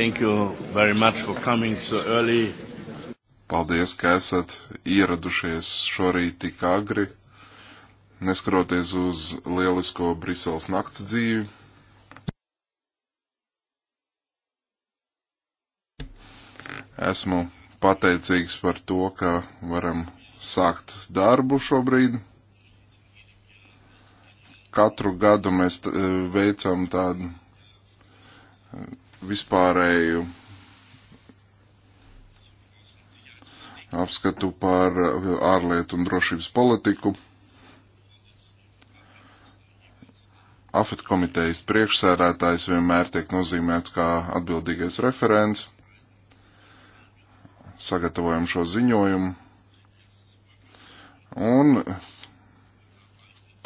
Thank you very much for coming so early. Paldies, ka esat ieradušies šorīt tik agri, neskaroties uz lielisko Briseles nakts dzīvi. Esmu pateicīgs par to, ka varam sākt darbu šobrīd. Katru gadu mēs e, veicam tādu e, vispārēju apskatu par ārlietu un drošības politiku. Afet komitejas priekšsēdētājs vienmēr tiek nozīmēts kā atbildīgais referents. Sagatavojam šo ziņojumu. Un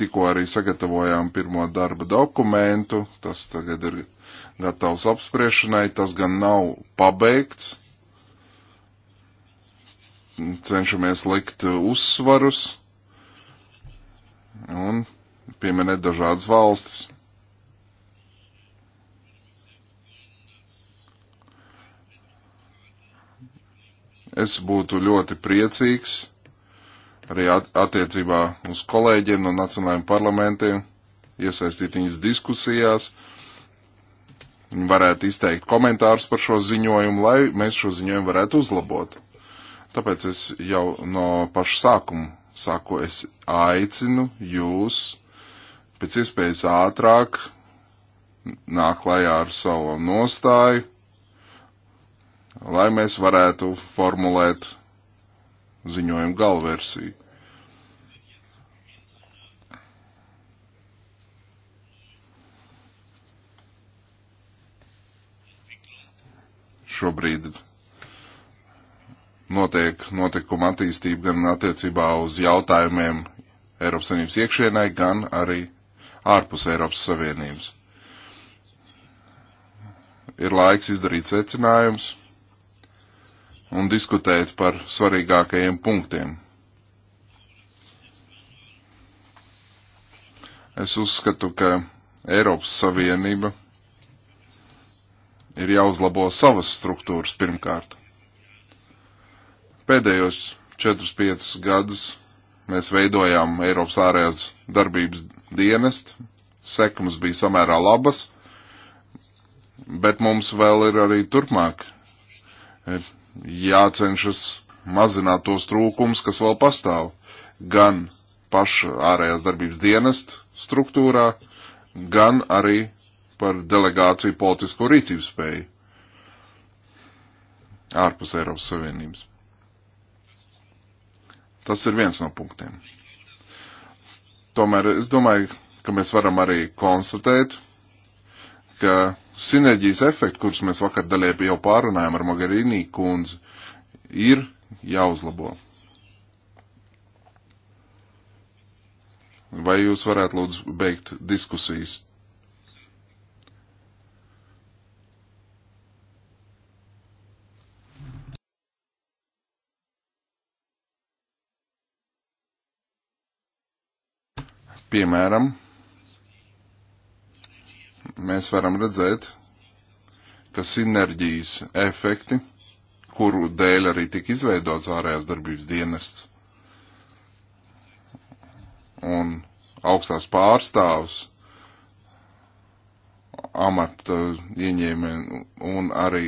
tikko arī sagatavojām pirmo darba dokumentu, tas tagad ir gatavs apspriešanai, tas gan nav pabeigts. Cenšamies likt uzsvarus un pieminēt dažādas valstis. Es būtu ļoti priecīgs arī attiecībā uz kolēģiem no nacionālajiem parlamentiem, iesaistīt viņus diskusijās, uh, Viņi varētu izteikt komentārus par šo ziņojumu, lai mēs šo ziņojumu varētu uzlabot. Tāpēc es jau no paša sākuma saku, es aicinu jūs pēc iespējas ātrāk nāk lajā ar savu nostāju, lai mēs varētu formulēt ziņojumu galversiju. šobrīd notiek notikuma attīstība gan attiecībā uz jautājumiem Eiropas Savienības iekšienai, gan arī ārpus Eiropas Savienības. Ir laiks izdarīt secinājums un diskutēt par svarīgākajiem punktiem. Es uzskatu, ka Eiropas Savienība Ir jāuzlabo savas struktūras pirmkārt. Pēdējos 4-5 gadus mēs veidojām Eiropas ārējās darbības dienestu. Sekums bija samērā labas, bet mums vēl ir arī turpmāk jācenšas mazināt tos trūkums, kas vēl pastāv gan paša ārējās darbības dienesta struktūrā, gan arī par delegāciju politisko rīcību spēju ārpus Eiropas Savienības. Tas ir viens no punktiem. Tomēr es domāju, ka mēs varam arī konstatēt, ka sinerģijas efekti, kurus mēs vakar daļai jau pārunājām ar Mogherini kundzi, ir jāuzlabo. Vai jūs varētu lūdzu beigt diskusijas Piemēram, mēs varam redzēt, ka sinerģijas efekti, kuru dēļ arī tika izveidots ārējās darbības dienests un augstās pārstāvs amata ieņēmē un arī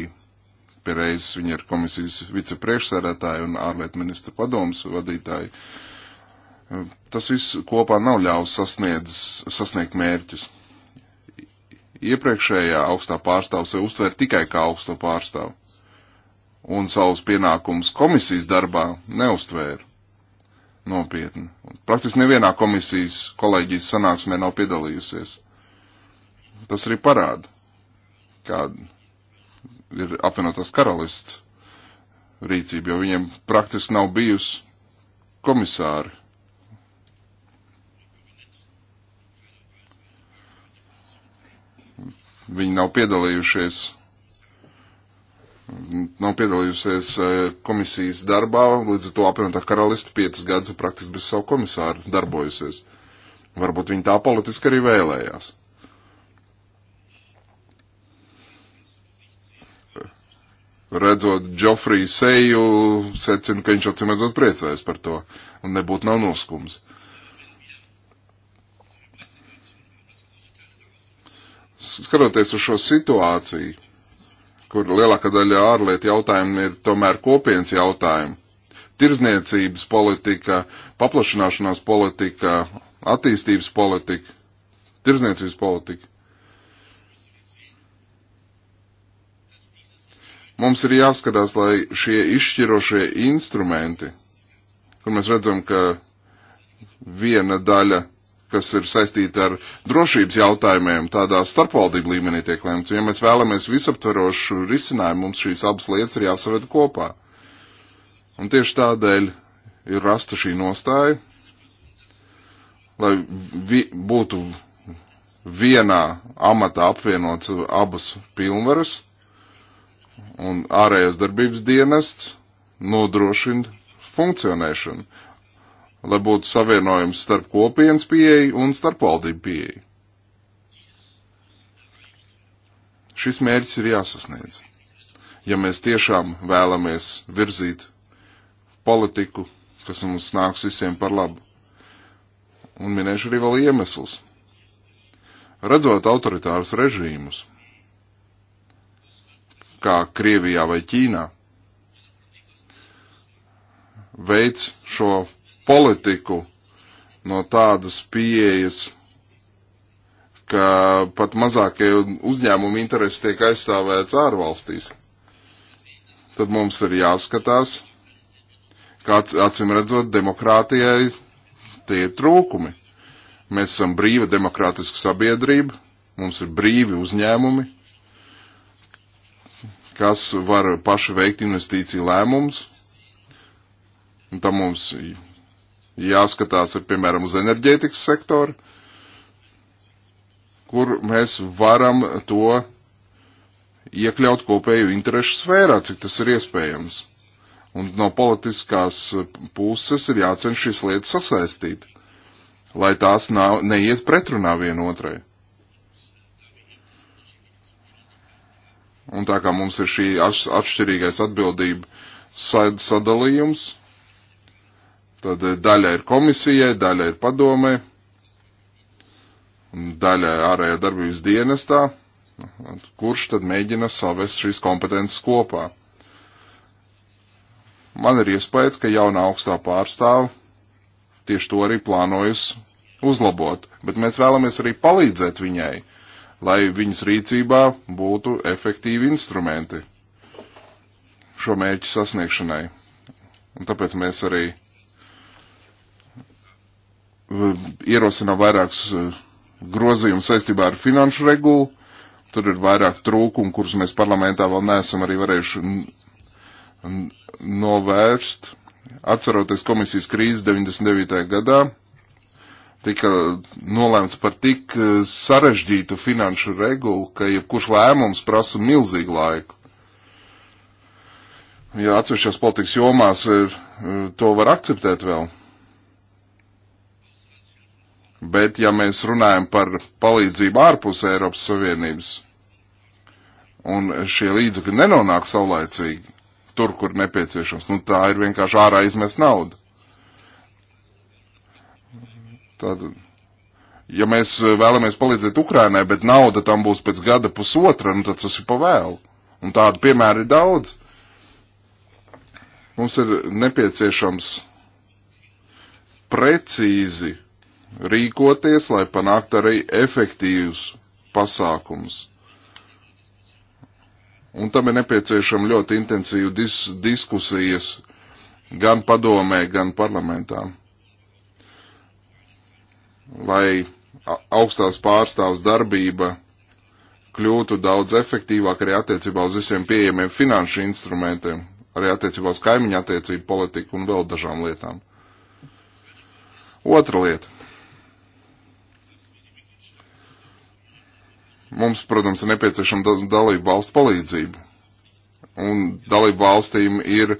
pie reizes viņa ir komisijas vicepriekšsēdētāja un ārlietu ministra padomas vadītāja. Uh, Um, tas viss kopā nav ļaus sasniedz, sasniegt mērķus. Iepriekšējā augstā pārstāvja sev uztver tikai kā augsto pārstāvu un savus pienākumus komisijas darbā neuztvēra nopietni. Praktiski nevienā komisijas kolēģijas sanāksmē nav piedalījusies. Tas arī parāda, kāda ir apvienotās karalists rīcība, jo viņiem praktiski nav bijusi komisāri Viņi nav piedalījušies, nav piedalījusies eh, komisijas darbā, līdz ar to apvienotā karalista piecas gadus praktiski bez savu komisāru darbojusies. Varbūt viņi tā politiski arī vēlējās. redzot Džofriju seju, secinu, ka viņš atcīm redzot priecājas par to, un nebūtu nav noskums. Uh, skatoties uz šo situāciju, kur lielākā daļa ārlietu jautājumu ir tomēr kopienas jautājumu, tirzniecības politika, paplašināšanās politika, attīstības politika, tirzniecības politika. Mums ir jāskatās, lai šie izšķirošie instrumenti, kur mēs redzam, ka viena daļa kas ir saistīti ar drošības jautājumiem, tādā starpvaldību līmenī tiek lemts. Ja mēs vēlamies visaptverošu risinājumu, mums šīs abas lietas ir jāsaved kopā. Un tieši tādēļ ir rasta šī nostāja, lai vi, būtu vienā amatā apvienots abas pilnvaras un ārējās darbības dienests nodrošina funkcionēšanu lai būtu savienojums starp kopienas pieeju un starpvaldību pieeju. Šis mērķis ir jāsasniedz. Ja mēs tiešām vēlamies virzīt politiku, kas mums nāks visiem par labu. Un minēšu arī vēl iemeslus. Redzot autoritārus režīmus, kā Krievijā vai Ķīnā, veids šo politiku no tādas pieejas, ka pat mazākie uzņēmumi interesi tiek aizstāvēts ārvalstīs. Tad mums ir jāskatās, kāds acim redzot demokrātijai tie ir trūkumi. Mēs esam brīva demokrātiska sabiedrība, mums ir brīvi uzņēmumi, kas var paši veikt investīciju lēmumus, un tam mums Jāskatās, piemēram, uz enerģētikas sektoru, kur mēs varam to iekļaut kopēju interešu sfērā, cik tas ir iespējams. Un no politiskās puses ir jāceņš šīs lietas sasaistīt, lai tās nav, neiet pretrunā vienotrai. Un tā kā mums ir šī atšķirīgais atbildība sadalījums, Tad eh, daļa ir komisijai, daļa ir padomē, daļa ārējā darbības dienestā, kurš tad mēģina savest šīs kompetences kopā. Man ir iespējas, ka jaunā augstā pārstāva tieši to arī plānojas uzlabot, bet mēs vēlamies arī palīdzēt viņai, lai viņas rīcībā būtu efektīvi instrumenti šo mērķu sasniegšanai. Un tāpēc mēs arī Eh, ierosinām vairākus eh, grozījumus saistībā ar finanšu regulu. Tur ir vairāk trūkumu, kurus mēs parlamentā vēl neesam arī varējuši novērst. Atceroties komisijas krīzes 99. gadā, tika nolēmts par tik eh, sarežģītu finanšu regulu, ka jebkurš lēmums prasa milzīgu laiku. Ja atsevišķās politikas jomās ir, to var akceptēt vēl, Bet, ja mēs runājam par palīdzību ārpus Eiropas Savienības, un šie līdzekļi nenonāk saulaicīgi tur, kur nepieciešams, nu tā ir vienkārši ārā izmest naudu. Tad, ja mēs vēlamies palīdzēt Ukrainai, bet nauda tam būs pēc gada pusotra, nu tad tas ir pavēlu. Un tādu piemēru ir daudz. Mums ir nepieciešams precīzi rīkoties, lai panāktu arī efektīvus pasākumus. Un tam ir nepieciešama ļoti intensīva dis diskusijas gan padomē, gan parlamentā. Lai augstās pārstāvs darbība kļūtu daudz efektīvāk arī attiecībā uz visiem pieejamiem finanšu instrumentiem, arī attiecībā uz kaimiņu attiecību politiku un vēl dažām lietām. Otra lieta. Mums, protams, ir nepieciešama dalību valstu palīdzība. Un dalību valstīm ir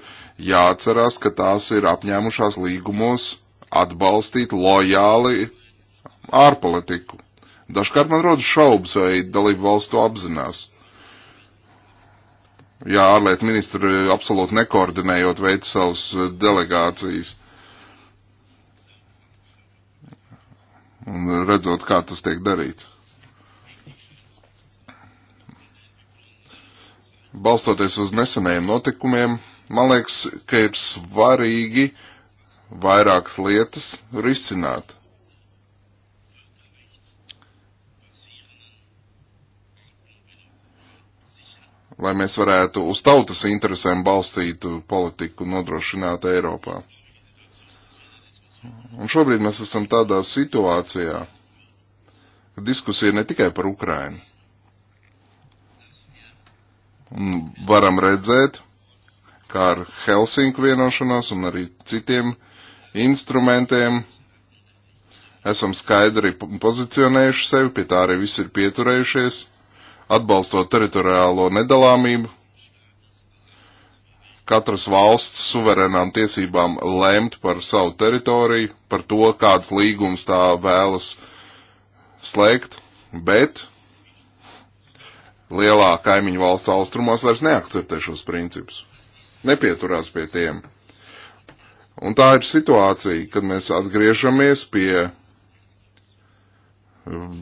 jāatcerās, ka tās ir apņēmušās līgumos atbalstīt lojāli ārpolitiku. Dažkārt man rodas šaubas, vai dalību valsts to apzinās. Jā, ārlietu ministri absolūti nekoordinējot veic savas delegācijas. Un redzot, kā tas tiek darīts. balstoties uz nesenajiem notikumiem, man liekas, ka ir svarīgi vairākas lietas risināt. lai mēs varētu uz tautas interesēm balstītu politiku nodrošināt Eiropā. Un šobrīd mēs esam tādā situācijā, ka diskusija ne tikai par Ukrainu, Un varam redzēt, kā ar Helsinku vienošanos un arī citiem instrumentiem esam skaidri pozicionējuši sevi, pie tā arī visi ir pieturējušies, atbalstot teritoriālo nedalāmību, katras valsts suverēnām tiesībām lemt par savu teritoriju, par to, kāds līgums tā vēlas slēgt, bet lielā kaimiņu valsts austrumos vairs neakceptē šos principus, nepieturās pie tiem. Un tā ir situācija, kad mēs atgriežamies pie um,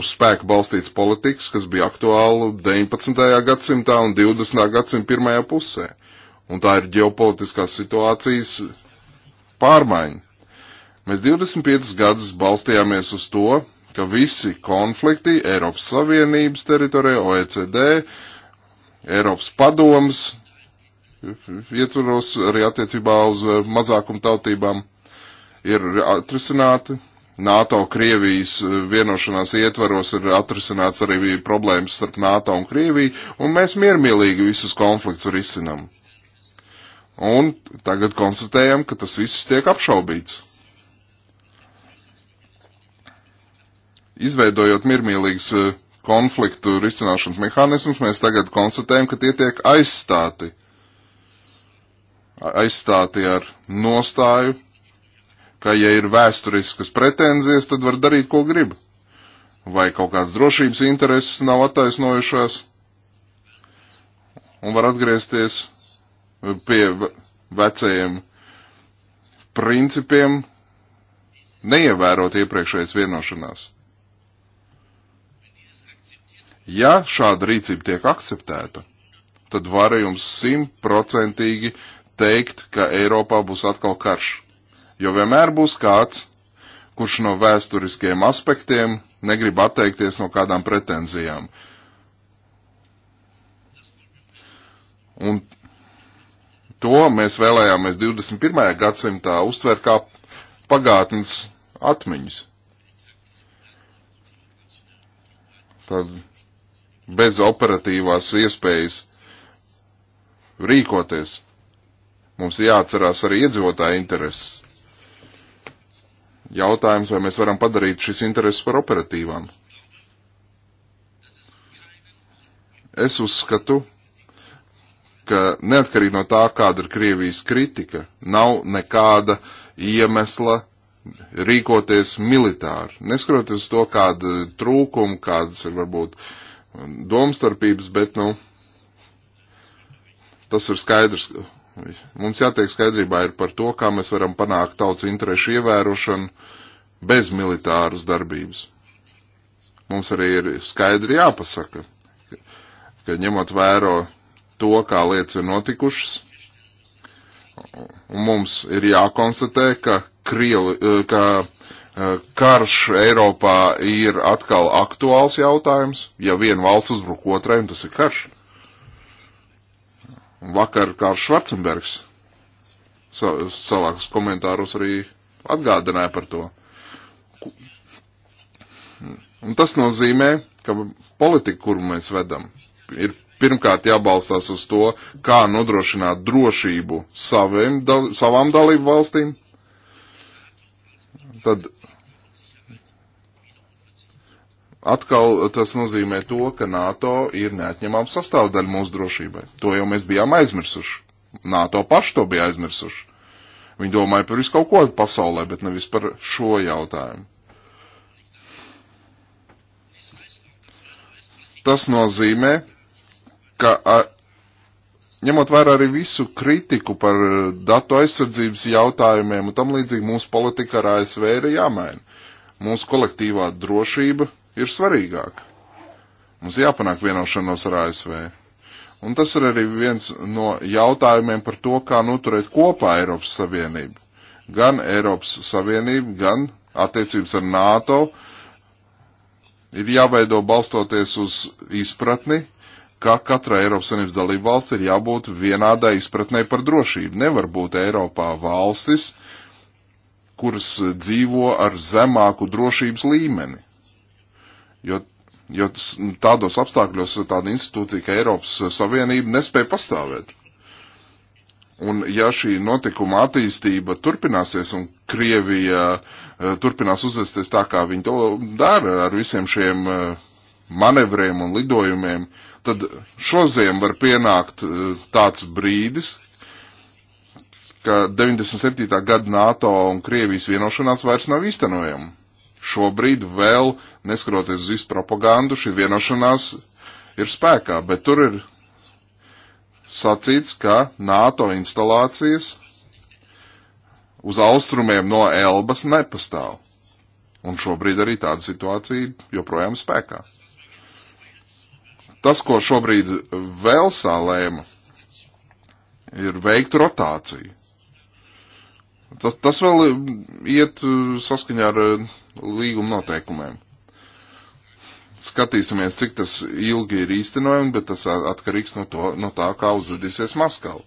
uz spēku balstīts politikas, kas bija aktuāla 19. gadsimtā un 20. gadsimta pirmajā pusē. Un tā ir ģeopolitiskās situācijas pārmaiņa. Mēs 25 gadus balstījāmies uz to, ka visi konflikti Eiropas Savienības teritorijā, OECD, Eiropas padomas ietvaros arī attiecībā uz eh, mazākumtautībām ir atrisināti. NATO Krievijas eh, vienošanās ietvaros ir atrisināts arī problēmas starp NATO un Krieviju, un mēs miermīlīgi visus konfliktus risinam. Un tagad konstatējam, ka tas viss tiek apšaubīts. izveidojot miermīlīgas eh, konfliktu risināšanas mehānismus, mēs tagad konstatējam, ka tie tiek aizstāti. Aizstāti ar nostāju, ka ja ir vēsturiskas pretenzijas, tad var darīt, ko grib. Vai kaut kāds drošības intereses nav attaisnojušās un var atgriezties eh, pie vecajiem principiem, neievērot iepriekšējas vienošanās. Ja šāda rīcība tiek akceptēta, tad var jums simtprocentīgi teikt, ka Eiropā būs atkal karš. Jo vienmēr būs kāds, kurš no vēsturiskiem aspektiem negrib atteikties no kādām pretenzijām. Un to mēs vēlējāmies 21. gadsimtā uztvert kā pagātnes atmiņas. Tad bez operatīvās iespējas rīkoties. Mums jāatcerās arī iedzīvotāja intereses. Jautājums, vai mēs varam padarīt šis intereses par operatīvām? Es uzskatu, ka neatkarīgi no tā, kāda ir Krievijas kritika, nav nekāda iemesla rīkoties militāri. Neskatoties to, kāda trūkuma, kādas ir varbūt uh, domstarpības, bet, nu, tas ir skaidrs. Mums jātiek skaidrībā ir par to, kā mēs varam panākt tautas interešu ievērošanu bez militāras darbības. Mums arī ir skaidri jāpasaka, ka ņemot vēro to, kā lietas ir notikušas, un mums ir jākonstatē, ka, Krievi, ka Eh, karš Eiropā ir atkal aktuāls jautājums. Ja viena valsts uzbruk otrai, tas ir karš. Vakar Kārs Švarcenbergs savāks komentārus arī atgādināja par to. Un tas nozīmē, ka politika, kuru mēs vedam, ir pirmkārt jābalstās uz to, kā nodrošināt drošību saviem, da, savām dalību valstīm, tad atkal tas nozīmē to, ka NATO ir neatņemama sastāvdaļa mūsu drošībai. To jau mēs bijām aizmirsuši. NATO paši to bija aizmirsuši. Viņi domāja par visu kaut ko pasaulē, bet nevis par šo jautājumu. Tas nozīmē, ka ņemot vērā arī visu kritiku par eh, datu aizsardzības jautājumiem un tam līdzīgi mūsu politika ar ASV ir jāmaina. Mūsu kolektīvā drošība ir svarīgāka. Mums jāpanāk vienošanos ar ASV. Un tas ir arī viens no jautājumiem par to, kā noturēt kopā Eiropas Savienību. Gan Eiropas Savienību, gan attiecības ar NATO ir jāveido balstoties uz izpratni, ka katrai Eiropas Savienības dalību valsts ir jābūt vienādai izpratnē par drošību. Nevar būt Eiropā valstis, kuras dzīvo ar zemāku drošības līmeni. Jo, jo nu, tādos apstākļos tāda institūcija kā Eiropas Savienība nespēja pastāvēt. Un ja šī notikuma attīstība turpināsies un Krievija uh, turpinās uzvesties tā, kā viņi to dara ar visiem šiem uh, manevriem un lidojumiem, uh, tad šoziem var pienākt eh, tāds brīdis, ka 97. gada NATO un Krievijas vienošanās vairs nav īstenojama. Šobrīd vēl, neskroties uz visu propagandu, šī vienošanās ir spēkā, bet tur ir sacīts, ka NATO instalācijas uz austrumiem no Elbas nepastāv. Un šobrīd arī tāda situācija joprojām spēkā. Tas, ko šobrīd vēl sālēma, ir veikt rotāciju. Tas, tas vēl iet saskaņā ar eh, līguma noteikumiem. Skatīsimies, cik tas ilgi ir īstenojami, bet tas atkarīgs no, to, no tā, kā uzvedīsies Maskava.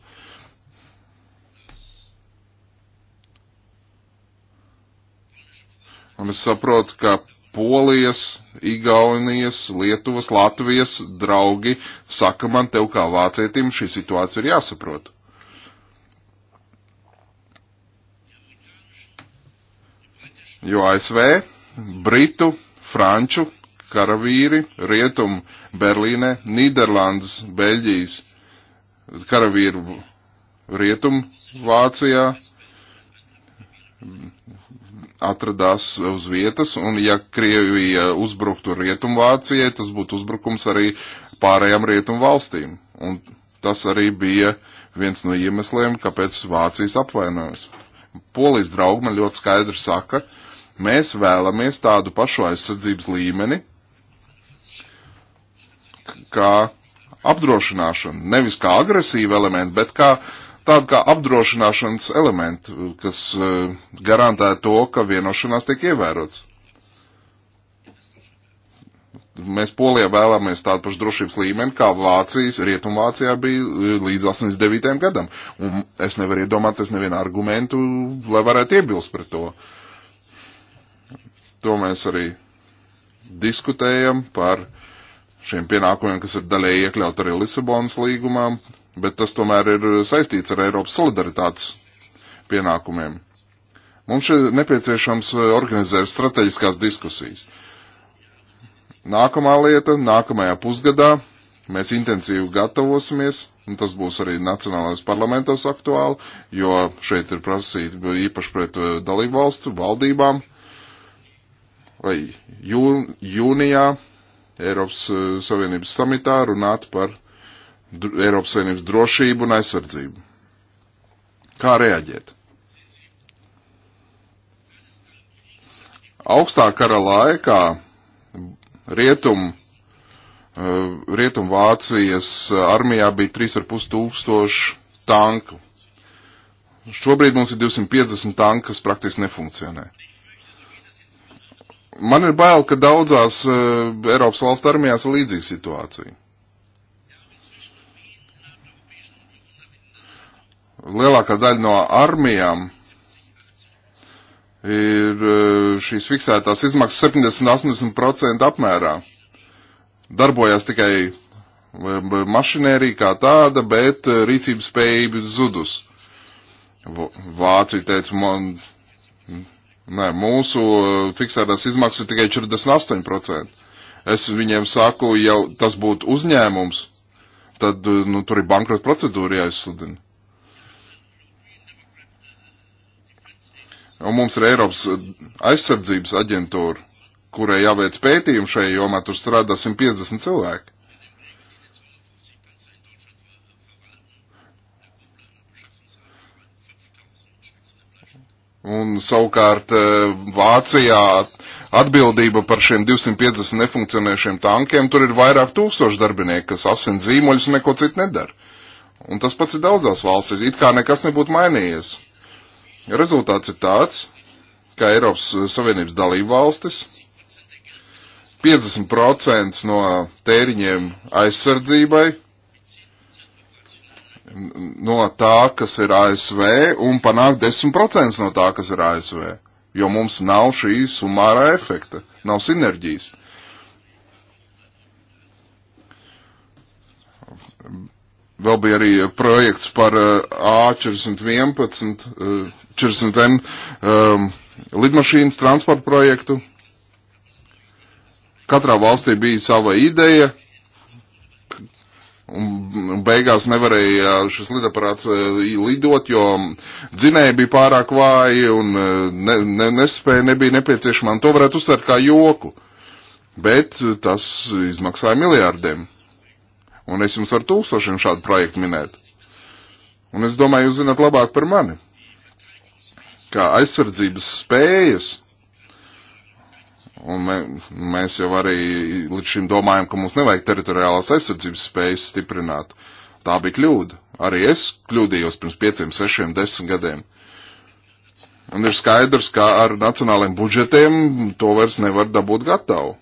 Un es saprotu, ka Polijas, Igaunijas, Lietuvas, Latvijas draugi saka man tev kā vācietim šī situācija ir jāsaprot. Jo ASV, Britu, Franču karavīri, Rietum, Berlīnē, Nīderlandes, Beļģijas karavīru Rietum, Vācijā, atradās uz vietas, un ja Krievija uzbruktu Rietumvācijai, tas būtu uzbrukums arī pārējām Rietumu valstīm. Un tas arī bija viens no iemesliem, kāpēc Vācijas apvainojas. Polijas draugi man ļoti skaidri saka, mēs vēlamies tādu pašu aizsardzības līmeni, kā apdrošināšana, nevis kā agresīva elementa, bet kā uh, tādu kā apdrošināšanas elementu, kas e, garantē to, ka vienošanās tiek ievērots. Mēs Polijā vēlamies tādu pašu drošības līmeni, kā Vācijas, Rietumvācijā bija e, līdz 89. gadam. Un es nevaru iedomāties nevienu argumentu, lai varētu iebilst pret to. To mēs arī diskutējam par šiem pienākumiem, kas ir daļēji iekļaut arī Lisabonas līgumā, bet tas tomēr ir saistīts ar Eiropas solidaritātes pienākumiem. Mums šeit nepieciešams eh, organizēt strateģiskās diskusijas. Nākamā lieta, nākamajā pusgadā mēs intensīvi gatavosimies, un tas būs arī Nacionālais parlamentos aktuāli, jo šeit ir prasīta īpaši pret eh, dalību valstu valdībām, lai jūn, jūnijā Eiropas eh, Savienības samitā runātu par Eiropas Savienības drošību un aizsardzību. Kā reaģēt? Augstā kara laikā rietum, eh, rietum Vācijas armijā bija 3,5 tūkstoši tanku. Šobrīd mums ir 250 tanki, kas praktiski nefunkcionē. Man ir bail, ka daudzās eh, Eiropas valstu armijās ir līdzīga situācija. lielākā daļa no armijām ir e, šīs fiksētās izmaksas 70-80% apmērā. Darbojās tikai e, mašinērija kā tāda, bet e, rīcības spējība zudus. Vācija teica, man, nē, mūsu fiksētās izmaksas ir tikai 48%. Es viņiem saku, ja tas būtu uzņēmums, tad nu, tur ir bankrota procedūra jāizsludina. Ja Un mums ir Eiropas aizsardzības aģentūra, kurai jāveic pētījumu šajā jomā, tur strādā 150 cilvēki. Un savukārt eh, Vācijā atbildība par šiem 250 nefunkcionējušiem tankiem, tur ir vairāk tūkstoši darbinieki, kas asin zīmoļus un neko citu nedara. Un tas pats ir daudzās valstīs, it kā nekas nebūtu mainījies. Rezultāts ir tāds, ka Eiropas Savienības dalību valstis 50% no tēriņiem aizsardzībai no tā, kas ir ASV, un panāk 10% no tā, kas ir ASV. Jo mums nav šī sumārā efekta, nav sinerģijas. Vēl bija arī projekts par uh, A411 40N um, lidmašīnas transporta projektu. Katrā valstī bija sava ideja, un beigās nevarēja šis lidaparāts uh, lidot, jo dzinēji bija pārāk vāji un uh, ne, ne, nespēja nebija nepieciešama, un to varētu uztvert kā joku. Bet uh, tas izmaksāja miljārdiem. Un es jums ar tūkstošiem šādu projektu minētu. Un es domāju, jūs zināt labāk par mani kā aizsardzības spējas. Un mē, mēs jau arī līdz šim domājam, ka mums nevajag teritoriālās aizsardzības spējas stiprināt. Tā bija kļūda. Arī es kļūdījos pirms pieciem, sešiem, desmit gadiem. Un ir skaidrs, ka ar nacionāliem budžetiem to vairs nevar dabūt gatavu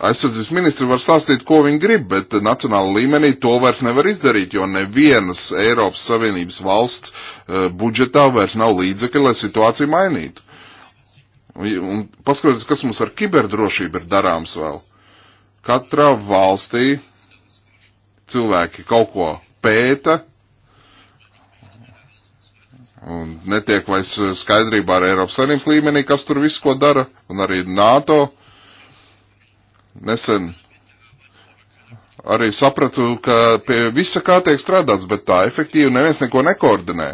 aizsardzības ministri var stāstīt, ko viņi grib, bet nacionāla līmenī to vairs nevar izdarīt, jo nevienas Eiropas Savienības valsts uh, budžetā vairs nav līdzekļi, lai situāciju mainītu. Un, un paskatieties, kas mums ar kiberdrošību ir darāms vēl. Katrā valstī cilvēki kaut ko pēta. Un netiek vairs skaidrībā ar Eiropas Savienības līmenī, kas tur visu ko dara, un arī NATO. Uh, nesen arī sapratu, ka pie visa kā tiek strādāts, bet tā efektīvi neviens neko nekoordinē.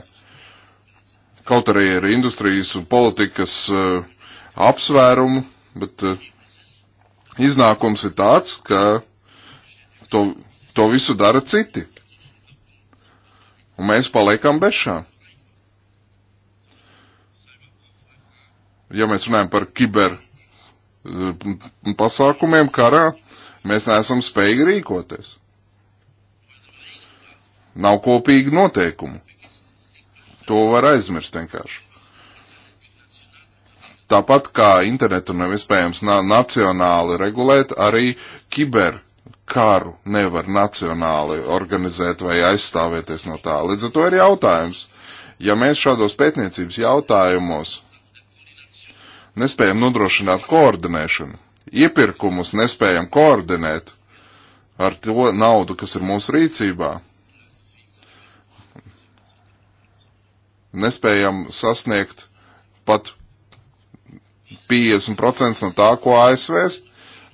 Kaut arī ir industrijas un politikas uh, apsvērumu, bet uh, iznākums ir tāds, ka to, to visu dara citi. Un mēs paliekam bešā. Ja mēs runājam par kiber Eh, pasākumiem karā, mēs neesam spējīgi rīkoties. Nav kopīgi noteikumu. To var aizmirst vienkārši. Tāpat kā internetu nav iespējams na nacionāli regulēt, arī kiber karu nevar nacionāli organizēt vai aizstāvēties no tā. Līdz ar to ir jautājums. Ja mēs šādos pētniecības jautājumos nespējam nodrošināt koordinēšanu, iepirkumus nespējam koordinēt ar to naudu, kas ir mūsu rīcībā. Nespējam sasniegt pat 50% no tā, ko ASV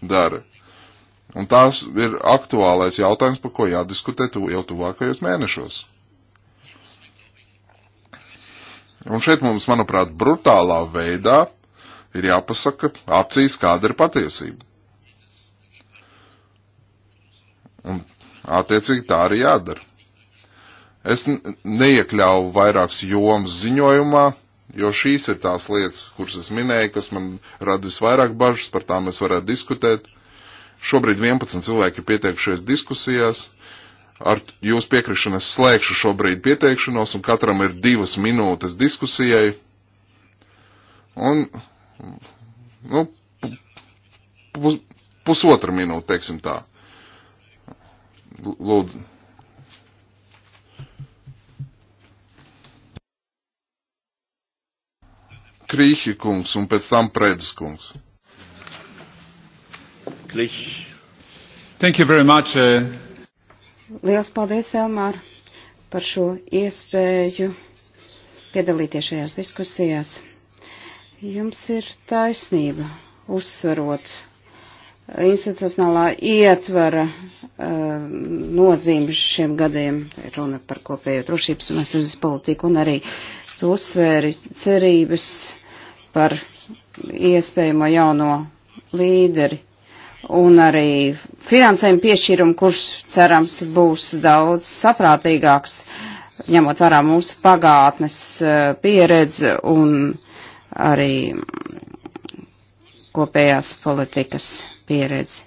dara. Un tās ir aktuālais jautājums, par ko jādiskutē tu, jau tuvākajos mēnešos. Un šeit mums, manuprāt, brutālā veidā ir jāpasaka acīs, kāda ir patiesība. Un attiecīgi tā arī jādara. Es neiekļauju vairākas jomas ziņojumā, jo šīs ir tās lietas, kuras es minēju, kas man rada visvairāk bažas, par tām mēs varētu diskutēt. Šobrīd 11 cilvēki ir pieteikušies diskusijās. Ar jūsu piekrišanu es slēgšu šobrīd pieteikšanos, un katram ir divas minūtes diskusijai. Un nu, pus, pusotra minūte, teiksim tā. Lūdzu. Krīhi kungs un pēc tam Prēdis kungs. Krīhi. Thank you very much. Uh... Liels paldies, Elmār, par šo iespēju piedalīties šajās diskusijās. Jums ir taisnība uzsverot institucionālā ietvara uh, nozīmi šiem gadiem, runa par kopējo drošības un aizsardzības politiku, un arī to uzsvēri cerības par iespējamo jauno līderi un arī finansējumu piešķīrumu, kurš cerams būs daudz saprātīgāks, ņemot vērā mūsu pagātnes uh, pieredzi un arī kopējās politikas pieredzi.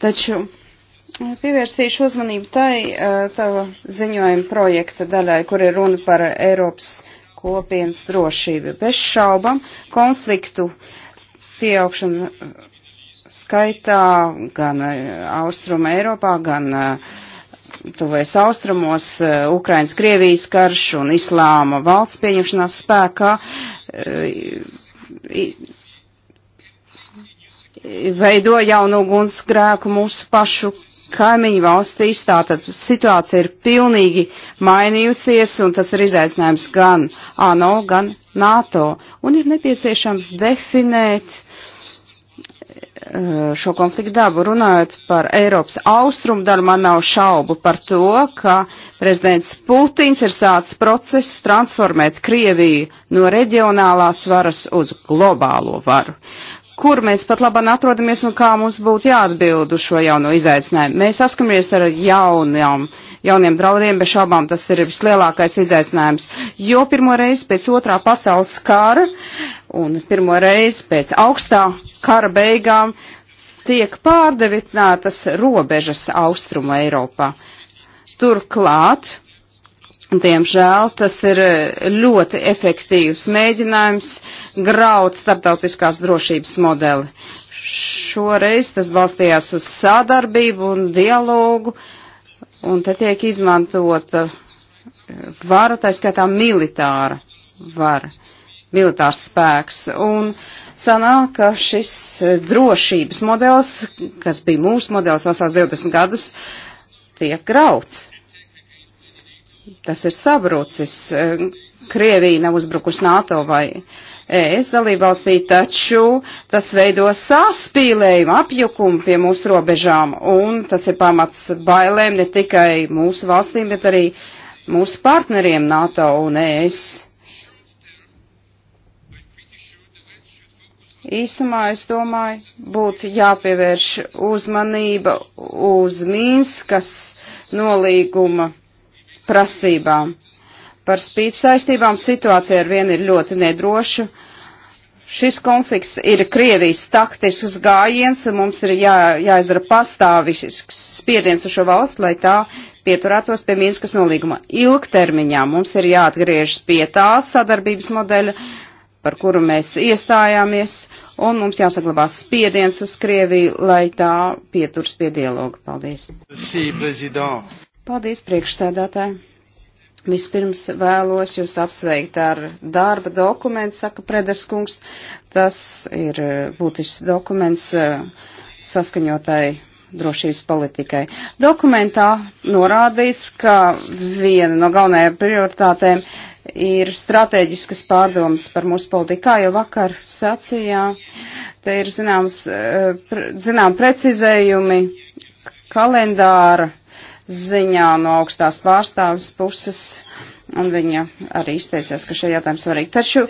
Taču eh, pievērsīšu uzmanību tai eh, tava ziņojuma projekta daļai, kur ir runa par Eiropas kopienas drošību. Bez šaubam, konfliktu pieaugšana skaitā gan eh, Austruma Eiropā, gan tuvēs austrumos Ukrainas Krievijas karš un Islāma valsts pieņemšanās spēkā Eh, veido jaunu ugunsgrēku mūsu pašu kaimiņu valstīs. Tātad situācija ir pilnīgi mainījusies, un tas ir izaicinājums gan ANO, gan NATO. Un ir nepieciešams definēt Eh, šo konfliktu dabu. Runājot par Eiropas austrumu daļu, man nav šaubu par to, ka prezidents Putins ir sācis procesu transformēt Krieviju no reģionālās varas uz globālo varu. Kur mēs pat labāk atrodamies un kā mums būtu jāatbild uz šo jauno izaicinājumu? Mēs saskaramies ar jaunām, jauniem draudiem, bez šaubām tas ir vislielākais izaicinājums, jo pirmo reizi pēc otrā pasaules kara un pirmo reizi pēc augstā kara beigām tiek pārdevitinātas robežas austruma Eiropā. Turklāt, diemžēl, tas ir ļoti efektīvs mēģinājums graut starptautiskās drošības modeli. Šoreiz tas balstījās uz sadarbību un dialogu, un te tiek izmantota vara, tā skaitā militāra vara militārs spēks. Un sanāk, ka šis eh, drošības modelis, kas bija mūsu modelis vasās 20 gadus, tiek grauts. Tas ir sabrucis. Krievija nav uzbrukusi NATO vai ES dalībvalstī, taču tas veido saspīlējumu, apjukumu pie mūsu robežām, un tas ir pamats bailēm ne tikai mūsu valstīm, bet arī mūsu partneriem NATO un ES Īsumā, es domāju, būtu jāpievērš uzmanība uz Mīnskas nolīguma prasībām. Par spīt saistībām situācija ar vienu ir ļoti nedroša. Šis konflikts ir Krievijas taktisks gājiens, un mums ir jā, jāizdara pastāvisks spiediens uz šo valstu, lai tā pieturētos pie Mīnskas nolīguma. Ilgtermiņā mums ir jāatgriežas pie tā sadarbības modeļa, par kuru mēs iestājāmies, un mums jāsaglabās spiediens uz Krieviju, lai tā pieturas pie dialoga. Paldies. Paldies, priekšstādātāji. Vispirms vēlos jūs apsveikt ar darba dokumentu, saka Prederskungs. Tas ir eh, būtisks dokuments eh, saskaņotai drošības politikai. Dokumentā norādīts, ka viena no galvenajām prioritātēm ir ir strateģiskas pārdomas par mūsu politiku. Kā jau vakar sacījā, te ir zināms, eh, zinām precizējumi kalendāra ziņā no augstās pārstāvis puses, un viņa arī izteicās, ka šie jautājumi svarīgi. Taču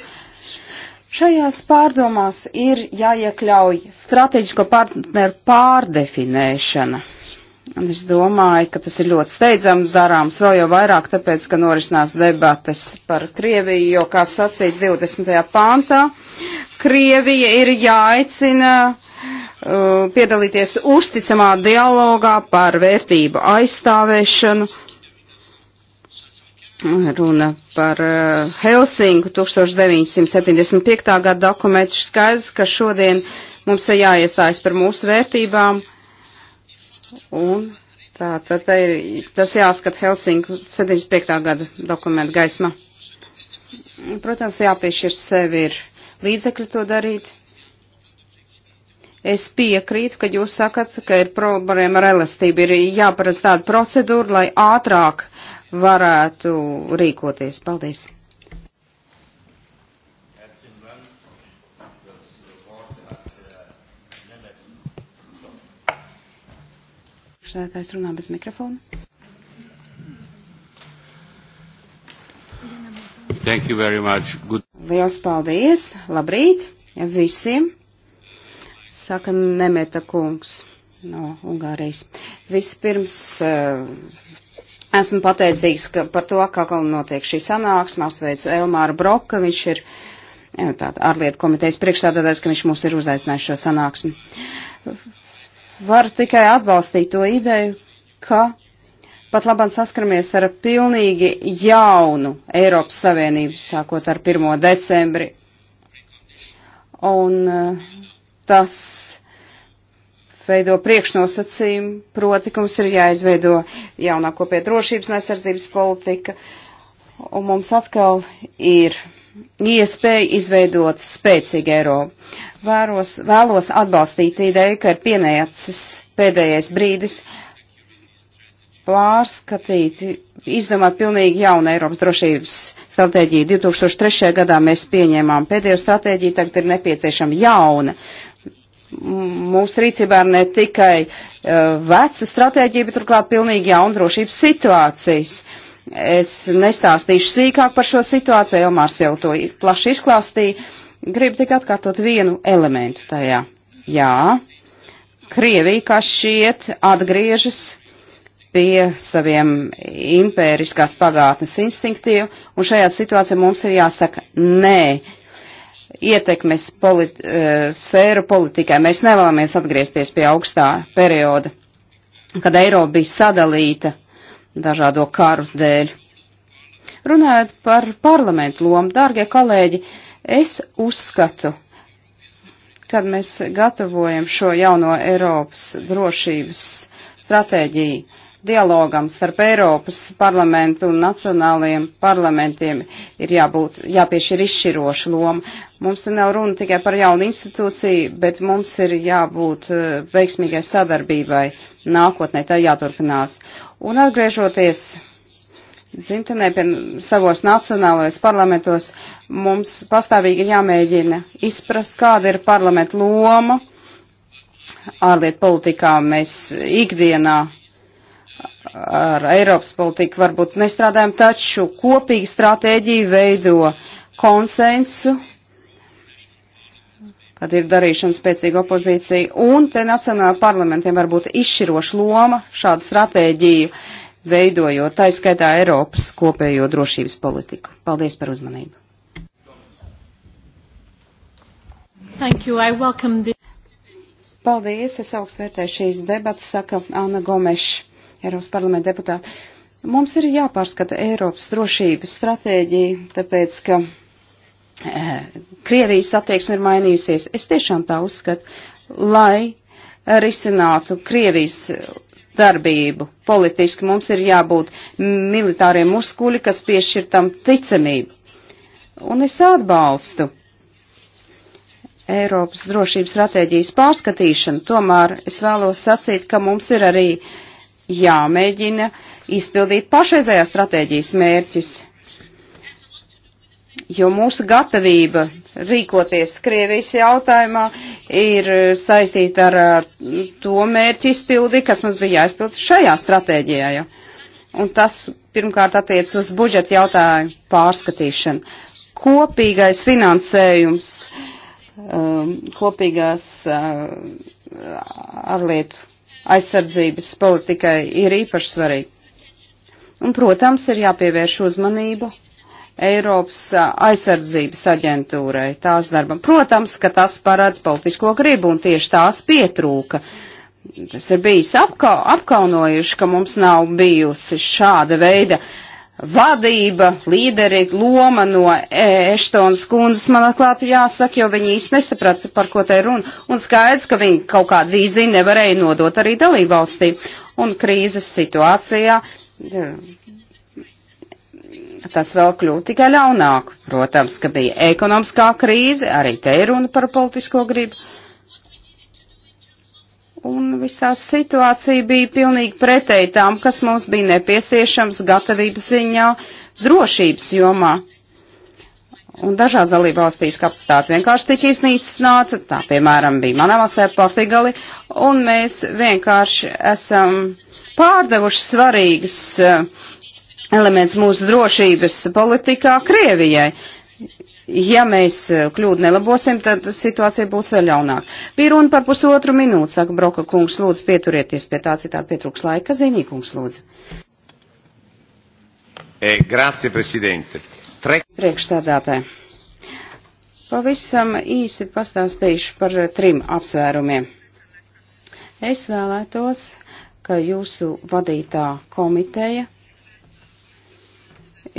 šajās pārdomās ir jāiekļauj strateģisko partneru pārdefinēšana Un es domāju, ka tas ir ļoti steidzami darāms, vēl jau vairāk, tāpēc, ka norisinās debates par Krieviju, jo, kā sacīs 20. pāntā, Krievija ir jāaicina uh, piedalīties uzticamā dialogā par vērtību aizstāvēšanu. Runa par uh, Helsinku 1975. gada dokumentu skaidrs, ka šodien mums ir jāiestājas par mūsu vērtībām Un tā tad ir, tas jāskat Helsinku 75. gada dokumentu gaisma. Protams, jāpiešķir sevi ir līdzekļi to darīt. Es piekrītu, ka jūs sakat, ka ir problēma ar elastību, ir jāparedz tāda procedūra, lai ātrāk varētu rīkoties. Paldies! Priekšsēdētājs runā bez mikrofona. Thank you very much. Good. Liels paldies. Labrīt visiem. Saka Nemeta kungs no Ungārijas. Vispirms uh, esmu pateicīgs ka, par to, kā notiek šī sanāksme. Apsveicu Elmāru Broka, viņš ir eh, tāda ārlietu komitejas priekšstādātājs, ka viņš mūs ir uzaicinājis šo sanāksmi. Var tikai atbalstīt to ideju, ka pat labāk saskaramies ar pilnīgi jaunu Eiropas Savienību, sākot ar 1. decembri. Un eh, tas veido priekšnosacījumu, proti, ka mums ir jāizveido jaunā kopie drošības nesardzības politika, un mums atkal ir iespēja izveidot spēcīgu Eiropu vēros, vēlos atbalstīt ideju, ka ir pienācis pēdējais brīdis pārskatīt, izdomāt pilnīgi jaunu Eiropas drošības stratēģiju. 2003. gadā mēs pieņēmām pēdējo stratēģiju, tagad ir nepieciešama jauna. Mūsu rīcībā ir ne tikai uh, veca stratēģija, bet turklāt pilnīgi jauna drošības situācijas. Es nestāstīšu sīkāk par šo situāciju, Elmārs jau to plaši izklāstīja Gribu tik atkārtot vienu elementu tajā. Jā, Krievija, kas šiet atgriežas pie saviem impēriskās pagātnes instinktīvu, un šajā situācijā mums ir jāsaka nē ietekmes politi eh, sfēru politikai. Mēs nevēlamies atgriezties pie augstā perioda, kad Eiropa bija sadalīta dažādo karu dēļ. Runājot par parlamentu lomu, dārgie kolēģi, uh, Es uzskatu, kad mēs gatavojam šo jauno Eiropas drošības stratēģiju, dialogam starp Eiropas parlamentu un nacionālajiem parlamentiem ir jābūt, jāpiešķir izšķiroša loma. Mums te nav runa tikai par jaunu institūciju, bet mums ir jābūt eh, veiksmīgai sadarbībai nākotnē, tā jāturpinās. Un atgriežoties dzimtenē, savos nacionālajos parlamentos, mums pastāvīgi ir jāmēģina izprast, kāda ir parlamenta loma ārlietu politikā. Mēs ikdienā ar Eiropas politiku varbūt nestrādājam, taču kopīgi stratēģija veido konsensu, kad ir darīšana spēcīga opozīcija, un te nacionālajiem parlamentiem var būt izšķiroša loma šādu stratēģiju veidojot taiskaitā Eiropas kopējo drošības politiku. Paldies par uzmanību. Paldies, es augstvērtēju šīs debatas, saka Anna Gomeša, Eiropas parlamenta deputāta. Mums ir jāpārskata Eiropas drošības stratēģija, tāpēc, ka eh, Krievijas attieksme ir mainījusies. Es tiešām tā uzskatu, lai risinātu Krievijas darbību. Politiski mums ir jābūt militāriem muskuļi, kas piešķir tam ticamību. Un es atbalstu Eiropas drošības stratēģijas pārskatīšanu, tomēr es vēlos sacīt, ka mums ir arī jāmēģina izpildīt pašreizējās stratēģijas mērķus jo mūsu gatavība rīkoties Krievijas jautājumā ir saistīta ar to mērķu izpildi, kas mums bija jāizpild šajā stratēģijā. Jau. Un tas pirmkārt attiec uz budžeta jautājumu pārskatīšanu. Kopīgais finansējums, um, kopīgās uh, ārlietu aizsardzības politikai ir īpaši svarīgi. Un, protams, ir jāpievērš uzmanību Eiropas aizsardzības aģentūrai tās darbam. Protams, ka tas parāds politisko gribu un tieši tās pietrūka. Tas ir bijis apka apkaunojuši, ka mums nav bijusi šāda veida vadība, līderi, loma no e, Eštons kundzes. Man atklāt jāsaka, jo viņi īsti nesaprata, par ko te runa. Un skaidrs, ka viņi kaut kādu vīziju nevarēja nodot arī dalībvalstī. Un krīzes situācijā tas vēl kļūtu tikai ļaunāk. Protams, ka bija ekonomiskā krīze, arī te ir runa par politisko gribu. Un visā situācija bija pilnīgi pretēji tām, kas mums bija nepieciešams gatavības ziņā, drošības jomā. Un dažās dalībvalstīs kapacitāte vienkārši tika iznīcināta, tā piemēram bija manā valstī Portugali, un mēs vienkārši esam pārdevuši svarīgas uh, elements mūsu drošības politikā Krievijai. Ja mēs eh, kļūdu nelabosim, tad situācija būs vēl ļaunāk. Bija runa par pusotru minūti, saka Broka kungs, lūdzu pieturieties pie tā, citādi pietrūks laika, Zinī kungs, lūdzu. E, grazie, prezidente. Tre... Priekšstādātāji. Pavisam īsi pastāstīšu par trim apsvērumiem. Es vēlētos, ka jūsu vadītā komiteja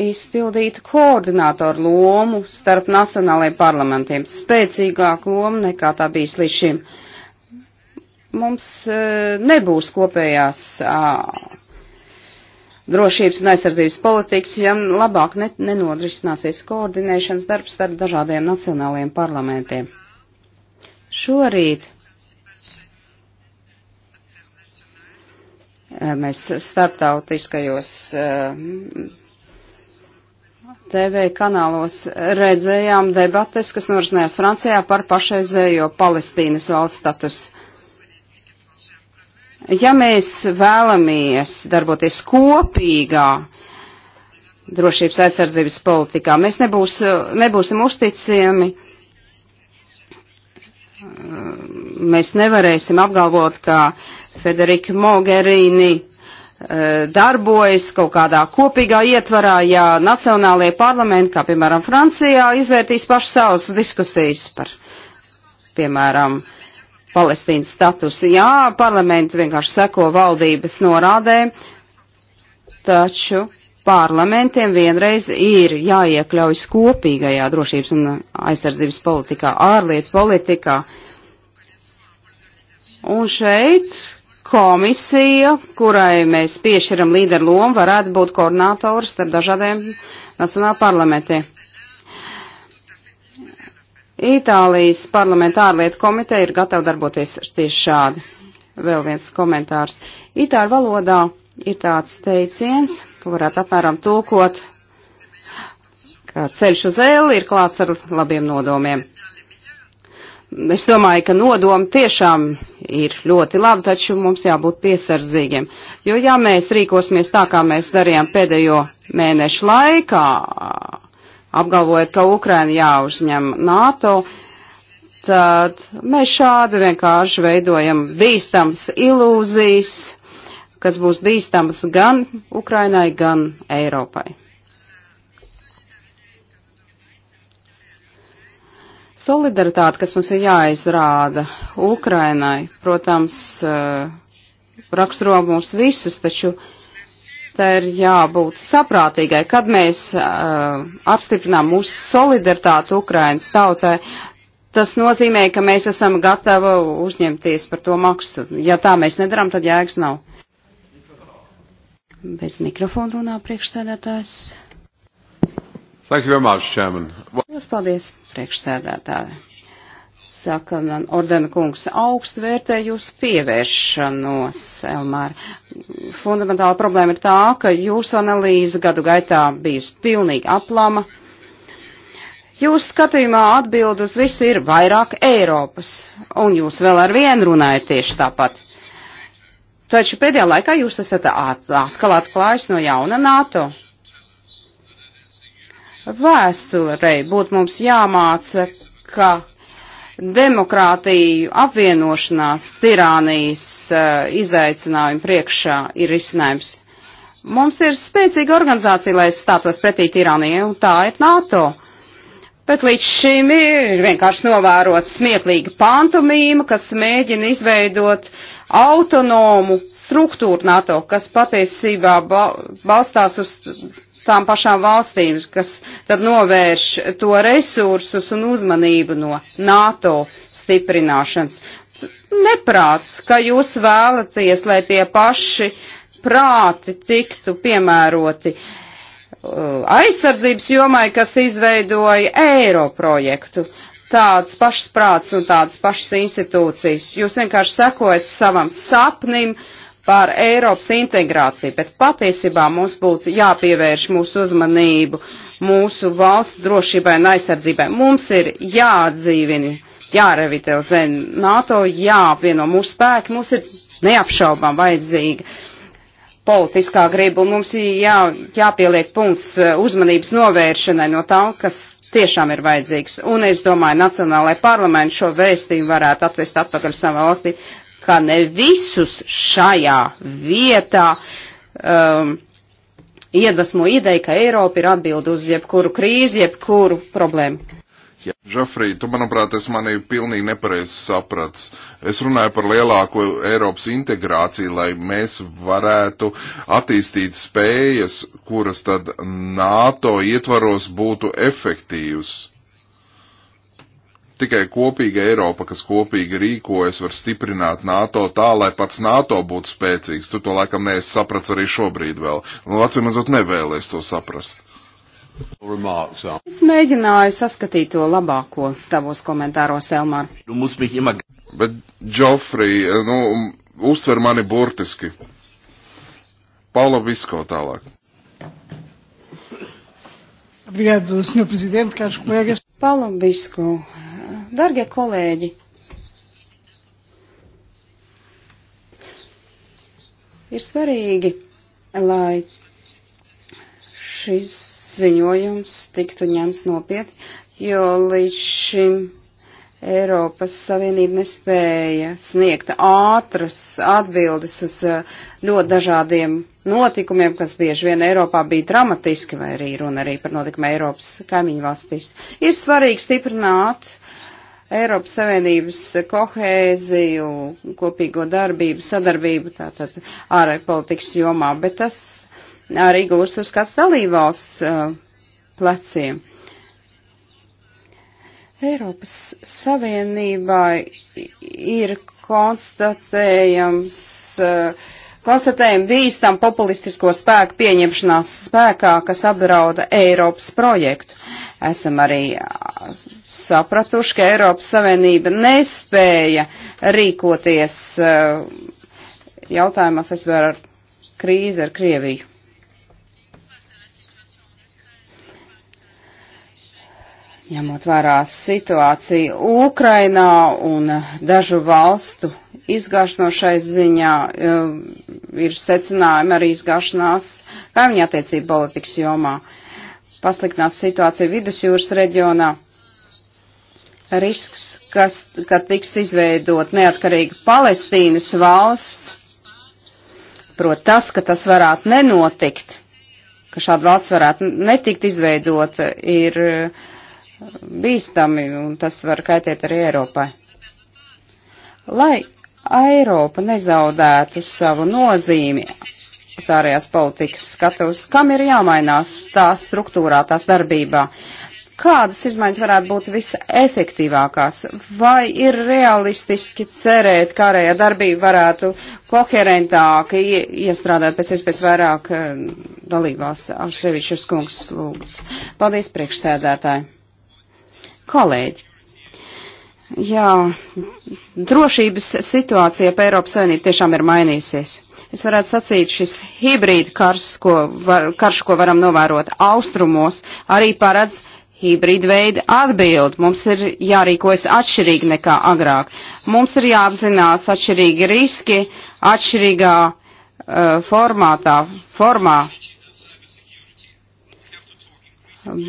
izpildītu koordinātoru lomu starp nacionālajiem parlamentiem, spēcīgāku lomu nekā tā bijis līdz šim. Mums e, nebūs kopējās drošības un aizsardzības politikas, ja labāk ne, nenodrisināsies koordinēšanas darbs starp dažādiem nacionālajiem parlamentiem. Šorīt e, mēs starptautiskajos e, TV kanālos redzējām debates, kas norisinājās Francijā par pašreizējo Palestīnas valsts statusu. Ja mēs vēlamies darboties kopīgā drošības aizsardzības politikā, mēs nebūs, nebūsim uzticami mēs nevarēsim apgalvot, ka Federika Mogherini E, darbojas kaut kādā kopīgā ietvarā, ja nacionālajie parlamenti, kā piemēram Francijā, izvērtīs paši savas diskusijas par, piemēram, Palestīnas statusu. Jā, parlamenti vienkārši seko valdības norādēm, taču parlamentiem vienreiz ir jāiekļaujas kopīgajā drošības un aizsardzības politikā, ārlietu politikā. Un šeit komisija, kurai mēs piešķiram līderu lomu, varētu būt koordinātors starp dažādiem nacionālā parlamentiem. Itālijas parlamenta ārlietu komiteja ir gatava darboties tieši šādi. Vēl viens komentārs. Itāļu valodā ir tāds teiciens, ko varētu apmēram tulkot, ka ceļš uz eli ir klāts ar labiem nodomiem. Es domāju, ka nodomi tiešām ir ļoti labi, taču mums jābūt piesardzīgiem. Jo ja mēs rīkosimies tā, kā mēs darījām pēdējo mēnešu laikā, apgalvojot, ka Ukraina jāuzņem NATO, tad mēs šādi vienkārši veidojam bīstams ilūzijas, kas būs bīstams gan Ukrainai, gan Eiropai. solidaritāte, kas mums ir jāizrāda Ukrainai, protams, eh, raksturo mūs visus, taču tā ir jābūt saprātīgai. Kad mēs uh, apstiprinām mūsu solidaritāti Ukrainas tautai, tas nozīmē, ka mēs esam gatavi uzņemties par to maksu. Ja tā mēs nedaram, tad jēgas nav. Bez mikrofona runā priekšsēdētājs. Thank you very much, Chairman. Jūs paldies, priekšsēdētāji. Saka, man ordena kungs augstu vērtē jūs pievēršanos, Elmār. Fundamentāla problēma ir tā, ka jūsu analīze gadu gaitā bijusi pilnīgi aplama. Jūsu skatījumā atbild uz visu ir vairāk Eiropas, un jūs vēl ar vienu runājat tieši tāpat. Taču pēdējā laikā jūs esat at atkal atklājis no jauna NATO vēsturei. Būtu mums jāmāca, ka demokrātiju apvienošanās tirānijas eh, izaicinājumu priekšā ir risinājums. Mums ir spēcīga organizācija, lai stātos pretī tirānijai, un tā ir NATO. Bet līdz šim ir vienkārši novērot smieklīga pantomīma, kas mēģina izveidot autonomu struktūru NATO, kas patiesībā balstās uz tām pašām valstīm, kas tad novērš to resursus un uzmanību no NATO stiprināšanas. Neprāts, ka jūs vēlaties, lai tie paši prāti tiktu piemēroti uh, aizsardzības jomai, kas izveidoja eiro projektu tāds pašs prāts un tādas pašas institūcijas. Jūs vienkārši sekojat savam sapnim, uh, par Eiropas integrāciju, bet patiesībā mums būtu jāpievērš mūsu uzmanību mūsu valsts drošībai un aizsardzībai. Mums ir jāatdzīvini, jārevitalizē NATO, jāapvieno mūsu spēki, mums ir neapšaubām vajadzīga politiskā griba, un mums ir jā, jāpieliek punkts eh, uzmanības novēršanai no tā, kas tiešām ir vajadzīgs. Un es domāju, Nacionālajai parlamentu šo vēstījumu varētu atvest atpakaļ savā valstī ka ne visus šajā vietā um, iedvesmo ideja, ka Eiropa ir atbildi uz jebkuru krīzi, jebkuru problēmu. Jā. Žafrī, tu, manuprāt, es mani pilnīgi nepareizi saprats. Es runāju par lielāko Eiropas integrāciju, lai mēs varētu attīstīt spējas, kuras tad NATO ietvaros būtu efektīvas. Tikai kopīga Eiropa, kas kopīgi rīkojas, var stiprināt NATO tā, lai pats NATO būtu spēcīgs. Tu to laikam neesi saprats arī šobrīd vēl. Lacim nu, mazot nevēlies to saprast. Es mēģināju saskatīt to labāko tavos komentāros, Elmar. Nu, Bet, Džofrī, nu, uztver mani burtiski. Paula Visko tālāk. Obrigado, Sr. Presidente, caros colegas. Paulo Bisco, Dargie kolēģi, ir svarīgi, lai šis ziņojums tiktu ņemts nopietni, jo līdz šim Eiropas Savienība nespēja sniegt ātras atbildes uz eh, ļoti dažādiem notikumiem, kas bieži vien Eiropā bija dramatiski, vai arī runa arī par notikumu Eiropas kaimiņu valstīs. Ir svarīgi stiprināt uh, Eiropas Savienības kohēziju, kopīgo darbību, sadarbību tātad ārpolitikas jomā, bet tas arī gūst uz kāds dalībvalsts uh, pleciem. Eiropas Savienībā ir konstatējams, uh, konstatējami bīstam populistisko spēku pieņemšanās spēkā, kas apdrauda Eiropas projektu. Uh, Esam arī sapratuši, ka Eiropas Savienība nespēja rīkoties jautājumā saistībā ar krīzi ar Krieviju. Ņemot vērā situāciju Ukrainā un dažu valstu izgāšanošai ziņā, e, ir secinājumi arī izgāšanās kaimiņa attiecību politikas jomā. Uh, pasliktinās situācija vidusjūras reģionā. Risks, kas, ka tiks izveidot neatkarīga Palestīnas valsts, prot tas, ka tas varētu nenotikt, ka šāda valsts varētu netikt izveidot, ir eh, bīstami un tas var kaitēt arī Eiropai. Lai Eiropa nezaudētu savu nozīmi uz ārējās politikas skatuves. Kam ir jāmainās tā struktūrā, tās darbībā? Kādas izmaiņas varētu būt visefektīvākās? Vai ir realistiski cerēt, kā ārējā darbība varētu koherentāk iestrādāt pēc iespējas vairāk eh, dalībās? Ašrevičs kungs lūdzu. Paldies priekšsēdētāji. Kolēģi. Jā, drošības situācija pa Eiropas Savienību tiešām ir mainījusies es varētu sacīt, šis hibrīda karš, ko, var, karš, ko varam novērot austrumos, arī paredz hibrīda veida atbildi. Mums ir jārīkojas atšķirīgi nekā agrāk. Mums ir jāapzinās atšķirīgi riski, atšķirīgā uh, formātā, formā.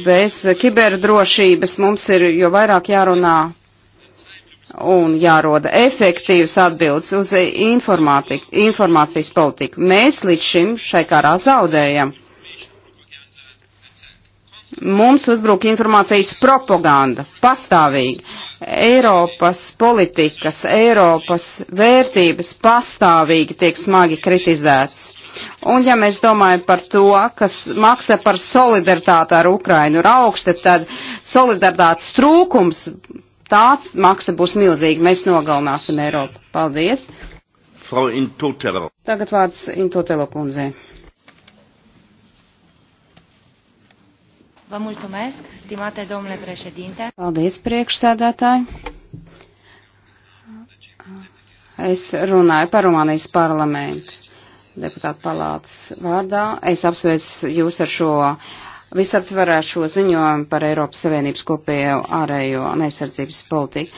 Bez kiberdrošības mums ir jo vairāk jārunā un jāroda efektīvs atbildes uz informācijas politiku. Mēs līdz šim šai kārā zaudējam. Mums uzbruk informācijas propaganda pastāvīgi. Eiropas politikas, Eiropas vērtības pastāvīgi tiek smagi kritizēts. Un ja mēs domājam par to, kas maksā par solidaritāti ar Ukrainu ir augsta, tad solidaritātes trūkums tāds maksa būs milzīga. Mēs nogalināsim Eiropu. Paldies! Frau Intotelo. Tagad vārds Intotelo kundzei. Vă mulțumesc, stimate domnule președinte. Paldies, priekšsēdētāji. Es runāju par Rumānijas parlamentu deputātu palātas vārdā. Es apsveicu jūs ar šo visaptvarā šo ziņojumu par Eiropas Savienības kopējo ārējo un aizsardzības politiku.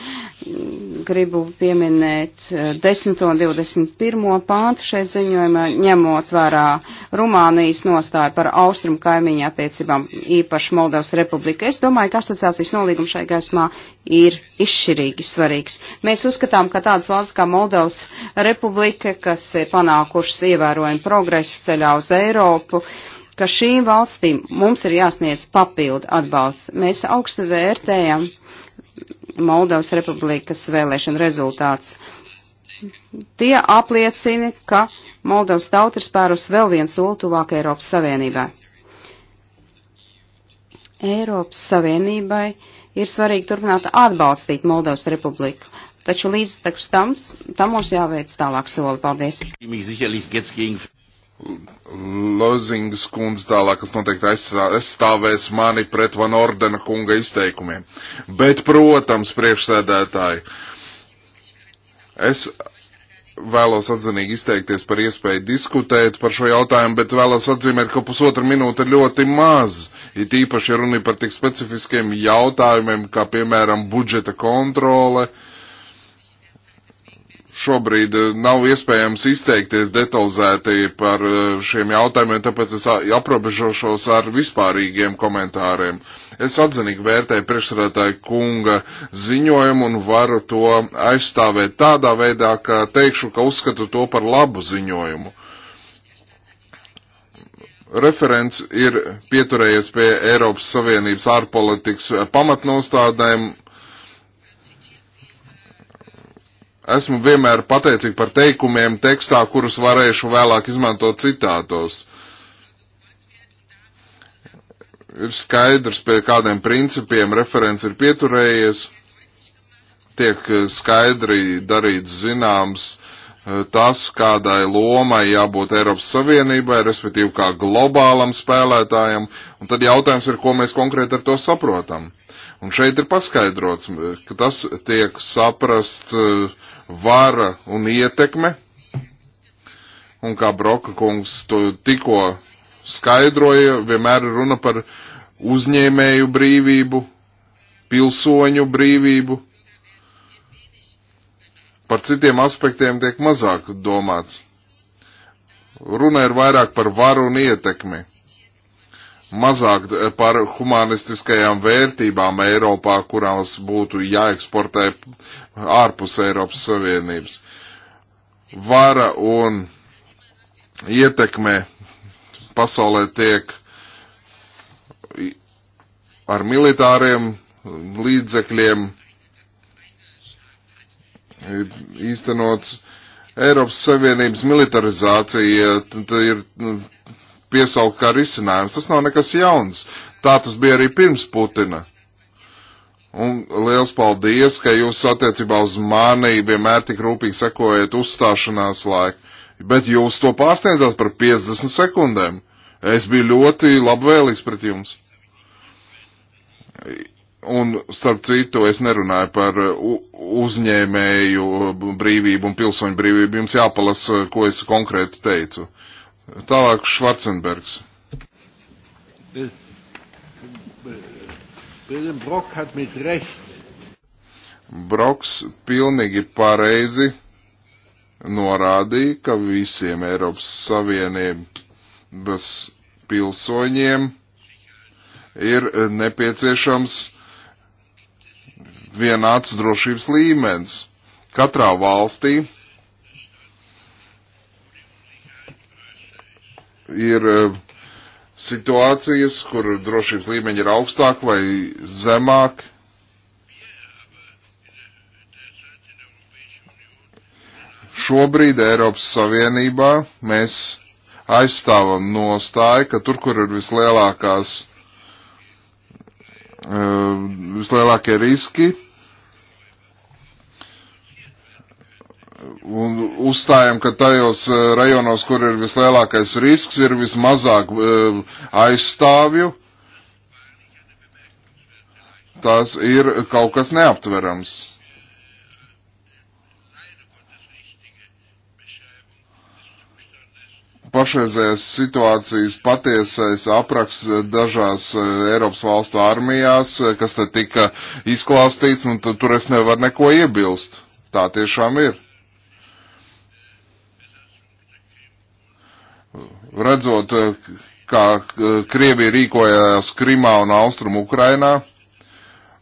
Gribu pieminēt 10. Eh, un 21. pāntu šeit ziņojumā, ņemot vērā Rumānijas nostāju par austrumu kaimiņu attiecībām, īpaši Moldovas republika. Es domāju, ka asociācijas nolīgums šai gaismā ir izšķirīgi svarīgs. Mēs uzskatām, ka tādas valsts kā Moldovas republika, kas ir panākušas ievērojumu progresu ceļā uz Eiropu, uh, ka šīm valstīm mums ir jāsniedz papildu atbalsts. Mēs augstu vērtējam Moldovas republikas vēlēšana rezultāts. Tie apliecina, ka Moldovas tauta ir spērus vēl viens soli tuvāk Eiropas Savienībai. Eiropas Savienībai ir svarīgi turpināt atbalstīt Moldovas republiku. Taču līdz tam, tam mums jāveic tālāk soli. Paldies! Lozingas kundze tālāk, kas noteikti aizstāvēs mani pret Van Ordena kunga izteikumiem. Bet, protams, priekšsēdētāji, es vēlos atzinīgi izteikties par iespēju diskutēt par šo jautājumu, bet vēlos atzīmēt, ka pusotra minūte ir ļoti maz, it īpaši runa par tik specifiskiem jautājumiem, kā piemēram budžeta kontrole. Uh, šobrīd eh, nav iespējams izteikties detalizēti par eh, šiem jautājumiem, tāpēc es aprobežošos ar vispārīgiem komentāriem. Es atzinīgi vērtēju priekšsarētāju kunga ziņojumu un varu to aizstāvēt tādā veidā, ka teikšu, ka uzskatu to par labu ziņojumu. Referents ir pieturējies pie Eiropas Savienības ārpolitikas pamatnostādēm esmu vienmēr pateicīgi par teikumiem tekstā, kurus varēšu vēlāk izmantot citātos. Ir skaidrs, pie kādiem principiem referents ir pieturējies, tiek eh, skaidri darīts zināms eh, tas, kādai lomai jābūt Eiropas Savienībai, respektīvi kā globālam spēlētājam, un tad jautājums ir, ko mēs konkrēti ar to saprotam. Un šeit ir paskaidrots, ka tas tiek saprasts uh, vara un ietekme. Un kā Broka kungs to tikko skaidroja, vienmēr ir runa par uzņēmēju brīvību, pilsoņu brīvību. Par citiem aspektiem tiek mazāk domāts. Runa ir vairāk par varu un ietekmi mazāk eh, par humanistiskajām vērtībām Eiropā, kurās būtu jāeksportē ārpus Eiropas Savienības. Vara un ietekme pasaulē tiek ar militāriem līdzekļiem īstenots. Eiropas Savienības militarizācija ir nu, piesaukt kā risinājums. Tas nav nekas jauns. Tā tas bija arī pirms Putina. Un liels paldies, ka jūs attiecībā uz mani vienmēr tik rūpīgi sekojat uzstāšanās laiku. Bet jūs to pārsniedzat par 50 sekundēm. Es biju ļoti labvēlīgs pret jums. Un, starp citu, es nerunāju par uzņēmēju brīvību un pilsoņu brīvību. Jums jāpalasa, ko es konkrēti teicu. Tālāk Švarcenbergs. Broks pilnīgi pareizi norādīja, ka visiem Eiropas Savienības pilsoņiem ir nepieciešams vienāds drošības līmenis. Katrā valstī ir eh, situācijas, kur drošības līmeņi ir augstāk vai zemāk. Šobrīd Eiropas Savienībā mēs aizstāvam nostāju, ka tur, kur ir vislielākās, eh, vislielākie riski, Un uzstājam, ka tajos eh, rajonos, kur ir vislielākais risks, ir vismazāk eh, aizstāvju. Tas ir kaut kas neaptverams. pašreizējās situācijas patiesais apraksts dažās eh, Eiropas valstu armijās, kas te tika izklāstīts, un tur es nevaru neko iebilst. Tā tiešām ir. redzot, eh, kā eh, Krievija rīkojās Krimā un Austrum Ukrainā,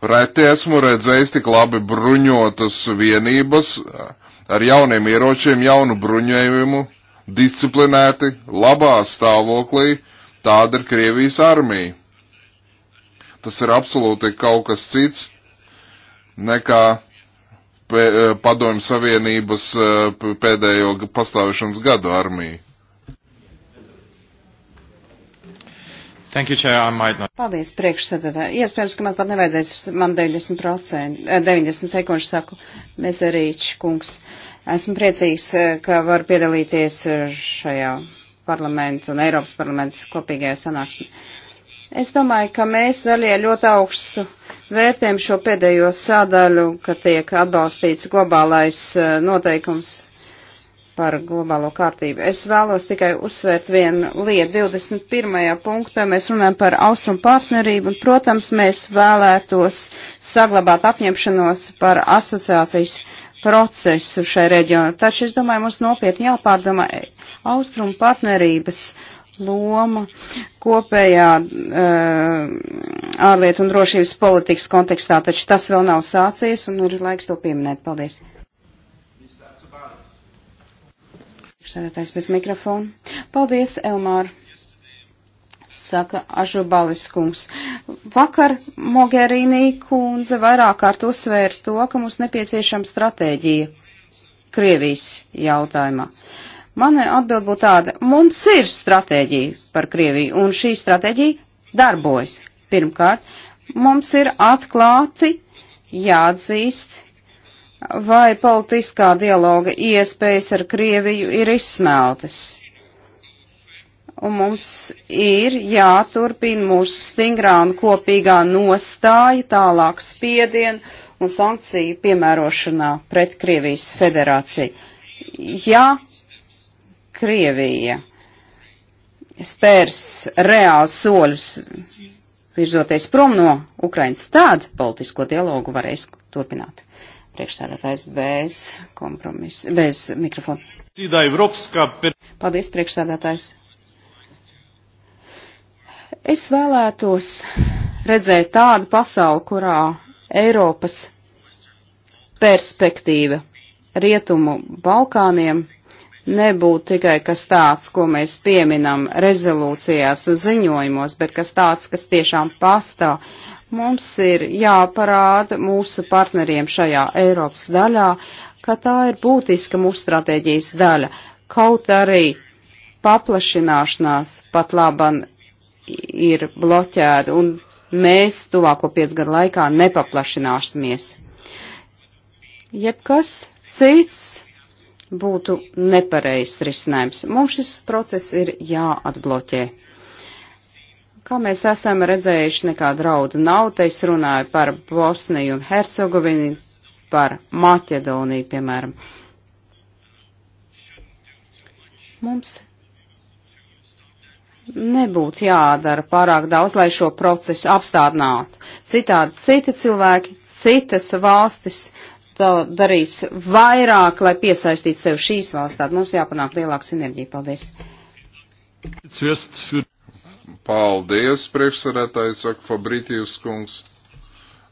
reti esmu redzējis tik labi bruņotas vienības eh, ar jauniem ieročiem, jaunu bruņojumu, disciplinēti, labā stāvoklī, tāda ir Krievijas armija. Tas ir absolūti kaut kas cits nekā padomju Savienības pēdējo pastāvēšanas gadu armija. You, Paldies, priekšsēdētā. Iespējams, ka man pat nevajadzēs man 90%, 90 eh, sekundes saku, mēs arī kungs. Esmu priecīgs, eh, ka var piedalīties eh, šajā parlamentu un Eiropas parlamentu kopīgajā sanāksmē. Es domāju, ka mēs zaļie ļoti augstu vērtējam šo pēdējo sādaļu, ka tiek atbalstīts globālais noteikums par globālo kārtību. Es vēlos tikai uzsvērt vienu lietu. 21. punktā mēs runājam par austrumu partnerību, un, protams, mēs vēlētos saglabāt apņemšanos par asociācijas procesu šai reģionā. Taču, es domāju, mums nopietni jāpārdomā austrumu partnerības loma kopējā uh, ārlietu un drošības politikas kontekstā, taču tas vēl nav sācies un ir laiks to pieminēt. Paldies! Sēdētājs bez mikrofona. Paldies, Elmāra! saka Ažubalis kungs. Vakar Mogherini kundze vairāk kārt uzsvēra to, ka mums nepieciešama stratēģija Krievijas jautājumā. Mana atbild būtu tāda, mums ir stratēģija par Krieviju, un šī stratēģija darbojas. Pirmkārt, mums ir atklāti jāatzīst vai politiskā dialoga iespējas ar Krieviju ir izsmeltas. Un mums ir jāturpina mūsu stingrā un kopīgā nostāja, tālāk spiedienu un sankciju piemērošanā pret Krievijas federāciju. Ja Krievija spērs reāls soļus virzoties prom no Ukrainas, tad politisko dialogu varēs turpināt. Priekšsēdētājs bez kompromis, bez mikrofona. Paldies, priekšsēdētājs. Es vēlētos redzēt tādu pasauli, kurā Eiropas perspektīva rietumu Balkāniem nebūtu tikai kas tāds, ko mēs pieminam rezolūcijās un ziņojumos, bet kas tāds, kas tiešām pastāv. Mums ir jāparāda mūsu partneriem šajā Eiropas daļā, ka tā ir būtiska mūsu stratēģijas daļa, kaut arī paplašināšanās pat laban ir bloķēta, un mēs tuvāko piecgadu laikā nepaplašināsimies. Jebkas cits būtu nepareizs risinājums. Mums šis process ir jāatbloķē. Kā mēs esam redzējuši, nekā draudu nav, te es runāju par Bosniju un Hercegovinu, par Maķedoniju, piemēram. Mums nebūtu jādara pārāk daudz, lai šo procesu apstādinātu. Citādi citi cilvēki, citas valstis darīs vairāk, lai piesaistītu sev šīs valsts. Tātad mums jāpanāk lielāka sinerģija. Paldies! Paldies, priekšsarētājs, saka Fabrītijus kungs.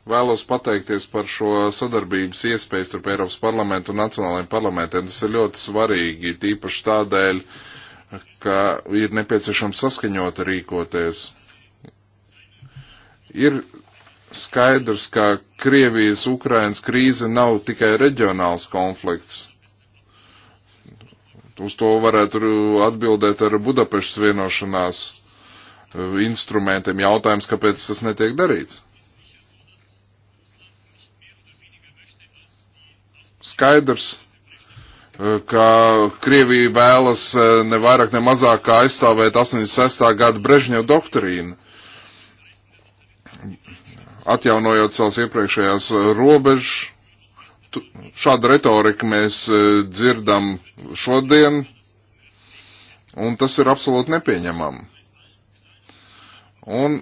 Vēlos pateikties par šo sadarbības iespēju starp Eiropas parlamentu un nacionālajiem parlamentiem. Tas ir ļoti svarīgi, tīpaši tādēļ, ka ir nepieciešams saskaņot rīkoties. Ir skaidrs, ka Krievijas-Ukrainas krīze nav tikai reģionāls konflikts. Uz to varētu atbildēt ar Budapeštas vienošanās Eh, instrumentiem. Jautājums, kāpēc tas netiek darīts? Skaidrs, eh, ka Krievija vēlas eh, ne vairāk ne mazāk kā aizstāvēt 86. gada Brežņev doktrīnu atjaunojot savas iepriekšējās robežas. Šādu retoriku mēs dzirdam šodien, un tas ir absolūti nepieņemami. Un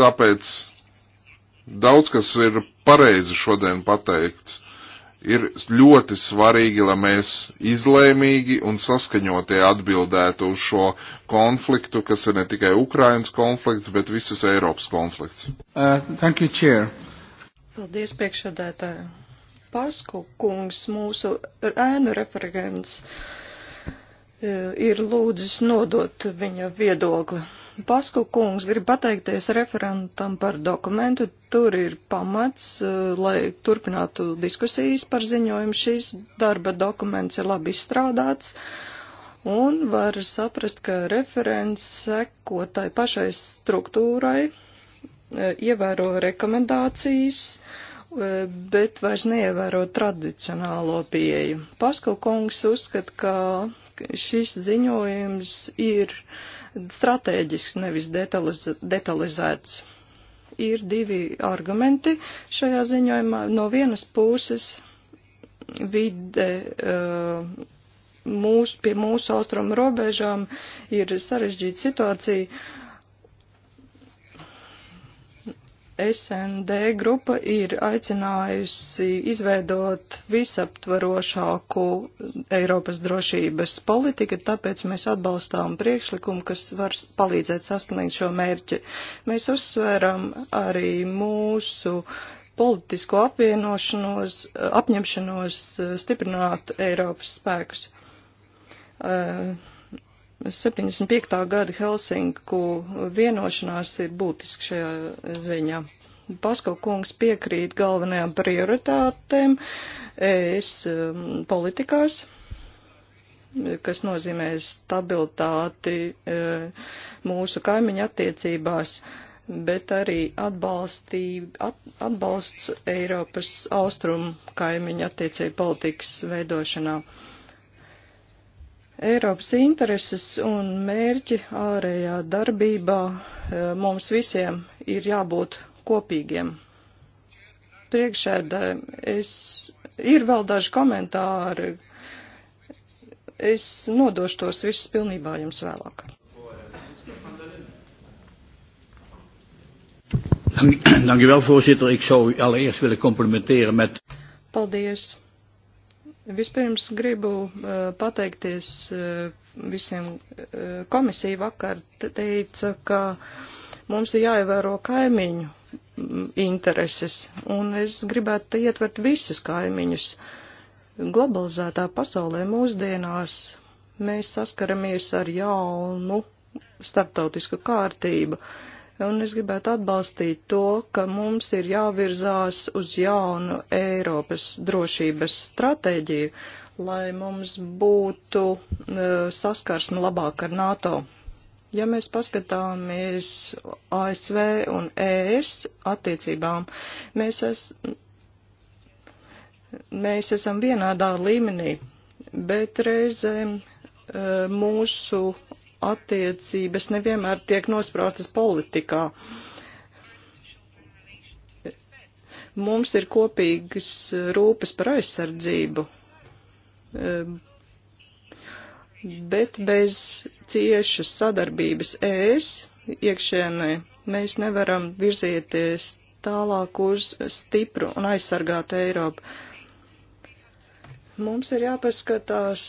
tāpēc daudz kas ir pareizi šodien pateikts. Ir ļoti svarīgi, lai mēs izlēmīgi un saskaņotie atbildētu uz šo konfliktu, kas ir ne tikai Ukrainas konflikts, bet visas Eiropas konflikts. Uh, thank you, Chair. Paldies, priekšsēdētāji. Pasku kungs, mūsu ēnu referents, uh, ir lūdzis nodot viņa viedokli. Pasku kungs grib pateikties referentam par dokumentu. Tur ir pamats, eh, lai turpinātu diskusijas par ziņojumu. Šīs darba dokuments ir labi izstrādāts un var saprast, ka referents seko tai pašai struktūrai, eh, ievēro rekomendācijas, eh, bet vairs neievēro tradicionālo pieeju. Pasku kungs uzskata, ka šis ziņojums ir uh, stratēģisks, nevis detaliz, detalizēts. Ir divi argumenti šajā ziņojumā. No vienas puses vide uh, mūs, pie mūsu austrumu robežām ir sarežģīta situācija SND grupa ir aicinājusi izveidot visaptvarošāku Eiropas drošības politiku, tāpēc mēs atbalstām priekšlikumu, kas var palīdzēt sasniegt šo mērķi. Mēs uzsveram arī mūsu politisko apvienošanos, apņemšanos stiprināt Eiropas spēkus. Uh, 75. gada Helsinku vienošanās ir būtiski šajā ziņā. Pasko kungs piekrīt galvenajām prioritātēm es um, politikās, kas nozīmē stabilitāti e, mūsu kaimiņu attiecībās, bet arī atbalstība, at, atbalsts Eiropas austrumu kaimiņu attiecību politikas veidošanā. Uh, Eiropas intereses un mērķi ārējā darbībā eh, mums visiem ir jābūt kopīgiem. Priekšēdē es, ir vēl daži komentāri. Es nodošu tos visus pilnībā jums vēlāk. Dank u wel, voorzitter. Ik zou allereerst willen complimenteren met. Paldies Vispirms gribu uh, pateikties uh, visiem uh, komisija vakar teica, ka mums ir jāievēro kaimiņu intereses, un es gribētu ietvert visus kaimiņus. Globalizētā pasaulē mūsdienās mēs saskaramies ar jaunu starptautisku kārtību. Uh, Un es gribētu atbalstīt to, ka mums ir jāvirzās uz jaunu Eiropas drošības stratēģiju, lai mums būtu e, saskarsme labāk ar NATO. Ja mēs paskatāmies ASV un ES attiecībām, mēs, es, mēs esam vienādā līmenī, bet reizēm e, mūsu attiecības nevienmēr tiek nosprāstas politikā. Mums ir kopīgas rūpes par aizsardzību, ehm, bet bez ciešas sadarbības ēs iekšēnē mēs nevaram virzieties tālāk uz stipru un aizsargātu Eiropu. Mums ir jāpaskatās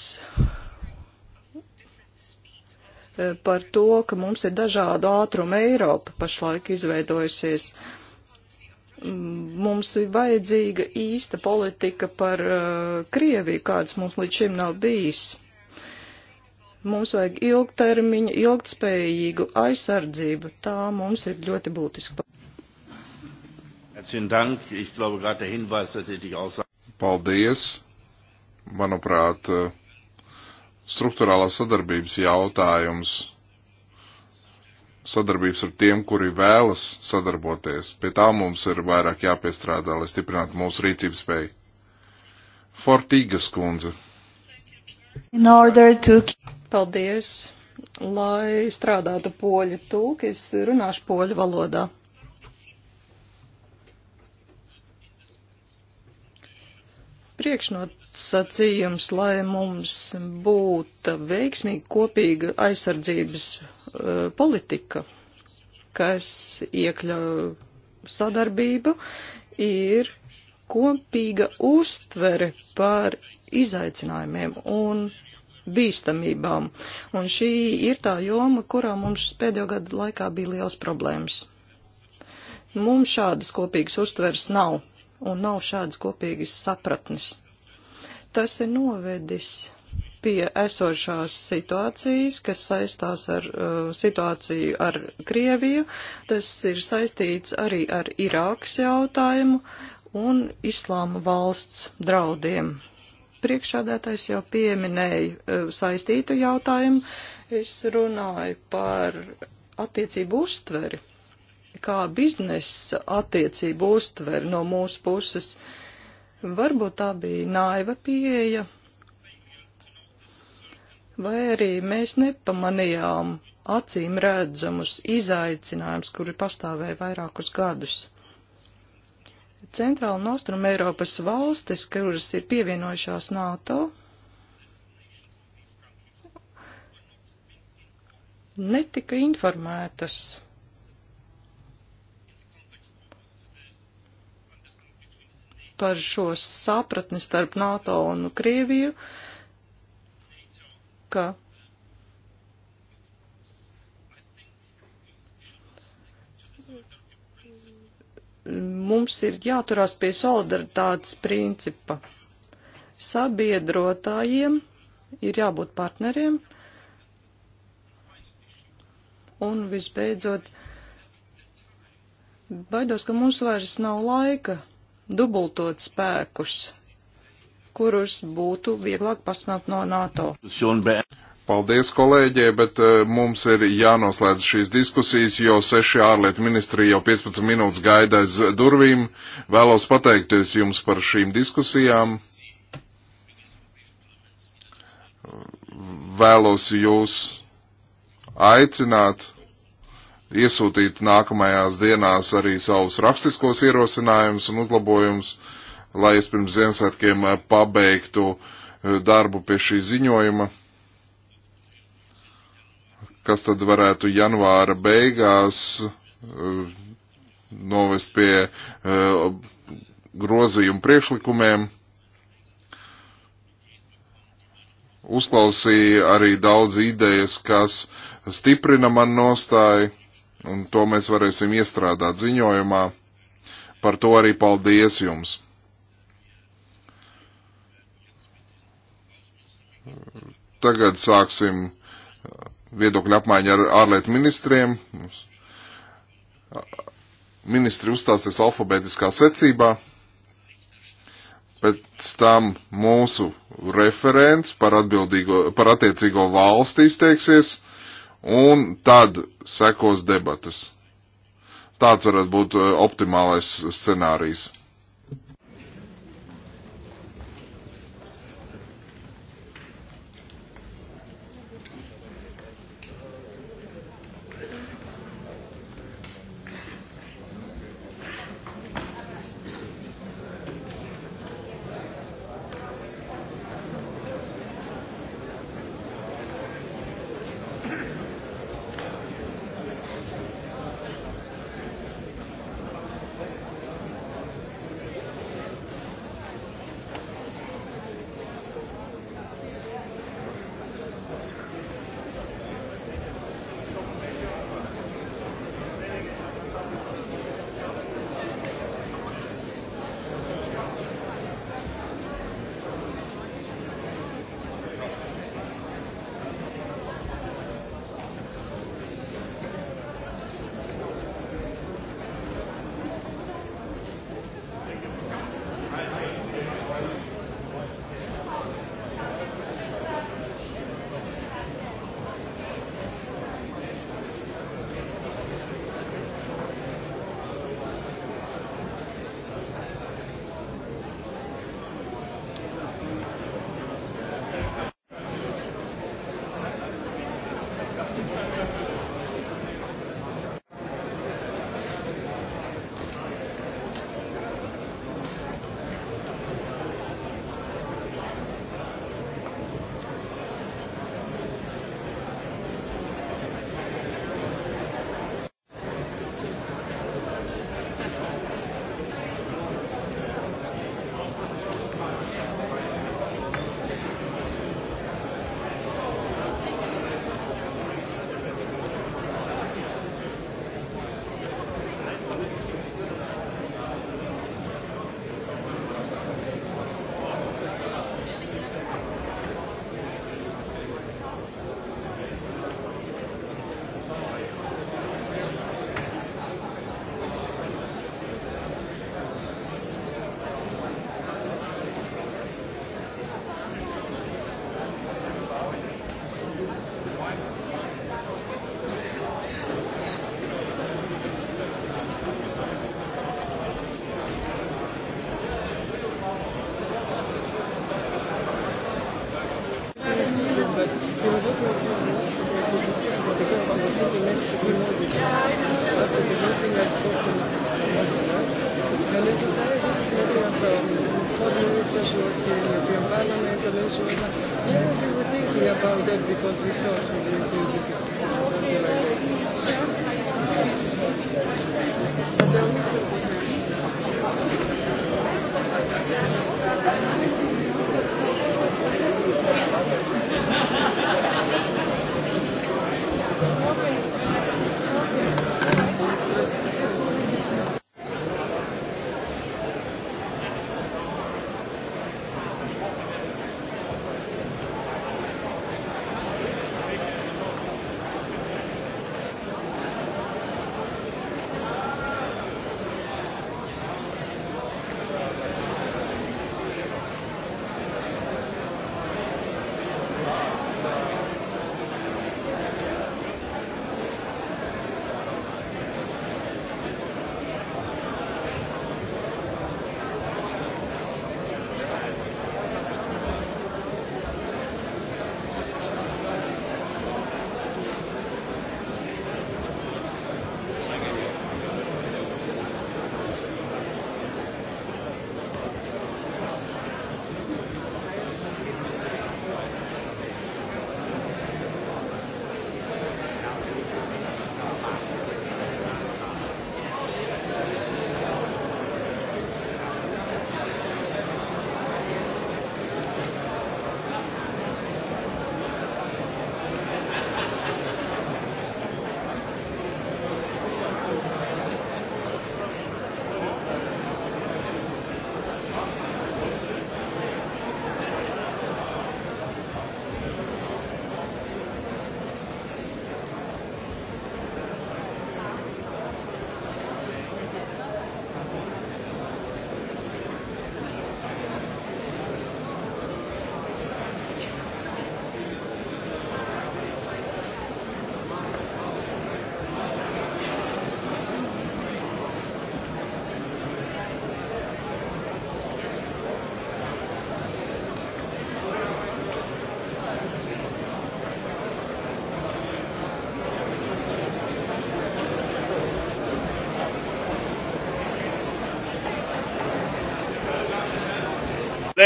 Eh, par to, ka mums ir dažādu ātrumu Eiropa pašlaik izveidojusies. Mums ir vajadzīga īsta politika par eh, Krieviju, kādas mums līdz šim nav bijis. Mums vajag ilgtermiņa, ilgtspējīgu aizsardzību. Tā mums ir ļoti būtiska. Paldies! Manuprāt, uh, struktūrālās sadarbības jautājums, sadarbības ar tiem, kuri vēlas sadarboties. Pie tā mums ir vairāk jāpiestrādā, lai stiprinātu mūsu rīcības spēju. Fortīgas kundze. To... Paldies, lai strādātu poļu tūk, es runāšu poļu valodā. priekšnosacījums, lai mums būtu veiksmīga kopīga aizsardzības uh, politika, kas iekļauj sadarbību, ir kopīga uztvere par izaicinājumiem un bīstamībām. Un šī ir tā joma, kurā mums pēdējo gadu laikā bija liels problēmas. Mums šādas kopīgas uztveres nav un nav šādas kopīgas sapratnes. Tas ir novedis pie esošās situācijas, kas saistās ar uh, situāciju ar Krieviju, tas ir saistīts arī ar Irākas jautājumu un Islāma valsts draudiem. Priekšādētais jau pieminēja uh, saistītu jautājumu, es runāju par attiecību uztveri kā biznesa attiecību uztveri no mūsu puses. Varbūt tā bija naiva pieeja, vai arī mēs nepamanījām acīm redzamus izaicinājumus, kuri pastāvēja vairākus gadus. Centrāla un Austruma Eiropas valstis, kuras ir pievienojušās NATO, netika informētas par šo sapratni starp NATO un Krieviju, ka mums ir jāturās pie solidaritātes principa. Sabiedrotājiem ir jābūt partneriem. Un visbeidzot, baidos, ka mums vairs nav laika dubultot spēkus, kurus būtu vieglāk pasmelt no NATO. Paldies, kolēģi, bet eh, mums ir jānoslēdz šīs diskusijas, jo seši ārlietu ministri jau 15 minūtes gaida aiz durvīm. Vēlos pateikties jums par šīm diskusijām. Vēlos jūs aicināt iesūtīt nākamajās dienās arī savus rakstiskos ierosinājumus un uzlabojumus, lai es pirms Ziemassvētkiem eh, pabeigtu eh, darbu pie šī ziņojuma, kas tad varētu janvāra beigās eh, novest pie grozījumu priekšlikumiem. Uzklausīja arī daudz idejas, kas stiprina man nostāju un to mēs varēsim iestrādāt ziņojumā. Par to arī paldies jums. Tagad sāksim viedokļu apmaiņu ar ārlietu ministriem. Ministri uzstāsies alfabētiskā secībā. Pēc tam mūsu referents par, par attiecīgo valsti izteiksies un tad sekos debatas. Tāds varētu būt eh, optimālais scenārijs.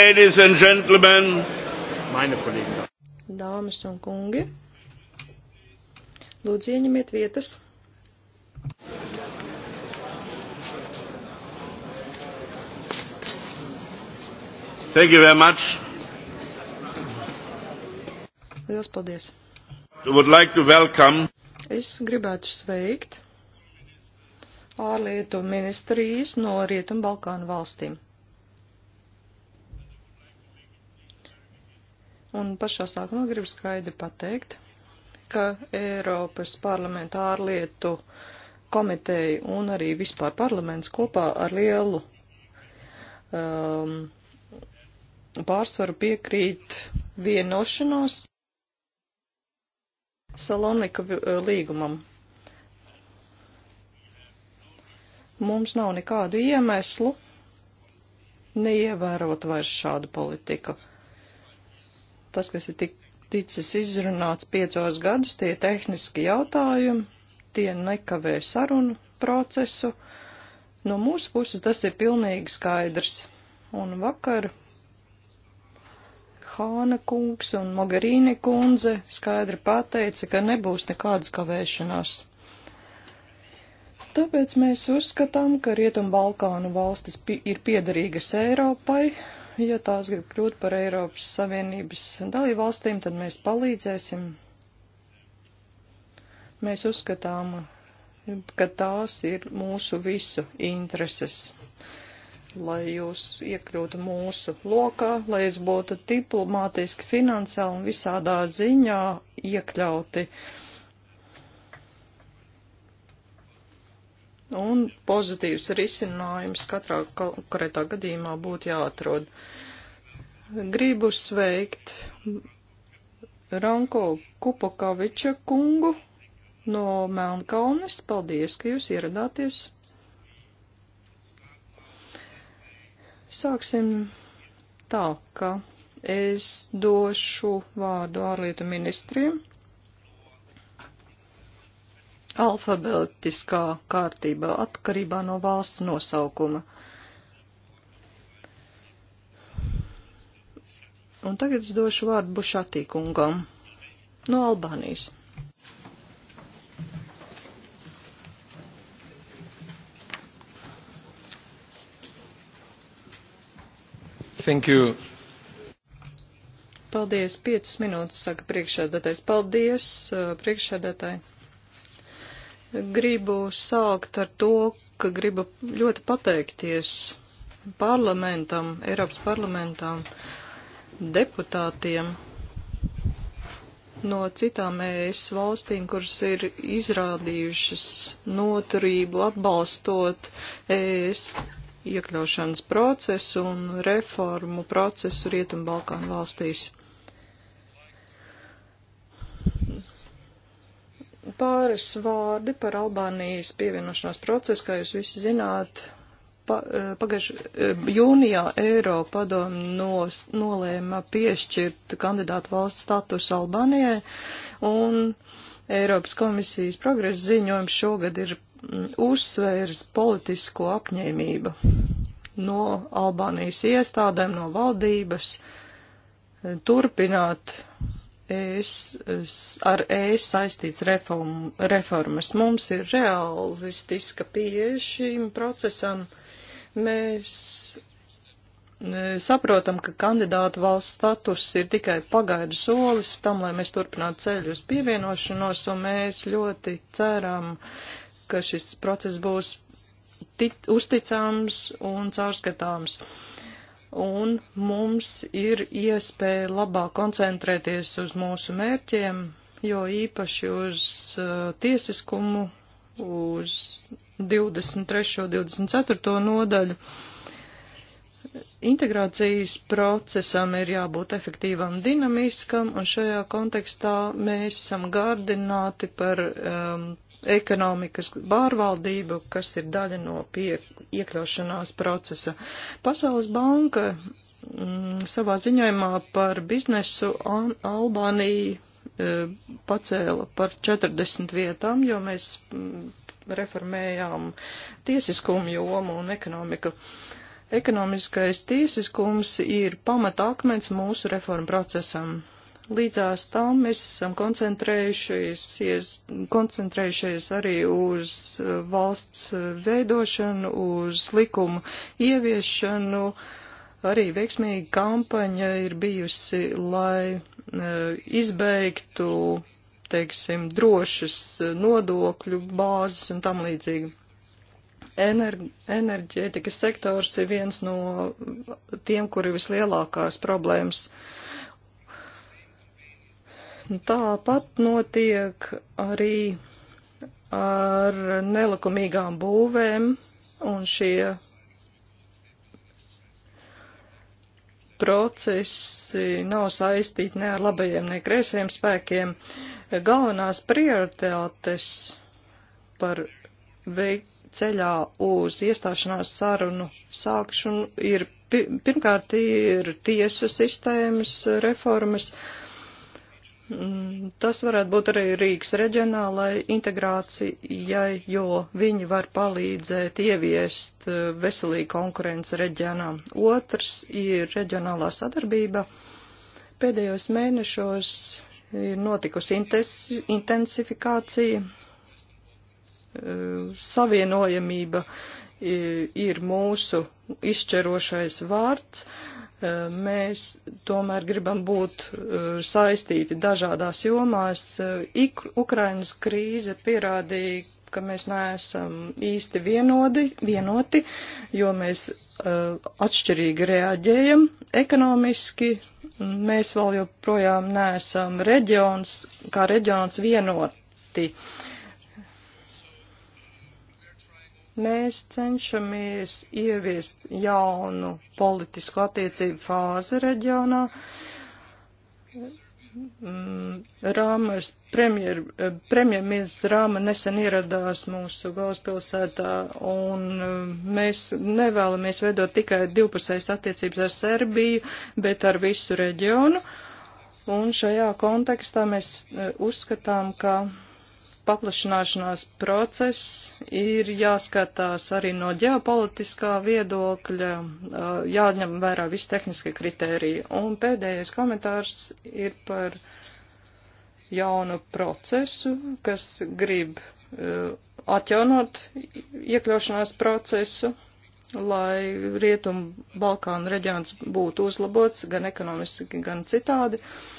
Ladies and gentlemen, meine Kollegen. Dāmas un kungi, lūdzu ieņemiet vietas. Thank you very much. Liels paldies. I would like to welcome. Es gribētu sveikt ārlietu ministrijas no Rietumbalkānu valstīm. Un pašā sākumā gribu skaidri pateikt, ka Eiropas parlamenta ārlietu komiteja un arī vispār parlaments kopā ar lielu um, pārsvaru piekrīt vienošanos Salonika uh, līgumam. Mums nav nekādu iemeslu neievērot vairs šādu politiku tas, kas ir tik, ticis izrunāts piecos gadus, tie tehniski jautājumi, tie nekavē sarunu procesu. No mūsu puses tas ir pilnīgi skaidrs. Un vakar Hāna kungs un Mogarīni kundze skaidri pateica, ka nebūs nekādas kavēšanās. Tāpēc mēs uzskatām, ka Rietumbalkānu valstis ir piederīgas Eiropai ja tās grib kļūt par Eiropas Savienības dalībvalstīm, tad mēs palīdzēsim. Mēs uzskatām, ka tās ir mūsu visu intereses, lai jūs iekļūtu mūsu lokā, lai jūs būtu diplomātiski, finansiāli un visādā ziņā iekļauti. Uh, un pozitīvs risinājums katrā konkrētā gadījumā būtu jāatrod. Gribu sveikt Ranko Kupokaviča kungu no Melnkalnes. Paldies, ka jūs ieradāties. Sāksim tā, ka es došu vārdu ārlietu ministriem alfabetiskā kārtībā atkarībā no valsts nosaukuma. Un tagad es došu vārdu Bušatī kungam no Albānijas. Thank you. Paldies, piecas minūtes, saka priekšēdētājs. Paldies, uh, priekšēdētāji. Gribu sākt ar to, ka gribu ļoti pateikties parlamentam, Eiropas parlamentam, deputātiem no citām ES valstīm, kuras ir izrādījušas noturību atbalstot ES iekļaušanas procesu un reformu procesu Rietumbalkānu valstīs. Pāris vārdi par Albānijas pievienošanās procesu, kā jūs visi zināt, pa, eh, pagājuši eh, jūnijā Eiropa padomu nos, nolēma piešķirt kandidātu valsts statusu Albānijai, un Eiropas komisijas progresa ziņojums šogad ir mm, uzsvērs politisko apņēmību no Albānijas iestādēm, no valdības eh, turpināt es, ar es saistīts reform, reformas. Mums ir realistiska pieeja šīm procesam. Mēs e, saprotam, ka kandidātu valsts status ir tikai pagaidu solis tam, lai mēs turpinātu ceļu uz pievienošanos, un mēs ļoti ceram, ka šis process būs tic, uzticams un caurskatāms. Uh, un mums ir iespēja labāk koncentrēties uz mūsu mērķiem, jo īpaši uz uh, tiesiskumu, uz 23. un 24. nodaļu. Integrācijas procesam ir jābūt efektīvam, dinamiskam, un šajā kontekstā mēs esam gārdināti par um, ekonomikas pārvaldību, kas ir daļa no pie, iekļaušanās procesa. Pasaules banka mm, savā ziņojumā par biznesu Al Albāniju e, pacēla par 40 vietām, jo mēs mm, reformējām tiesiskumu jomu un ekonomiku. Ekonomiskais tiesiskums ir pamatakmens mūsu reformu procesam Līdzās tam mēs esam koncentrējušies, koncentrējušies arī uz uh, valsts uh, veidošanu, uz likumu ieviešanu. Arī veiksmīga kampaņa ir bijusi, lai uh, izbeigtu, teiksim, drošas nodokļu bāzes un tam līdzīgi enerģētikas sektors ir viens no tiem, kur ir vislielākās problēmas. Tāpat notiek arī ar nelikumīgām būvēm un šie procesi nav saistīti ne ar labajiem, ne kreisajiem spēkiem. Galvenās prioritātes par veikt ceļā uz iestāšanās sarunu sākšanu ir pirmkārt ir tiesu sistēmas reformas, uh, Mm, tas varētu būt arī Rīgas reģionālai integrācijai, jo viņi var palīdzēt ieviest eh, veselīgu konkurenci reģionā. Otrs ir reģionālā sadarbība. Pēdējos mēnešos ir notikusi intensifikācija, eh, savienojamība ir mūsu izšķirošais vārds Eh, mēs tomēr gribam būt eh, saistīti dažādās jomās. Eh, Ik Ukrainas krīze pierādīja, ka mēs neesam īsti vienodi, vienoti, jo mēs atšķirīgi reaģējam ekonomiski. Mēs vēl joprojām neesam reģions, kā reģions vienoti. Uh, Mēs cenšamies ieviest jaunu politisku attiecību fāzi reģionā. Mm, Rāmas premjer, premjerministrs Rāma nesen ieradās mūsu galvaspilsētā, un mm, mēs nevēlamies veidot tikai divpusējas attiecības ar Serbiju, bet ar visu reģionu. Un šajā kontekstā mēs mm, uzskatām, ka paplašināšanās process ir jāskatās arī no ģeopolitiskā viedokļa, jāņem vērā visi tehniskie kritēriji. Un pēdējais komentārs ir par jaunu procesu, kas grib atjaunot iekļaušanās procesu, lai Rietumu Balkānu reģions būtu uzlabots gan ekonomiski, gan citādi. Uh,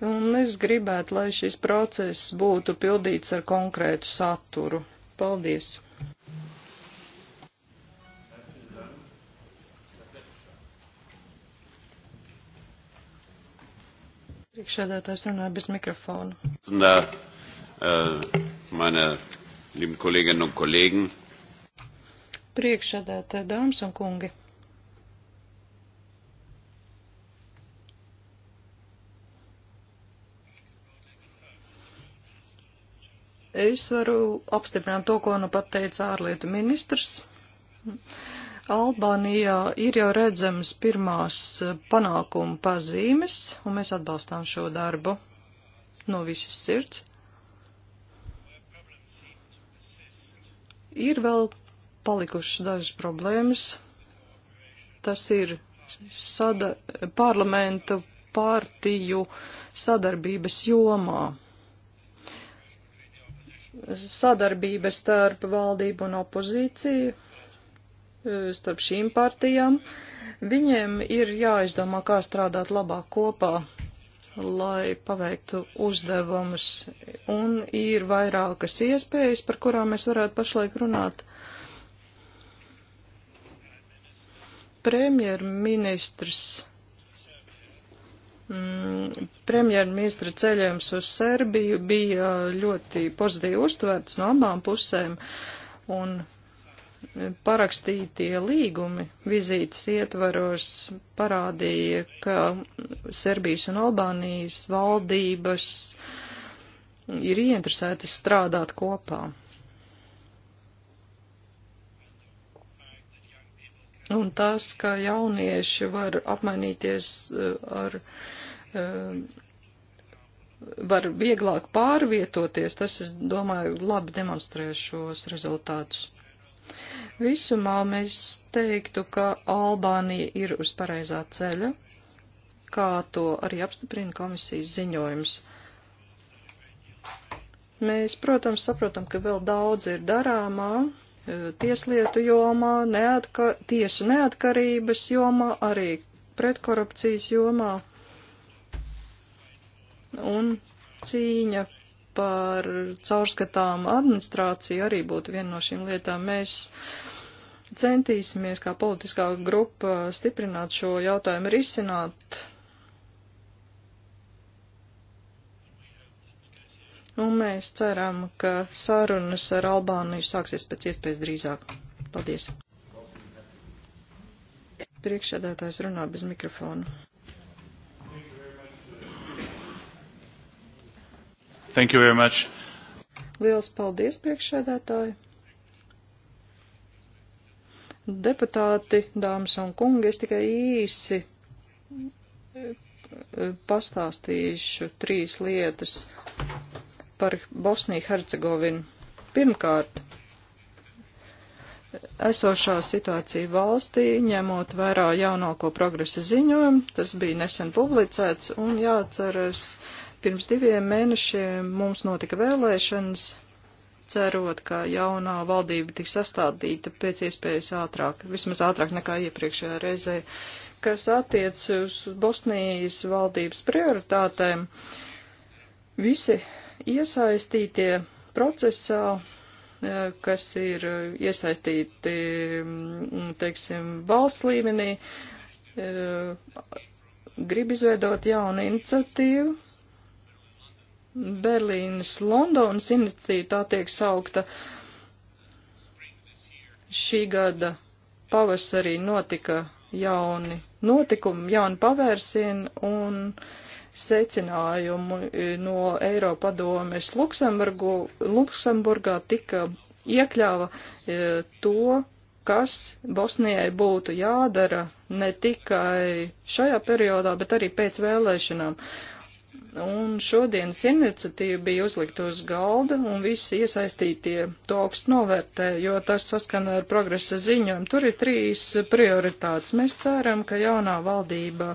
Un es gribētu, lai šis process būtu pildīts ar konkrētu saturu. Paldies! Priekšsēdētājs runāja bez mikrofona. Nā, uh, mana lieben Kolleginnen un Kollegen. Priekšsēdētāji, dāmas un kungi. Es varu apstiprināt to, ko nu pat teica ārlietu ministrs. Albānijā ir jau redzamas pirmās eh, panākuma pazīmes, un mēs atbalstām šo darbu no visas sirds. Ir vēl palikušas dažas problēmas. Tas ir sada, parlamentu pārtiju sadarbības jomā sadarbība starp valdību un opozīciju, e, starp šīm partijām. Viņiem ir jāizdomā, kā strādāt labāk kopā, lai paveiktu uzdevumus. Un ir vairākas iespējas, par kurām mēs varētu pašlaik runāt. Premjerministrs premjerministra ceļojums uz Serbiju bija ļoti pozitīvi uztvērts no abām pusēm, un parakstītie līgumi vizītes ietvaros parādīja, ka Serbijas un Albānijas valdības ir ieinteresētas strādāt kopā. Un tas, ka jaunieši var apmainīties eh, ar uh, Um, var vieglāk pārvietoties, tas, es domāju, labi demonstrē šos rezultātus. Visumā mēs teiktu, ka Albānija ir uz pareizā ceļa, kā to arī apstiprina komisijas ziņojums. Mēs, protams, saprotam, ka vēl daudz ir darāmā e, tieslietu jomā, neatka, tiesu neatkarības jomā, arī pretkorupcijas jomā un cīņa par caurskatām administrāciju arī būtu viena no šīm lietām. Mēs centīsimies kā politiskā grupa stiprināt šo jautājumu risināt. Un mēs ceram, ka sarunas ar Albāniju sāksies pēc iespējas drīzāk. Paldies! Priekšsēdētājs runā bez mikrofona. Thank you very much. Liels paldies, priekšsēdētāji. Deputāti, dāmas un kungi, es tikai īsi e, pastāstīšu trīs lietas par Bosniju Hercegovinu. Pirmkārt, esošā situācija valstī, ņemot vērā jaunāko progresa ziņojumu, tas bija nesen publicēts, un jāatceras Pirms diviem mēnešiem mums notika vēlēšanas, cerot, ka jaunā valdība tiks sastādīta pēc iespējas ātrāk, vismaz ātrāk nekā iepriekšējā reizē, kas attiec uz Bosnijas valdības prioritātēm. Visi iesaistītie procesā eh, kas ir iesaistīti, mm, teiksim, valsts līmenī, eh, grib izveidot jaunu iniciatīvu, Berlīnas Londonas iniciatīva, tā tiek saukta, šī gada pavasarī notika jauni notikumi, jauni pavērsieni un secinājumu no Eiropadomes Luksemburgā tika iekļāva e, to, kas Bosnijai būtu jādara ne tikai šajā periodā, bet arī pēc vēlēšanām. Uh, Un šodienas iniciatīva bija uzlikta uz galda, un visi iesaistītie to augstu novērtē, jo tas saskana ar progresa ziņojumu. Tur ir trīs prioritātes. Mēs ceram, ka jaunā valdība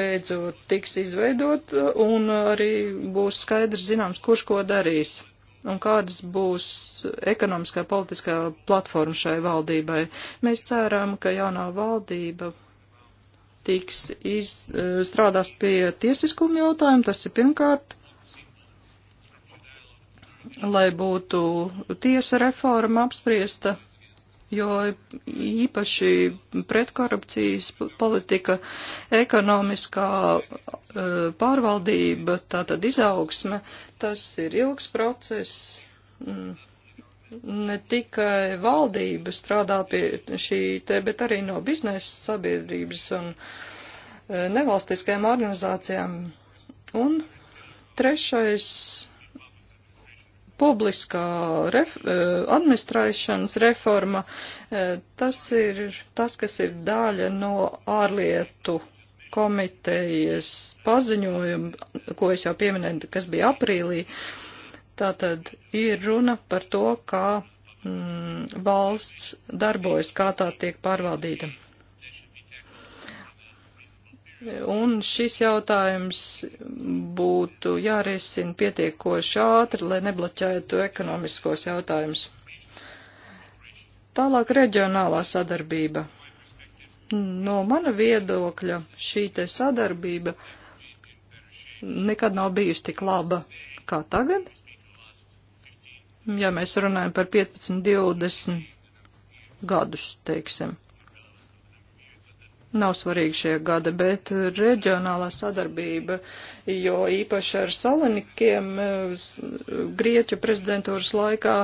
beidzot tiks izveidot, un arī būs skaidrs zināms, kurš ko darīs, un kādas būs ekonomiskā politiskā platforma šai valdībai. Mēs ceram, ka jaunā valdība tiks iz, eh, strādās pie tiesiskuma jautājuma, tas ir pirmkārt, lai būtu tiesa reforma apspriesta, jo īpaši pretkorupcijas politika, ekonomiskā eh, pārvaldība, tātad izaugsme, tas ir ilgs process mm, ne tikai valdība strādā pie šī te, bet arī no biznesa sabiedrības un e, nevalstiskajām organizācijām. Un trešais publiskā ref, e, administrēšanas reforma, e, tas ir tas, kas ir daļa no ārlietu komitejas paziņojuma, ko es jau pieminēju, kas bija aprīlī. Uh, Tātad ir runa par to, kā mm, valsts darbojas, kā tā tiek pārvaldīta. Un šis jautājums būtu jārisina pietiekoši ātri, lai nebloķētu ekonomiskos jautājumus. Tālāk reģionālā sadarbība. No mana viedokļa šī te sadarbība nekad nav bijusi tik laba kā tagad ja mēs runājam par 15, 20 gadus, teiksim. Nav svarīgi šie gada, bet reģionālā sadarbība, jo īpaši ar salinikiem Grieķu prezidentūras laikā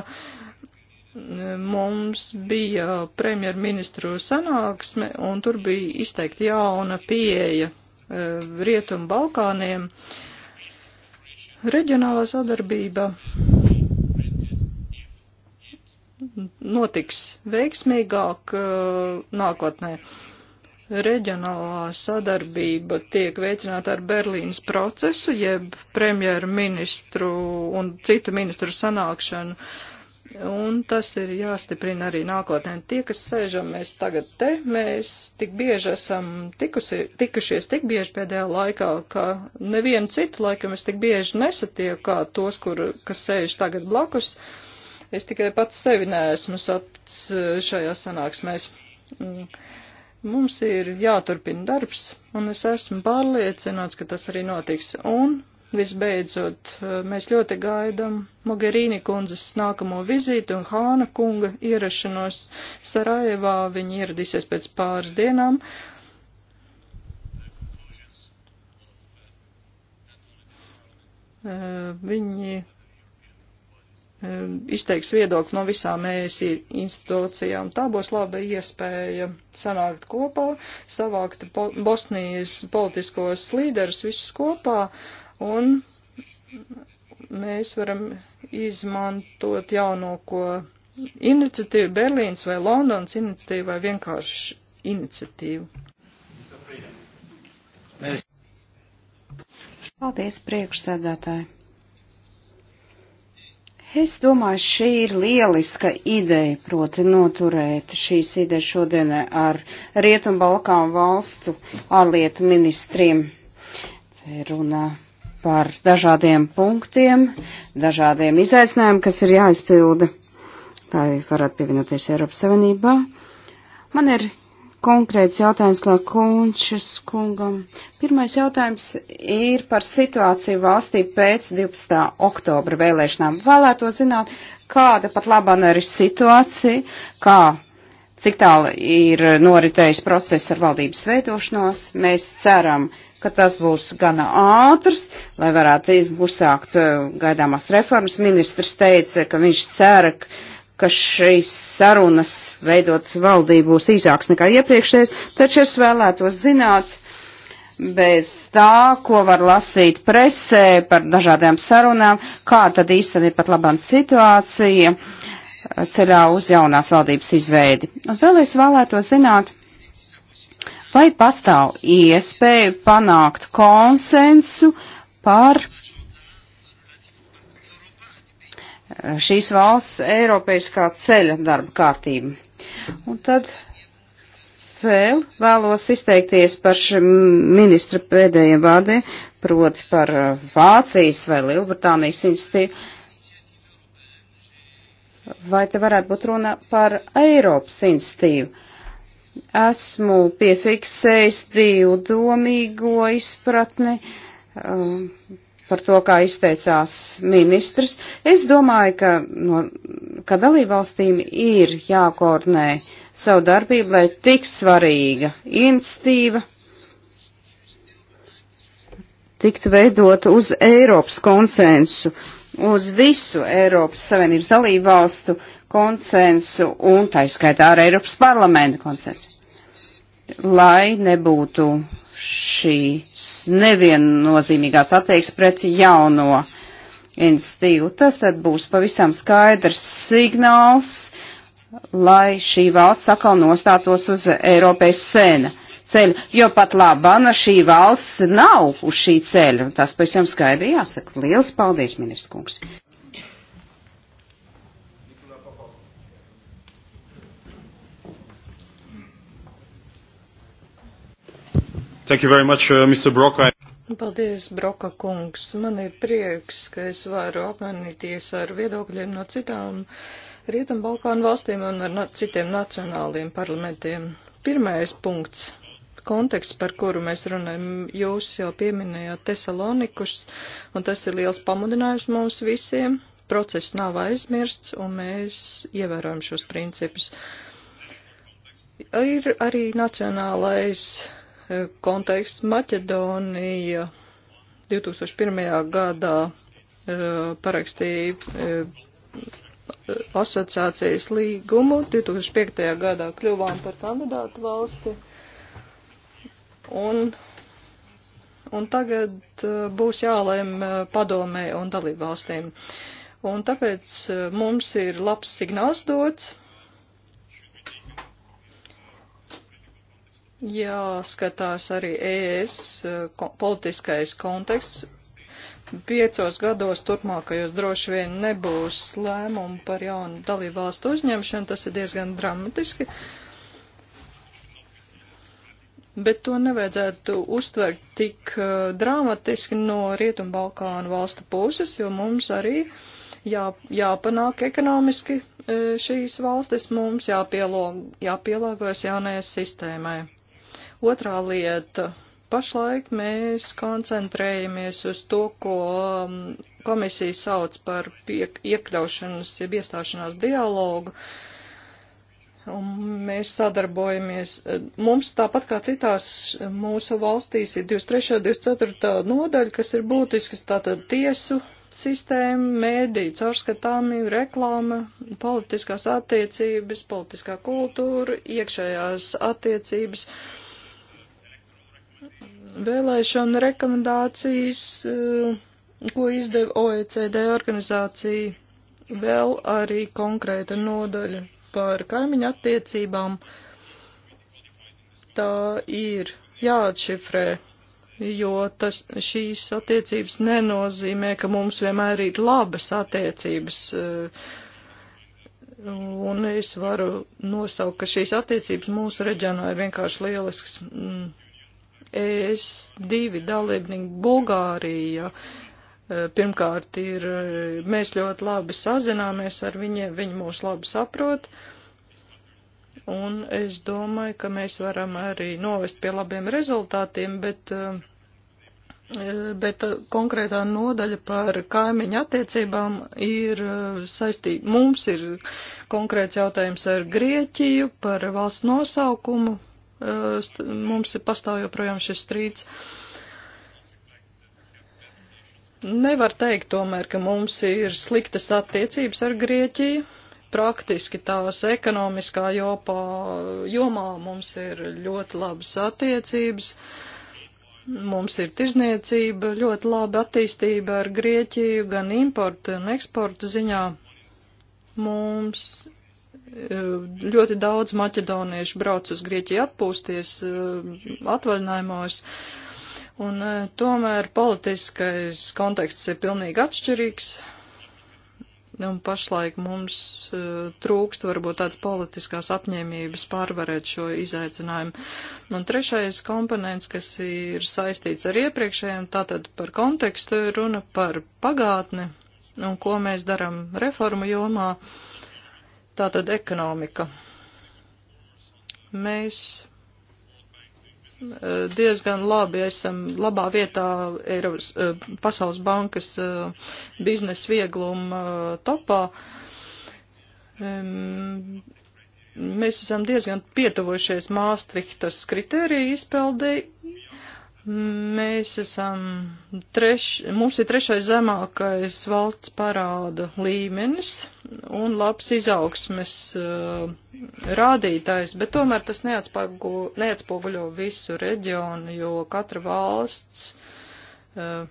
mums bija premjerministru sanāksme un tur bija izteikti jauna pieeja e, Rietumu Balkāniem. Reģionālā sadarbība notiks veiksmīgāk uh, nākotnē. Reģionālā sadarbība tiek veicināta ar Berlīnas procesu, jeb premjerministru un citu ministru sanākšanu, un tas ir jāstiprina arī nākotnē. Tie, kas sēžam mēs tagad te, mēs tik bieži esam tikusi, tikušies tik bieži pēdējā laikā, ka nevienu citu laikam es tik bieži nesatieku kā tos, kur, kas sēž tagad blakus. Uh, Es tikai pats sevi neesmu sats eh, šajā sanāksmēs. Mm. Mums ir jāturpina darbs, un es esmu pārliecināts, ka tas arī notiks. Un Visbeidzot, eh, mēs ļoti gaidam Mogherīni kundzes nākamo vizīti un Hāna kunga ierašanos Sarajevā. Viņi ieradīsies pēc pāris dienām. Eh, Viņi Um, izteiks viedokli no visām ES institūcijām. Tā būs laba iespēja sanākt kopā, savākt po Bosnijas politiskos līderus visus kopā un mēs varam izmantot jauno, ko iniciatīvu Berlīnas vai Londonas iniciatīvu vai vienkārši iniciatīvu. Paldies, priekšsēdētāji! Es domāju, šī ir lieliska ideja, proti noturēt šīs idejas šodien ar Rietumu Balkānu valstu ārlietu ministriem. Te ir runa par dažādiem punktiem, dažādiem izaicinājumiem, kas ir jāizpilda, lai varētu pievienoties Eiropas Savienībā. Man ir konkrēts jautājums Lakunčas kungam. Pirmais jautājums ir par situāciju valstī pēc 12. oktobra vēlēšanām. Vēlēto zināt, kāda pat labana ir situācija, kā, cik tālu ir noritējis process ar valdības veidošanos. Mēs ceram, ka tas būs gana ātrs, lai varētu uzsākt uh, gaidāmās reformas. Ministrs teica, ka viņš cera, ka ka šīs sarunas veidot valdību būs īsāks nekā iepriekšējais, taču es vēlētos zināt, bez tā, ko var lasīt presē par dažādām sarunām, kā tad īstenībā ir pat labāk situācija ceļā uz jaunās valdības izveidi. Un vēl es vēlētos zināt, vai pastāv iespēja panākt konsensu par šīs valsts Eiropeiskā ceļa darba kārtība. Un tad vēl vēlos izteikties par ministra pēdējiem vārdiem, proti par uh, Vācijas vai Lielbritānijas institīvu. Vai te varētu būt runa par Eiropas institīvu? Esmu piefiksējis divu domīgo izpratni. Uh, par to, kā izteicās ministrs. Es domāju, ka, no, ka dalībvalstīm ir jākoordinē savu darbību, lai tik svarīga institīva tiktu veidot uz Eiropas konsensu, uz visu Eiropas Savienības dalībvalstu konsensu un taiskaitā ar Eiropas parlamenta konsensu, lai nebūtu šīs neviennozīmīgās attieksmes pret jauno institīvu. Tas tad būs pavisam skaidrs signāls, lai šī valsts atkal nostātos uz Eiropas sēna ceļu, jo pat labana šī valsts nav uz šī ceļa. Tas pavisam skaidri jāsaka. Lielas paldies, ministrs kungs! Thank you very much, uh, Mr. Brock. I... Paldies, Broka kungs. Man ir prieks, ka es varu apmainīties ar viedokļiem no citām Rietumbalkānu valstīm un ar na citiem nacionāliem parlamentiem. Pirmais punkts konteksts, par kuru mēs runājam, jūs jau pieminējāt Tesalonikus, un tas ir liels pamudinājums mums visiem. Process nav aizmirsts, un mēs ievērojam šos principus. Ir arī nacionālais konteksts Maķedonija 2001. gadā eh, parakstīja eh, asociācijas līgumu, 2005. gadā kļuvām par kandidātu valsti, un, un tagad eh, būs jālēm padomē un dalībvalstīm. Un tāpēc mums ir labs signāls dots jāskatās arī ES eh, ko, politiskais konteksts. Piecos gados turpmākajos droši vien nebūs lēmumu par jaunu dalību valstu uzņemšanu, tas ir diezgan dramatiski. Bet to nevajadzētu uztvert tik eh, dramatiski no Rietumbalkānu valstu puses, jo mums arī jā, jāpanāk ekonomiski eh, šīs valstis, mums jāpielo, jāpielāgojas jaunajai sistēmai. Otrā lieta. Pašlaik mēs koncentrējamies uz to, ko um, komisija sauc par piek, iekļaušanas, jeb iestāšanās dialogu. Un mēs sadarbojamies. Mums tāpat kā citās mūsu valstīs ir 23. un 24. nodaļa, kas ir būtiskas tātad tiesu sistēma, mēdī, caurskatāmība, reklāma, politiskās attiecības, politiskā kultūra, iekšējās attiecības. Uh, vēlēšana rekomendācijas, eh, ko izdeva OECD organizācija, vēl arī konkrēta nodaļa par kaimiņu attiecībām. Tā ir jāatšifrē, jo tas, šīs attiecības nenozīmē, ka mums vienmēr ir labas attiecības. Eh, un es varu nosaukt, ka šīs attiecības mūsu reģionā ir vienkārši lielisks. Mm ES2 dalībnieki Bulgārija. E, pirmkārt, ir, e, mēs ļoti labi sazināmies ar viņiem, viņi mūs labi saprot. Un es domāju, ka mēs varam arī novest pie labiem rezultātiem, bet uh, bet konkrētā nodaļa par kaimiņu attiecībām ir saistīta. Mums ir konkrēts jautājums ar Grieķiju par valsts nosaukumu, Eh, mums ir pastāv joprojām šis strīds. Nevar teikt tomēr, ka mums ir sliktas attiecības ar Grieķiju. Praktiski tās ekonomiskā jopā, jomā mums ir ļoti labas attiecības. Mums ir tirzniecība, ļoti laba attīstība ar Grieķiju, gan importu un eksportu ziņā. Mums ļoti daudz maķedoniešu brauc uz Grieķiju atpūsties eh, atvaļinājumos, un eh, tomēr politiskais konteksts ir pilnīgi atšķirīgs, un pašlaik mums eh, trūkst varbūt tāds politiskās apņēmības pārvarēt šo izaicinājumu. Un trešais komponents, kas ir saistīts ar iepriekšējiem, tātad par kontekstu runa par pagātni un ko mēs daram reformu jomā. Jo Tātad ekonomika. Mēs eh, diezgan labi esam labā vietā Eiropas, eh, Pasaules bankas eh, biznesa viegluma topā. Mēs esam diezgan pietuvojušies Māstrihtas kritēriju izpildēji, Mēs esam treš, mums ir trešais zemākais valsts parāda līmenis un labs izaugsmes uh, rādītājs, bet tomēr tas neatspoguļo visu reģionu, jo katra valsts uh,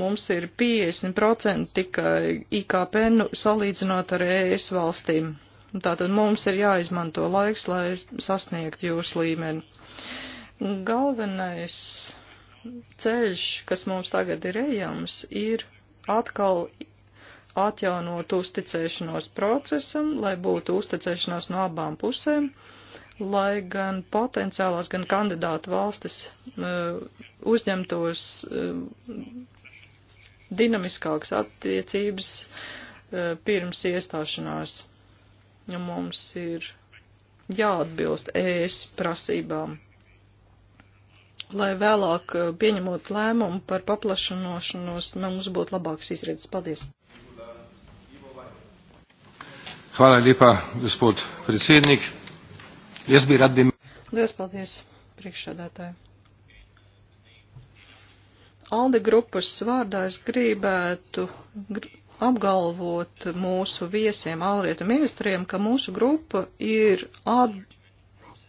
mums ir 50% tikai IKP nu, salīdzinot ar ES valstīm. Tātad mums ir jāizmanto laiks, lai sasniegtu jūsu līmeni. Galvenais ceļš, kas mums tagad ir ejams, ir atkal atjaunot uzticēšanos procesam, lai būtu uzticēšanās no abām pusēm, lai gan potenciālās, gan kandidātu valstis uh, uzņemtos uh, dinamiskākas attiecības uh, pirms iestāšanās. Ja mums ir jāatbilst ēs e prasībām lai vēlāk eh, pieņemot lēmumu par paplašanošanos, mums būtu labāks izredzes. Paldies! Hvala lepa, gospod predsednik. Jaz bi rad bi. Lielas paldies, priekšsādātāji. Alde grupas vārdā es gribētu gr apgalvot mūsu viesiem ārlietu ministriem, ka mūsu grupa ir, ad,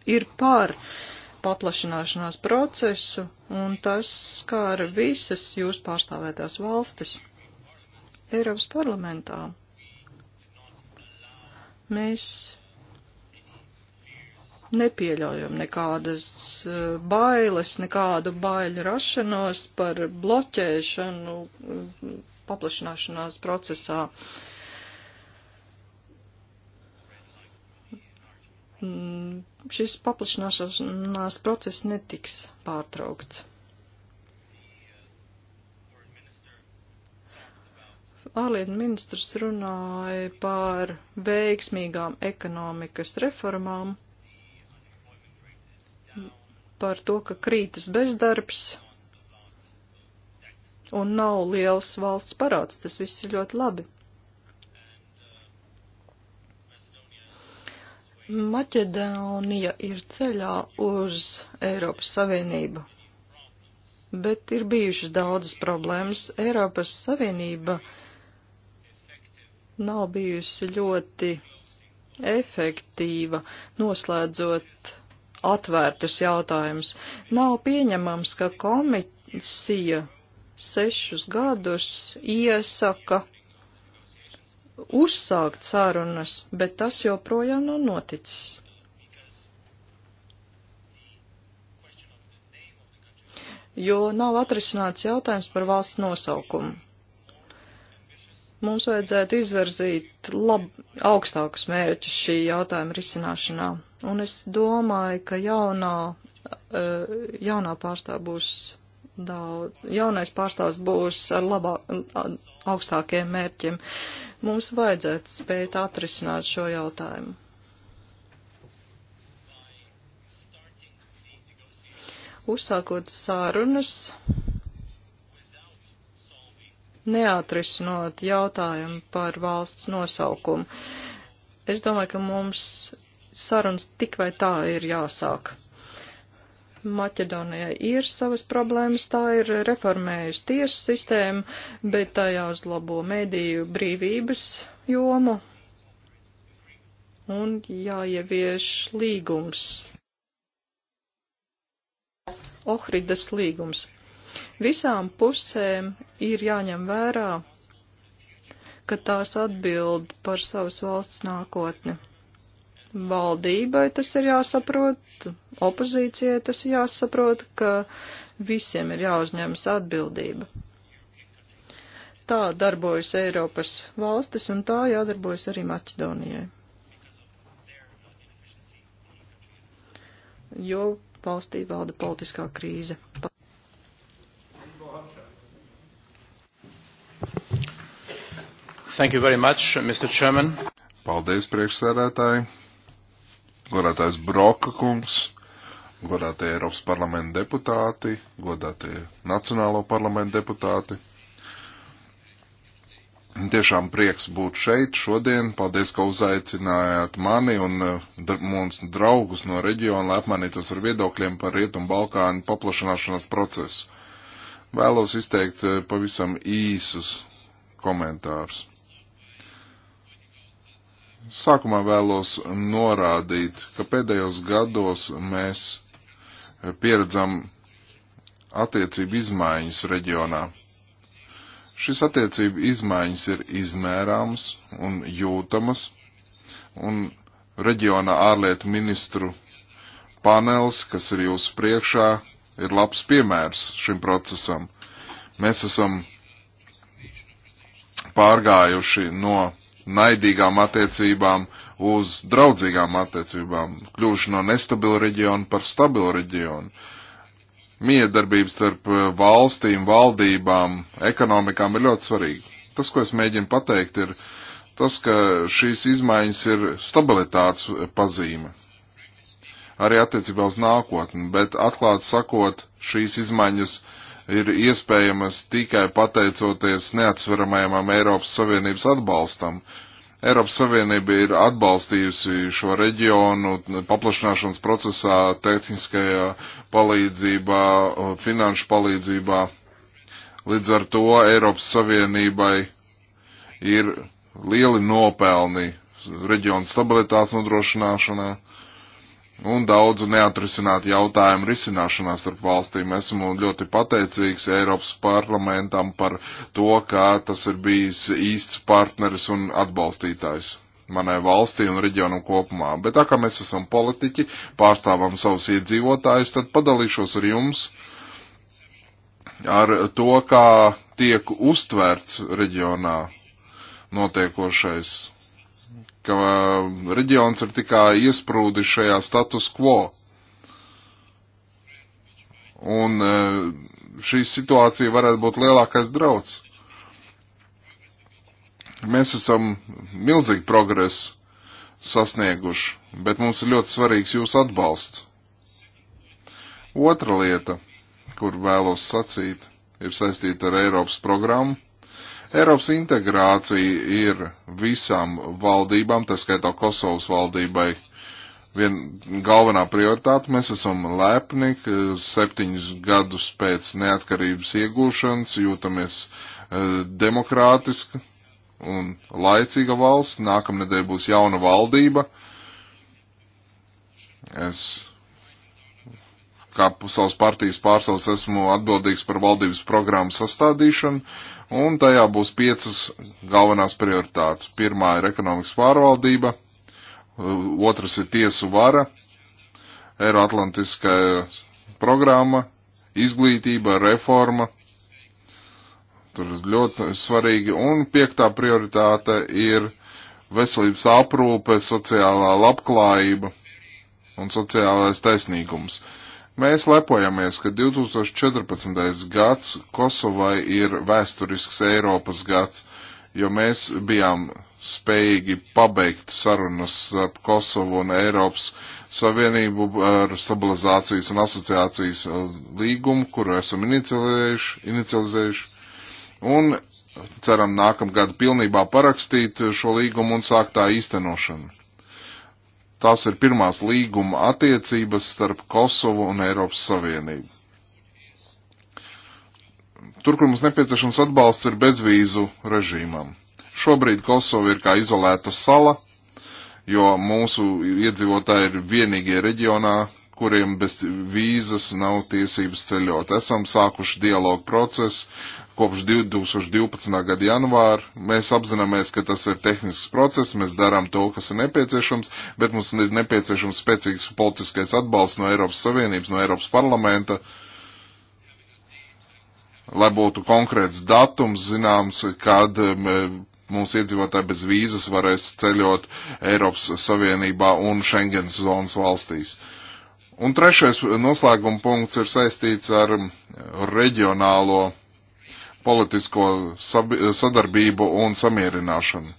ir par uh, paplašināšanās procesu, un tas skāra visas jūs pārstāvētās valstis Eiropas parlamentā. Mēs nepieļaujam nekādas uh, bailes, nekādu baiļu rašanos par bloķēšanu uh, paplašināšanās procesā. Uh, Mm, šis paplašināšanās process netiks pārtraukts. Ārlietu ministrs runāja par veiksmīgām ekonomikas reformām, par to, ka krītas bezdarbs un nav liels valsts parāds. Tas viss ir ļoti labi. Maķedānija ir ceļā uz Eiropas Savienību, bet ir bijušas daudzas problēmas. Eiropas Savienība nav bijusi ļoti efektīva, noslēdzot atvērtus jautājumus. Nav pieņemams, ka komisija sešus gadus iesaka uzsākt sārunas, bet tas joprojām nav noticis. Jo nav atrisināts jautājums par valsts nosaukumu. Mums vajadzētu izverzīt lab, augstākus mērķus šī jautājuma risināšanā, un es domāju, ka jaunā, eh, jaunā pārstāv būs daudz, jaunais pārstāvs būs ar labā, augstākiem mērķiem. Mums vajadzētu spēt atrisināt šo jautājumu. Uzsākot sārunas, neatrisinot jautājumu par valsts nosaukumu. Es domāju, ka mums sarunas tik vai tā ir jāsāk. Maķedonijai ir savas problēmas, tā ir reformējusi tiesu sistēmu, bet tā jāuzlabo mediju brīvības jomu un jāievieš līgums. Ohridas līgums. Visām pusēm ir jāņem vērā, ka tās atbild par savas valsts nākotni. Valdībai tas ir jāsaprot, opozīcijai tas ir jāsaprot, ka visiem ir jāuzņemas atbildība. Tā darbojas Eiropas valstis un tā jādarbojas arī Maķedonijai. Jo valstī valda politiskā krīze. Thank you very much, Mr. Chairman. Paldies, priekšsēdētāji godātais Broka kungs, godātie Eiropas parlamenta deputāti, godātie Nacionālo parlamentu deputāti. Tiešām prieks būt šeit šodien. Paldies, ka uzaicinājāt mani un eh, mūsu draugus no reģiona, lai apmainītos ar viedokļiem par Rietumu Balkānu paplašanāšanās procesu. Vēlos izteikt eh, pavisam īsus komentārus. Sākumā vēlos norādīt, ka pēdējos gados mēs pieredzam attiecību izmaiņas reģionā. Šis attiecību izmaiņas ir izmērāmas un jūtamas, un reģiona ārlietu ministru panels, kas ir jūsu priekšā, ir labs piemērs šim procesam. Mēs esam pārgājuši no naidīgām attiecībām uz draudzīgām attiecībām, kļūšu no nestabila reģiona par stabilu reģionu. Miedarbības starp eh, valstīm, valdībām, ekonomikām ir ļoti svarīga. Tas, ko es mēģinu pateikt, ir tas, ka šīs izmaiņas ir stabilitātes eh, pazīme. Arī attiecībā uz nākotni, bet atklāt sakot, šīs izmaiņas uh, ir iespējamas tikai pateicoties neatsveramajam Eiropas Savienības atbalstam. Eiropas Savienība ir atbalstījusi šo reģionu paplašināšanas procesā, tehniskajā palīdzībā, finanšu palīdzībā. Līdz ar to Eiropas Savienībai ir lieli nopelni reģionu stabilitātes nodrošināšanā un daudzu neatrisinātu jautājumu risināšanā starp valstīm. Esmu ļoti pateicīgs Eiropas parlamentam par to, kā tas ir bijis īsts partneris un atbalstītājs manai valstī un reģionam kopumā. Bet tā kā mēs esam politiķi, pārstāvam savus iedzīvotājus, tad padalīšos ar jums ar to, kā tiek uztvērts reģionā notiekošais ka uh, reģions ir tikai iesprūdi šajā status quo. Un uh, šī situācija varētu būt lielākais drauds. Mēs esam milzīgi progresu sasnieguši, bet mums ir ļoti svarīgs jūsu atbalsts. Otra lieta, kur vēlos sacīt, ir saistīta ar Eiropas programmu Eiropas integrācija ir visām valdībām, tā skaitā Kosovas valdībai, viena galvenā prioritāte. Mēs esam lepni, ka septiņus gadus pēc neatkarības iegūšanas jūtamies uh, demokrātiski un laicīga valsts. Nākamnedēļ būs jauna valdība. Es kā savas partijas pārstāvs esmu atbildīgs par valdības programmu sastādīšanu, un tajā būs piecas galvenās prioritātes. Pirmā ir ekonomikas pārvaldība, otras ir tiesu vara, Eiroatlantiskā programma, izglītība, reforma. Tur ir ļoti svarīgi. Un piektā prioritāte ir veselības aprūpe, sociālā labklājība un sociālais taisnīgums. Uh, Mēs lepojamies, ka 2014. gads Kosovai ir vēsturisks Eiropas gads, jo mēs bijām spējīgi pabeigt sarunas ar Kosovu un Eiropas Savienību ar stabilizācijas un asociācijas uh, līgumu, kuru esam inicializējuši, inicializējuši. Un ceram nākamgad pilnībā parakstīt šo līgumu un sākt tā īstenošanu. Tās ir pirmās līguma attiecības starp Kosovu un Eiropas Savienību. Tur, kur mums nepieciešams atbalsts, ir bezvīzu režīmam. Šobrīd Kosova ir kā izolēta sala, jo mūsu iedzīvotāji ir vienīgie reģionā, kuriem bez vīzas nav tiesības ceļot. Esam sākuši dialogu procesu kopš 2012. gada janvāra mēs apzināmies, ka tas ir tehnisks process, mēs darām to, kas ir nepieciešams, bet mums ir nepieciešams spēcīgs politiskais atbalsts no Eiropas Savienības, no Eiropas parlamenta, lai būtu konkrēts datums zināms, kad mūsu iedzīvotāji bez vīzas varēs ceļot Eiropas Savienībā un Schengens zonas valstīs. Un trešais noslēguma punkts ir saistīts ar reģionālo politisko sadarbību un samierināšanu.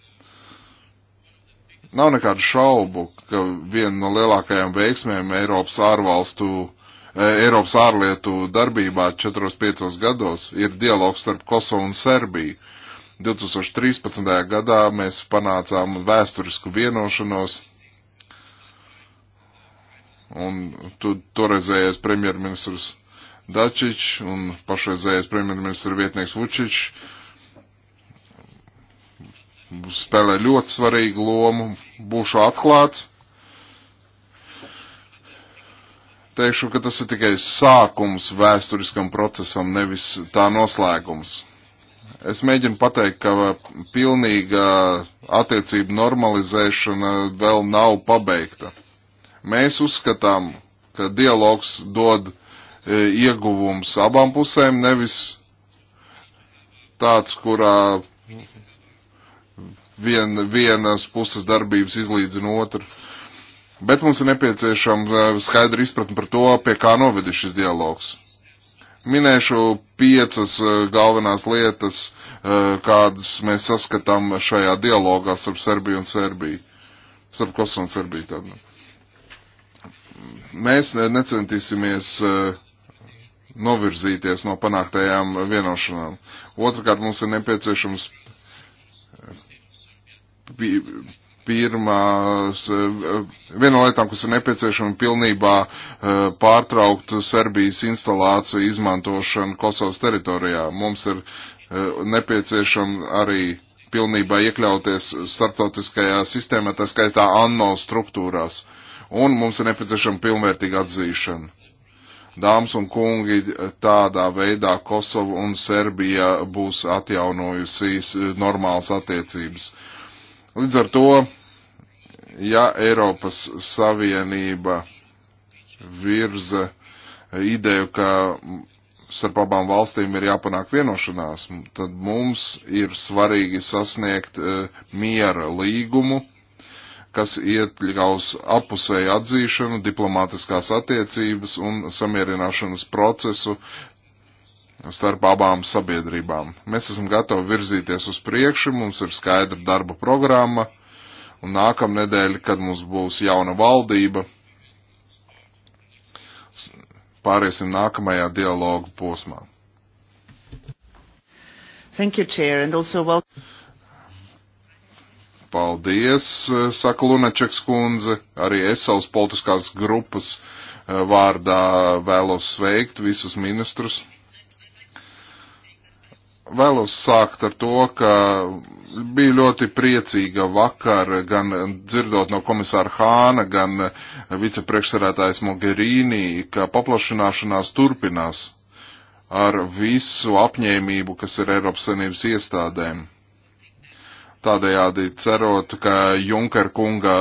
Nav nekādu šaubu, ka viena no lielākajām veiksmēm Eiropas ārvalstu, e, Eiropas ārlietu darbībā 4-5 gados ir dialogs starp Kosovu un Serbiju. 2013. gadā mēs panācām vēsturisku vienošanos un tu, toreizējais premjerministrs Dačičs un pašreizējais premjerministra vietnieks Vučičs spēlē ļoti svarīgu lomu, būšu atklāts. Teikšu, ka tas ir tikai sākums vēsturiskam procesam, nevis tā noslēgums. Es mēģinu pateikt, ka pilnīga attiecība normalizēšana vēl nav pabeigta. Mēs uzskatām, ka dialogs dod E, ieguvums abām pusēm, nevis tāds, kurā vien, vienas puses darbības izlīdzina otru. Bet mums ir nepieciešama e, skaidra izpratne par to, pie kā novedi šis dialogs. Minēšu piecas e, galvenās lietas, kādas mēs saskatām šajā dialogā starp Serbiju un Serbiju. Starp Kosovu un Serbiju. Tad. Mēs necentīsimies uh, novirzīties no panāktajām vienošanām. Otrakārt, mums ir nepieciešams pirmās, eh, viena no lietām, kas ir nepieciešama pilnībā eh, pārtraukt Serbijas instalāciju izmantošanu Kosovas teritorijā. Mums ir eh, nepieciešama arī pilnībā iekļauties starptautiskajā sistēmā, tā skaitā ANO struktūrās. Un mums ir nepieciešama pilnvērtīga atzīšana Dāmas un kungi, tādā veidā Kosova un Serbija būs atjaunojusi eh, normālas attiecības. Līdz ar to, ja Eiropas Savienība virza ideju, ka starp abām valstīm ir jāpanāk vienošanās, tad mums ir svarīgi sasniegt eh, miera līgumu kas iekļaus apusēju atzīšanu, diplomātiskās attiecības un samierināšanas procesu starp abām sabiedrībām. Mēs esam gatavi virzīties uz priekšu, mums ir skaidra darba programma, un nākamnedēļ, kad mums būs jauna valdība, pāriesim nākamajā dialogu posmā. Thank you, Chair, and also welcome. Paldies, e, saka Lunačeks kundze. Arī es savas politiskās grupas e, vārdā vēlos sveikt visus ministrus. Vēlos sākt ar to, ka biju ļoti priecīga vakar, gan dzirdot no komisāra Hāna, gan vicepriekšsarētājs Mogherīnī, ka paplašanāšanās turpinās ar visu apņēmību, kas ir Eiropas Savienības iestādēm Tādējādi cerot, ka Junker kunga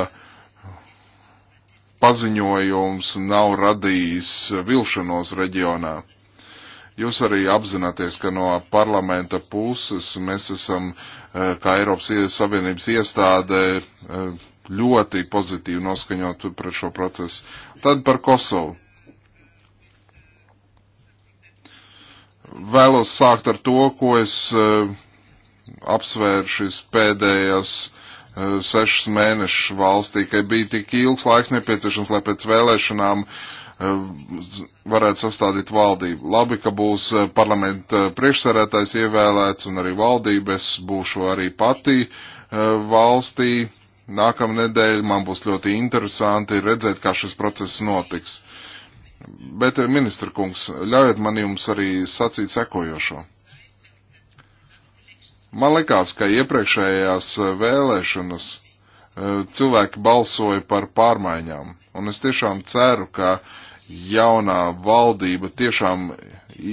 paziņojums nav radījis vilšanos reģionā. Jūs arī apzināties, ka no parlamenta puses mēs esam, eh, kā Eiropas Savienības iestāde, eh, ļoti pozitīvi noskaņot pret šo procesu. Tad par Kosovu. Vēlos sākt ar to, ko es eh, apsvēršas pēdējās uh, sešas mēnešas valstī, ka bija tik ilgs laiks nepieciešams, lai pēc vēlēšanām uh, varētu sastādīt valdību. Labi, ka būs eh, parlamenta priekšsarētājs ievēlēts un arī valdība. Es būšu arī pati valstī. Nākamnedēļ man būs ļoti interesanti redzēt, kā šis process notiks. Bet, ministra kungs, ļaujiet man jums arī sacīt sekojošo. Man liekas, ka iepriekšējās eh, vēlēšanas eh, cilvēki balsoja par pārmaiņām. Un es tiešām ceru, ka jaunā valdība tiešām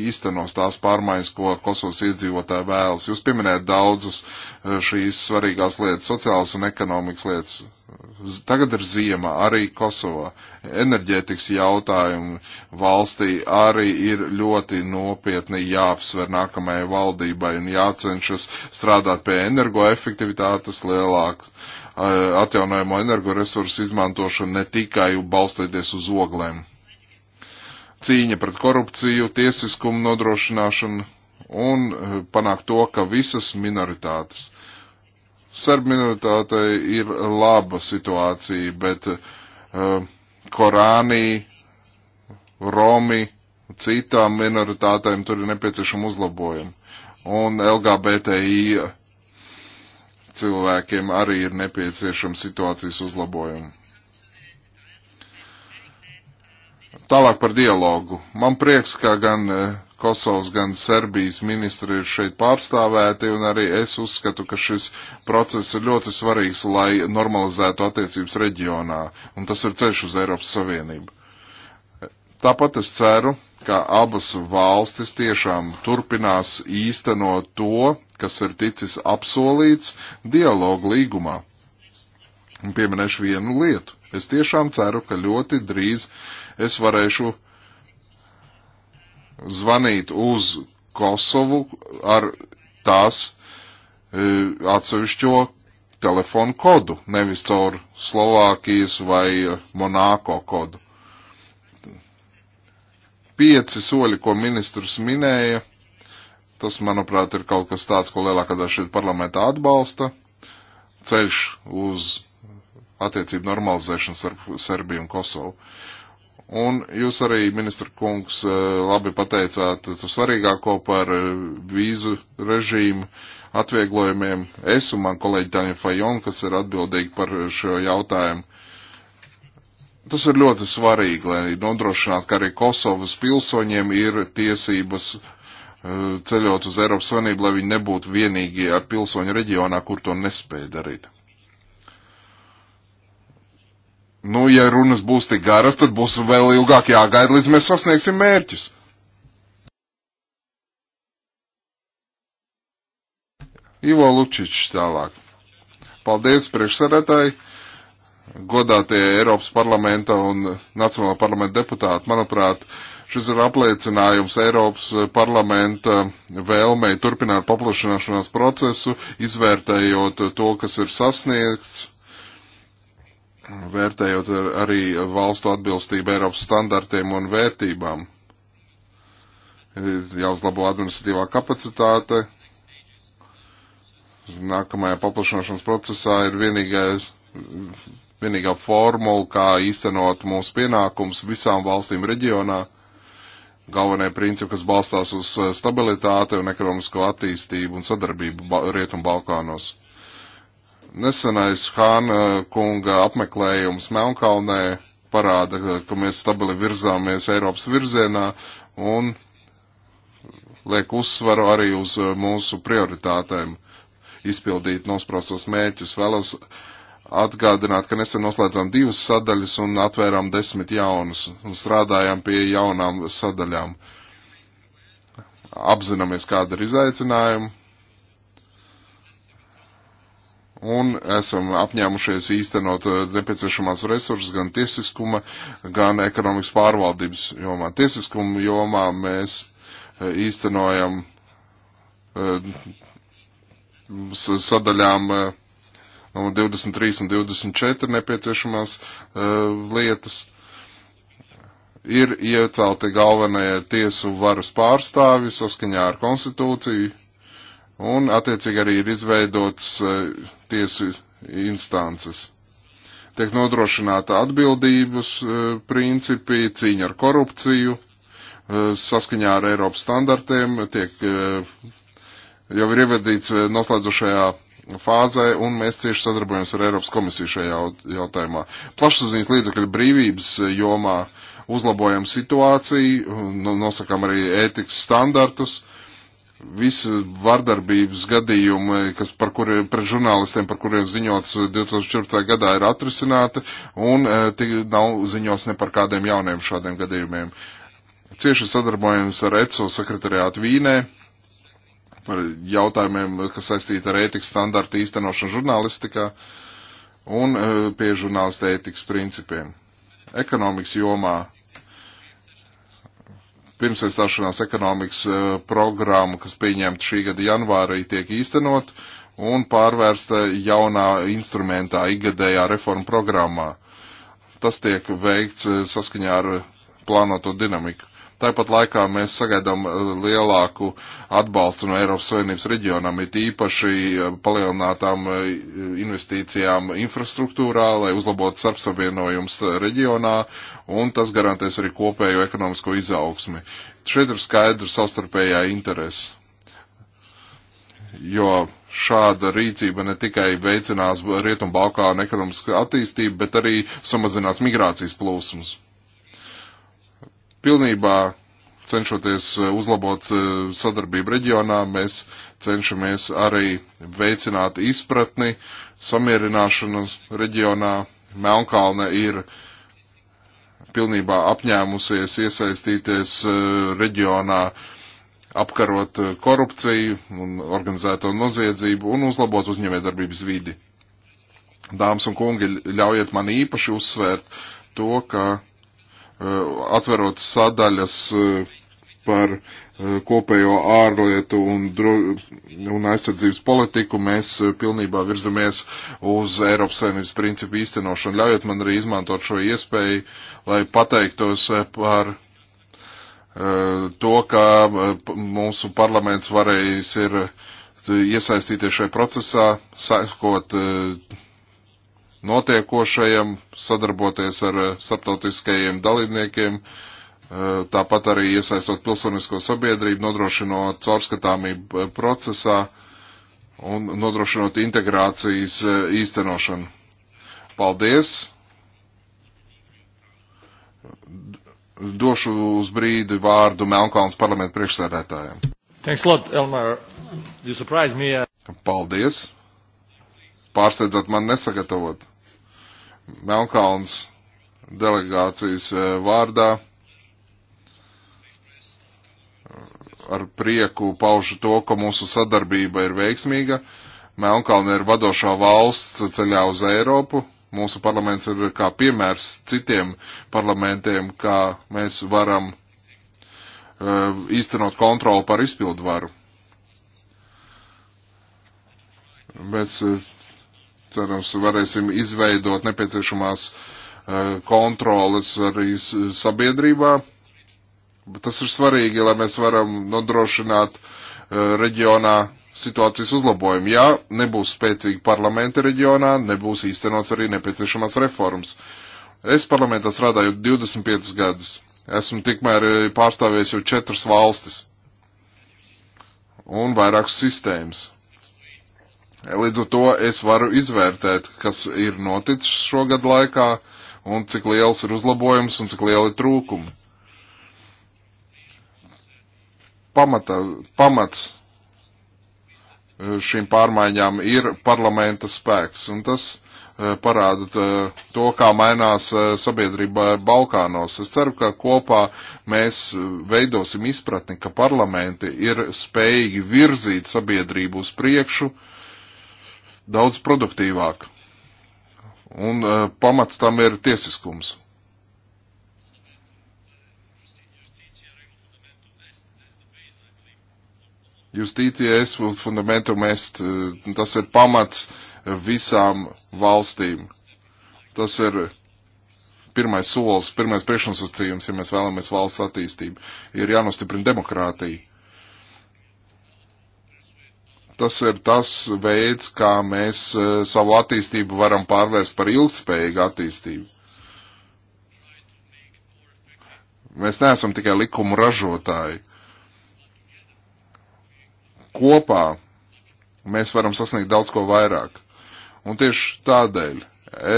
īstenos tās pārmaiņas, ko Kosovas iedzīvotāji vēlas. Jūs pieminējat daudzus eh, šīs svarīgās lietas, sociālas un ekonomikas lietas tagad ir ziema arī Kosovā. Enerģētikas jautājumi valstī arī ir ļoti nopietni jāapsver nākamajai valdībai un jācenšas strādāt pie energoefektivitātes lielāk atjaunojamo energoresursu izmantošanu ne tikai balstoties uz oglēm. Cīņa pret korupciju, tiesiskumu nodrošināšanu un e, panākt to, ka visas minoritātes uh, Serb minoritātei ir laba situācija, bet uh, eh, Korānī, Romi, citām minoritātēm tur ir nepieciešama uzlabojuma. Un LGBTI cilvēkiem arī ir nepieciešama situācijas uzlabojuma. Tālāk par dialogu. Man prieks, ka gan uh, Kosovas, gan Serbijas ministri ir šeit pārstāvēti, un arī es uzskatu, ka šis process ir ļoti svarīgs, lai normalizētu attiecības reģionā, un tas ir ceļš uz Eiropas Savienību. Tāpat es ceru, ka abas valstis tiešām turpinās īstenot to, kas ir ticis apsolīts dialogu līgumā. Un pieminēšu vienu lietu. Es tiešām ceru, ka ļoti drīz es varēšu uh, zvanīt uz Kosovu ar tās e, atsevišķo telefonu kodu, nevis caur Slovākijas vai Monāko kodu. Pieci soļi, ko ministrs minēja, tas, manuprāt, ir kaut kas tāds, ko lielākā daļa šeit parlamentā atbalsta. Ceļš uz attiecību normalizēšanu starp Serbiju un Kosovu. Uh, Un jūs arī, ministra kungs, eh, labi pateicāt svarīgāko par eh, vīzu režīmu atvieglojumiem. Es un man kolēģi Tāņa Fajon, kas ir atbildīgi par šo jautājumu. Tas ir ļoti svarīgi, lai nodrošinātu, ka arī Kosovas pilsoņiem ir tiesības eh, ceļot uz Eiropas Savienību, lai viņi nebūtu vienīgie ar pilsoņu reģionā, kur to nespēja darīt. Nu, ja runas būs tik garas, tad būs vēl ilgāk jāgaida, līdz mēs sasniegsim mērķus. Ivo Lučičs tālāk. Paldies priekšsarētāji, godātie Eiropas parlamenta un Nacionāla parlamenta deputāti. Manuprāt, šis ir apliecinājums Eiropas parlamenta vēlmei turpināt paplašanāšanās procesu, izvērtējot to, kas ir sasniegts vērtējot arī valstu atbilstību Eiropas standartiem un vērtībām. Jāuzlabo administratīvā kapacitāte. Nākamajā paplašināšanas procesā ir vienīgais, vienīgā formula, kā īstenot mūsu pienākums visām valstīm reģionā. Galvenie principi, kas balstās uz stabilitāti un ekonomisko attīstību un sadarbību Rietumbalkānos. Balkānos. Nesenais Hāna kunga apmeklējums Melnkalnē parāda, ka mēs stabili virzāmies Eiropas virzienā un liek uzsvaru arī uz mūsu prioritātēm izpildīt nospraustos mēķus. Vēlos atgādināt, ka nesen noslēdzām divas sadaļas un atvērām desmit jaunas un strādājām pie jaunām sadaļām. Apzināmies, kāda ir izaicinājuma un esam apņēmušies īstenot eh, nepieciešamās resursus gan tiesiskuma, gan ekonomikas pārvaldības jomā. Tiesiskuma jomā mēs eh, īstenojam eh, sadaļām no 23 un 24 nepieciešamās lietas. Ir iecelti galvenie tiesu varas pārstāvi saskaņā ar konstitūciju, un attiecīgi arī ir izveidots e, tiesu instances. Tiek nodrošināta atbildības e, principi, cīņa ar korupciju, e, saskaņā ar Eiropas standartiem, tiek jau ir ievedīts noslēdzošajā fāzē, un mēs cieši sadarbojamies ar Eiropas komisiju šajā jautājumā. Plašsaziņas līdzekļu brīvības jomā uzlabojam situāciju, nosakam arī ētikas standartus, uh, Visi vardarbības gadījumi, kas par kuriem, pret žurnālistiem, par kuriem ziņots 2014. Eh, gadā, ir atrisināti, un eh, nav ziņots ne par kādiem jauniem šādiem gadījumiem. Cieši sadarbojamies ar ECO sekretariātu Vīnē par jautājumiem, kas saistīti ar ētikas standartu īstenošanu žurnālistikā un eh, pie žurnālista ētikas principiem. Ekonomikas jomā pirmsiestāšanās ekonomikas eh, programma, kas pieņemta šī gada janvārī, tiek īstenot un pārvērsta jaunā instrumentā, igadējā reforma programmā. Tas tiek veikts eh, saskaņā ar plānoto dinamiku. Tāpat laikā mēs sagaidām uh, lielāku atbalstu no Eiropas Savienības reģionam, it īpaši uh, palielinātām uh, investīcijām infrastruktūrā, lai uzlabotu starpsavienojums reģionā, un tas garantēs arī kopējo ekonomisko izaugsmi. Šeit ir skaidra savstarpējā interese, jo šāda rīcība ne tikai veicinās Rietumbalkānu ekonomisku attīstību, bet arī samazinās migrācijas plūsmas pilnībā cenšoties eh, uzlabot eh, sadarbību reģionā, mēs cenšamies arī veicināt izpratni, samierināšanu reģionā. Melnkalne ir pilnībā apņēmusies iesaistīties eh, reģionā, apkarot korupciju un organizēto noziedzību un uzlabot uzņēmējdarbības vidi. Dāmas un kungi, ļaujiet man īpaši uzsvērt to, ka Eh, atverot sadaļas eh, par eh, kopējo ārlietu un, dro, un aizsardzības politiku, mēs pilnībā virzamies uz Eiropas saimnības principu īstenošanu. Ļaujiet man arī izmantot šo iespēju, lai pateiktos par to, ka mūsu parlaments varējis ir iesaistīties šajā procesā, sakot notiekošajam, sadarboties ar eh, starptautiskajiem dalībniekiem, eh, tāpat arī iesaistot pilsonisko sabiedrību, nodrošinot caurskatāmību eh, procesā un nodrošinot integrācijas īstenošanu. Paldies! Došu uz brīdi vārdu Melnkalnas parlamenta priekšsēdētājiem. Thanks a lot, Elmar. You surprised me. Uh, Paldies! pārsteidzat man nesagatavot. Melkalns delegācijas eh, vārdā ar prieku paužu to, ka mūsu sadarbība ir veiksmīga. Melnkalna ir vadošā valsts ceļā uz Eiropu. Mūsu parlaments ir kā piemērs citiem parlamentiem, kā mēs varam uh, īstenot kontroli par izpildu varu. Mēs uh, cerams, varēsim izveidot nepieciešamās e, kontroles arī sabiedrībā. Tas ir svarīgi, lai mēs varam nodrošināt e, reģionā situācijas uzlabojumu. Ja nebūs spēcīgi parlamenti reģionā, nebūs īstenots arī nepieciešamās reformas. Es parlamentā strādāju 25 gadus. Esmu tikmēr e, pārstāvējis jau četras valstis un vairākas sistēmas. Līdz ar to es varu izvērtēt, kas ir noticis šogad laikā un cik liels ir uzlabojums un cik lieli trūkumi. Pamata, pamats eh, šīm pārmaiņām ir parlamenta spēks, un tas eh, parāda to, kā mainās eh, sabiedrība Balkānos. Es ceru, ka kopā mēs veidosim izpratni, ka parlamenti ir spējīgi virzīt sabiedrību uz priekšu, uh, daudz produktīvāk. Un uh, pamats tam ir tiesiskums. Justīcija es un fundamentum est, tas ir pamats visām valstīm. Tas ir pirmais solis, pirmais priekšnosacījums, ja mēs vēlamies valsts attīstību. Ir jānostiprina demokrātija. Tas ir tas veids, kā mēs e, savu attīstību varam pārvērst par ilgspējīgu attīstību. Mēs neesam tikai likumu ražotāji. Kopā mēs varam sasniegt daudz ko vairāk. Un tieši tādēļ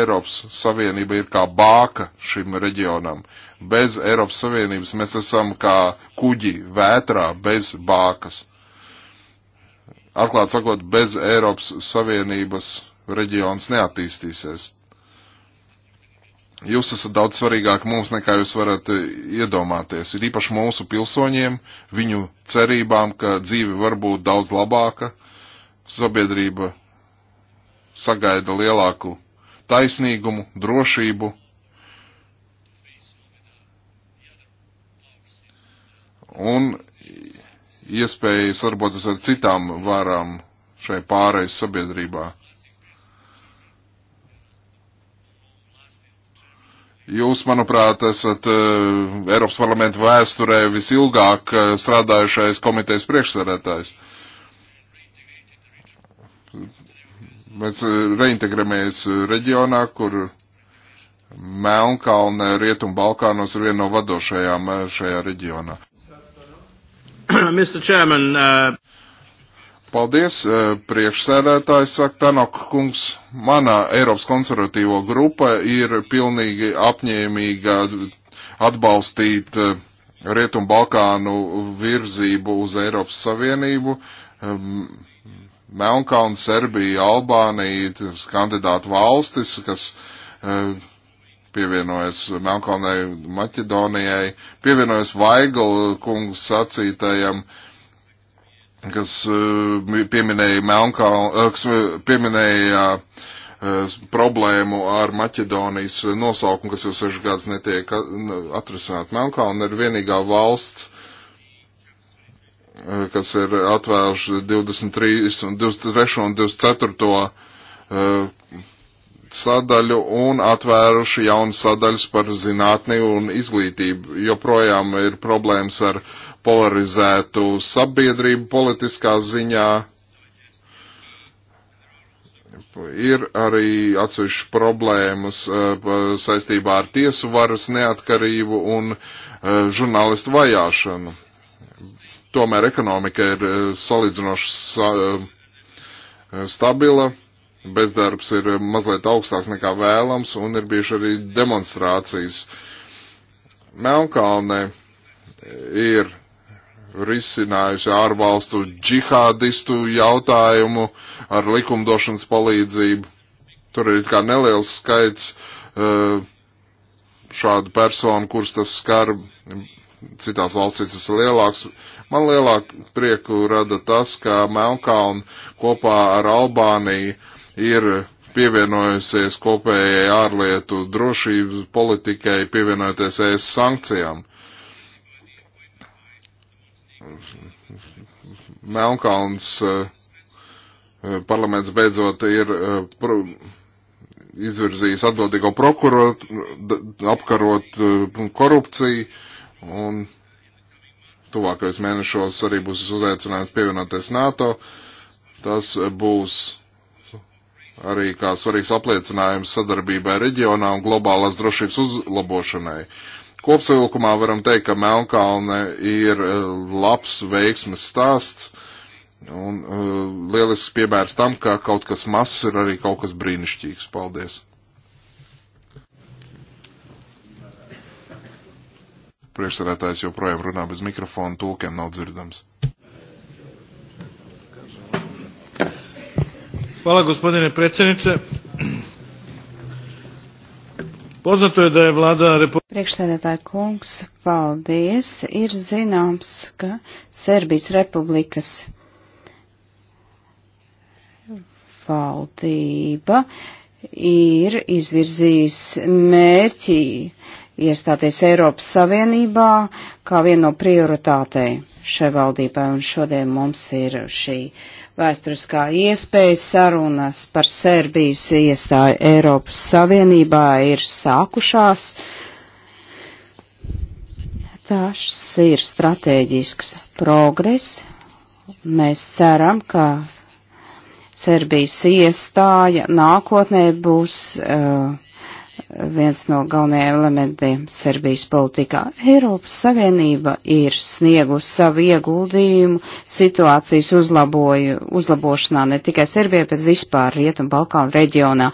Eiropas Savienība ir kā bāka šim reģionam. Bez Eiropas Savienības mēs esam kā kuģi vētrā bez bākas atklāt sakot, bez Eiropas Savienības reģions neattīstīsies. Jūs esat daudz svarīgāk mums, nekā jūs varat eh, iedomāties. Ir īpaši mūsu pilsoņiem, viņu cerībām, ka dzīve var būt daudz labāka, sabiedrība sagaida lielāku taisnīgumu, drošību. Un iespēju sarboties ar citām varām šai pārējais sabiedrībā. Jūs, manuprāt, esat uh, Eiropas parlamenta vēsturē visilgāk uh, strādājušais komitejas priekšsarētājs. Mēs uh, reintegramies reģionā, kur Melnkalne, Rietum Balkānos ir viena no vadošajām šajā reģionā. Mr. Chairman, uh... Paldies, uh, priekšsēdētājs saka Tanok kungs. Manā Eiropas konservatīvo grupa ir pilnīgi apņēmīga atbalstīt uh, Rietumu Balkānu virzību uz Eiropas Savienību. Um, Melnkalna, Serbija, Albānija, kandidātu valstis, kas uh, pievienojas Melkalnai, Maķedonijai, pievienojas Vaigla kungs sacītajam, kas eh, pieminēja Melkalnu, eh, kas eh, pieminēja problēmu ar Maķedonijas nosaukumu, kas jau sešas gadus netiek atrisināt. Melkalna ir vienīgā valsts, kas ir atvēluši 23, 23 un 24 sadaļu un atvēruši jaunas sadaļas par zinātni un izglītību. Joprojām ir problēmas ar polarizētu sabiedrību politiskā ziņā. Ir arī atsevišķi problēmas eh, saistībā ar tiesu varas neatkarību un eh, žurnālistu vajāšanu. Tomēr ekonomika ir eh, salīdzinoši stabila bezdarbs ir eh, mazliet augstāks nekā vēlams un ir bijuši arī demonstrācijas. Melnkalne eh, ir risinājusi ārvalstu džihādistu jautājumu ar likumdošanas palīdzību. Tur ir kā neliels skaits eh, šādu personu, kurus tas skar, citās valstīs tas ir lielāks. Man lielāku prieku rada tas, ka Melnkalna kopā ar Albāniju ir pievienojusies kopējai ārlietu drošības politikai, pievienojoties ES sankcijām. Melnkalns eh, parlaments beidzot ir eh, izvirzījis atbildīgo prokuroru, apkarot eh, korupciju, un tuvākajos mēnešos arī būs uzaicināts pievienoties NATO. Tas būs arī kā svarīgs apliecinājums sadarbībai reģionā un globālās drošības uzlabošanai. Kopsavilkumā varam teikt, ka Melnkalne ir e, labs veiksmes stāsts un uh, lielisks piemērs tam, ka kaut kas mazs ir arī kaut kas brīnišķīgs. Paldies! Priekšsarētājs joprojām runā bez mikrofona, tulkiem nav dzirdams. Hvala gospodine predsjedniče. Poznato je da je vlada Republika. Priekšsēdētāja kungs, paldies. Ir zināms, ka Serbijas republikas valdība ir izvirzījis mērķi iestāties Eiropas Savienībā kā vienu no prioritātei šai valdībai, un šodien mums ir šī uh, Vēsturiskā iespēja sarunas par Serbijas iestāju Eiropas Savienībā ir sākušās. Tas ir strateģisks progress. Mēs ceram, ka Serbijas iestāja nākotnē būs uh, viens no galvenajiem elementiem Serbijas politikā. Eiropas Savienība ir sniegusi savu ieguldījumu situācijas uzlaboju, uzlabošanā ne tikai Serbijai, bet vispār Rietumbalkānu reģionā.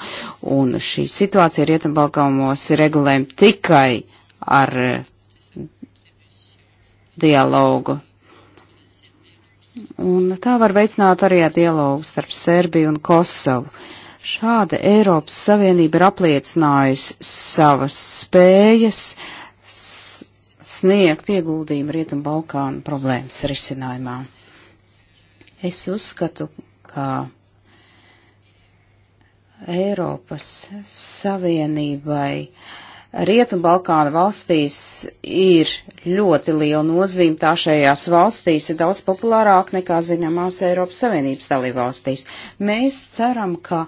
Un šī situācija Rietumbalkānos ir regulējama tikai ar eh, dialogu. Un tā var veicināt arī ar dialogu starp Serbiju un Kosovu. Uh, Šāda Eiropas Savienība ir apliecinājusi savas spējas sniegt ieguldījumu Rietumu Balkānu problēmas risinājumā. Es uzskatu, ka Eiropas Savienībai uh, Rietumbalkāna valstīs ir ļoti liela nozīme, tā šajās valstīs ir daudz populārāk nekā zināmās Eiropas Savienības dalībvalstīs. Mēs ceram, ka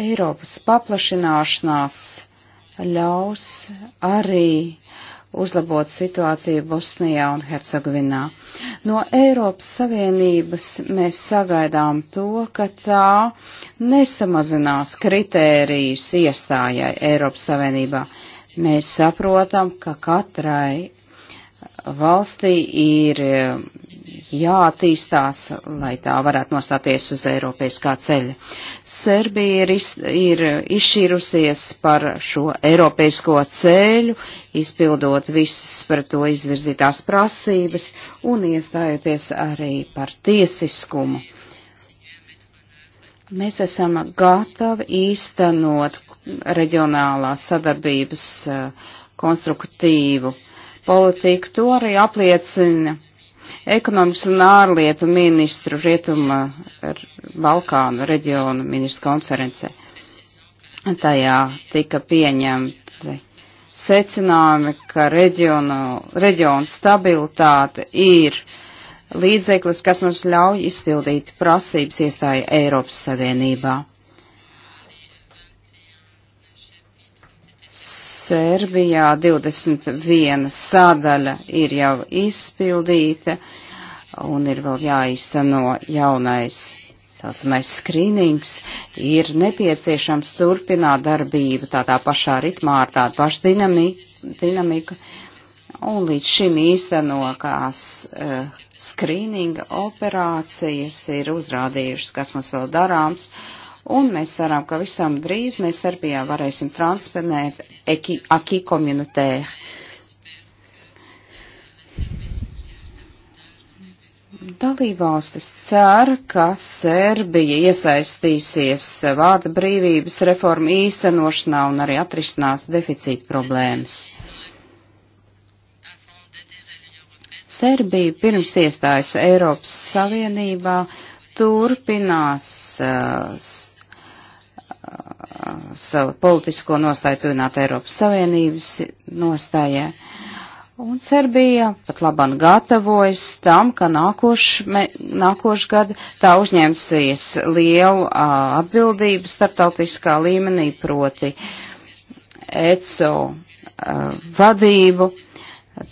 Eiropas paplašināšanās ļaus arī uzlabot situāciju Bosnijā un Hercegovinā. No Eiropas Savienības mēs sagaidām to, ka tā nesamazinās kritērijus iestājai Eiropas Savienībā Mēs saprotam, ka katrai valstī ir eh, jātīstās, lai tā varētu nostāties uz Eiropiešu ceļa. Serbija ir, iz, ir izšķīrusies par šo Eiropiešu ceļu, izpildot visas par to izvirzītās prasības un iestājoties arī par tiesiskumu. Mēs esam gatavi īstenot reģionālās sadarbības eh, konstruktīvu politiku. To arī apliecina ekonomikas un ārlietu ministru rietuma eh, Balkānu reģionu ministru konferencē. Tajā tika pieņemti secinājumi, ka reģionu, reģionu stabilitāte ir līdzeklis, kas mums ļauj izpildīt prasības iestāju Eiropas Savienībā. Sērbijā 21 sadaļa ir jau izpildīta un ir vēl jāizteno jaunais saucamais skrīnings, ir nepieciešams turpināt darbību tādā pašā ritmā ar tādu pašu dinamiku, dinamiku. Un līdz šim īstenokās uh, skrīninga operācijas ir uzrādījušas, kas mums vēl darāms. Uh, un mēs ceram, ka visam drīz mēs Serbijā varēsim transponēt aki komunitēru. Dalībvalstis cer, ka Serbija iesaistīsies vārda brīvības reformu īstenošanā un arī atrisinās deficīta problēmas. Serbija pirms iestājas Eiropas Savienībā turpinās uh, savu politisko nostāju tuvināt Eiropas Savienības nostājai. Un Serbija pat labam gatavojas tam, ka nākošais gadu tā uzņemsies lielu a, atbildību starptautiskā līmenī, proti ECO a, vadību.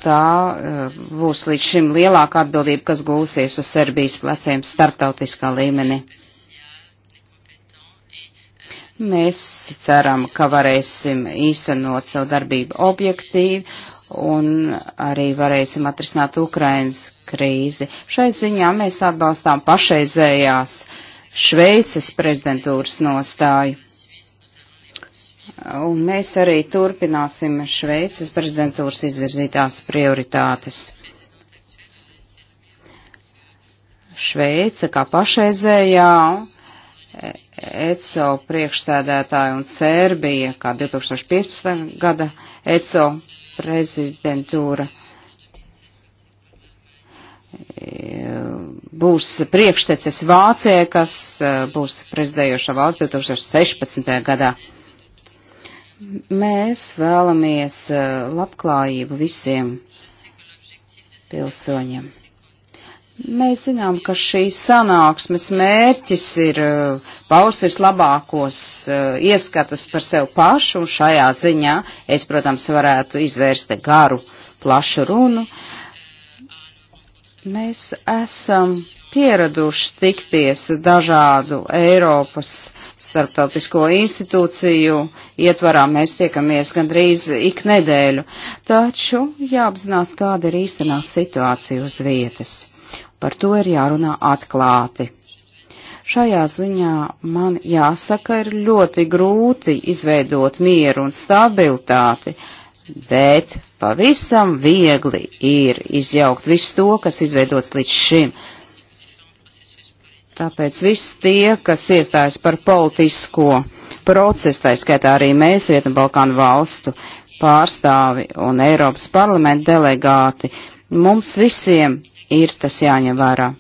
Tā a, būs līdz šim lielāka atbildība, kas gulsies uz Serbijas pleciem starptautiskā līmenī. Mēs ceram, ka varēsim īstenot savu darbību objektīvi un arī varēsim atrisināt Ukrainas krīzi. Šai ziņā mēs atbalstām pašreizējās Šveices prezidentūras nostāju. Un mēs arī turpināsim Šveices prezidentūras izvirzītās prioritātes. Šveice kā pašreizējā ECO priekšsēdētāja un Sērbija, kā 2015. gada ECO prezidentūra būs priekšteces Vācijai, kas e, būs prezidējoša valsts 2016. gadā. Mēs vēlamies e, labklājību visiem pilsoņiem. Mēs zinām, ka šīs sanāksmes mērķis ir uh, paust vislabākos uh, ieskatus par sevi pašu, un šajā ziņā es, protams, varētu izvērst garu, plašu runu. Mēs esam pieraduši tikties dažādu Eiropas starptautisko institūciju ietvarā. Mēs tiekamies gandrīz ik nedēļu, taču jāapzinās, kāda ir īstenā situācija uz vietas Par to ir jārunā atklāti. Šajā ziņā man jāsaka, ir ļoti grūti izveidot mieru un stabilitāti, bet pavisam viegli ir izjaukt visu to, kas izveidots līdz šim. Tāpēc viss tie, kas iestājas par politisko procesu, tā skaitā arī mēs, Rietu Balkānu valstu pārstāvi un Eiropas parlamenta delegāti, mums visiem ir tas jāņem vērā.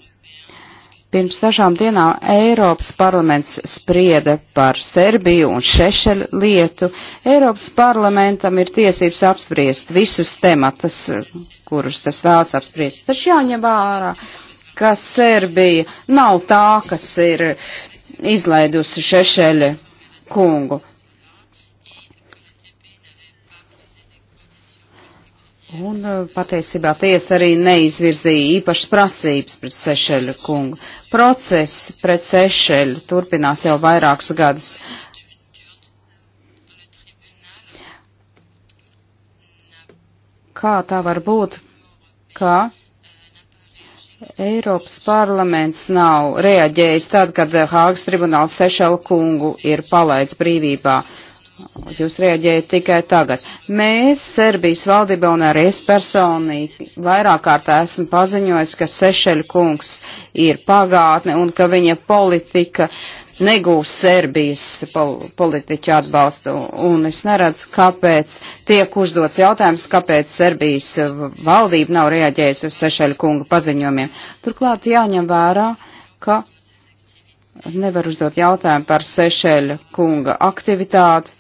Pirms dažām dienām Eiropas parlaments sprieda par Serbiju un Šešeļu lietu. Eiropas parlamentam ir tiesības apspriest visus tematus, kurus tas vēlas apspriest. Taču jāņem vērā, ka Serbija nav tā, kas ir izlaidusi Šešeļu kungu. Un uh, patiesībā tiesa arī neizvirzīja īpašas prasības pret Sešeļu kungu. Process pret Sešeļu turpinās jau vairākus gadus. Kā tā var būt, ka Eiropas parlaments nav reaģējis tad, kad Hāgas tribunāls Sešelu kungu ir palaids brīvībā? Uh, Jūs rēģējat tikai tagad. Mēs, Serbijas valdība un arī es personīgi, vairāk kārt esmu paziņojis, ka Sešeļa kungs ir pagātne un ka viņa politika negūs Serbijas pol politiķu atbalstu. Un es neredzu, kāpēc tiek uzdots jautājums, kāpēc Serbijas valdība nav rēģējusi uz Sešeļa kunga paziņojumiem. Turklāt jāņem vērā, ka nevar uzdot jautājumu par Sešeļa kunga aktivitāti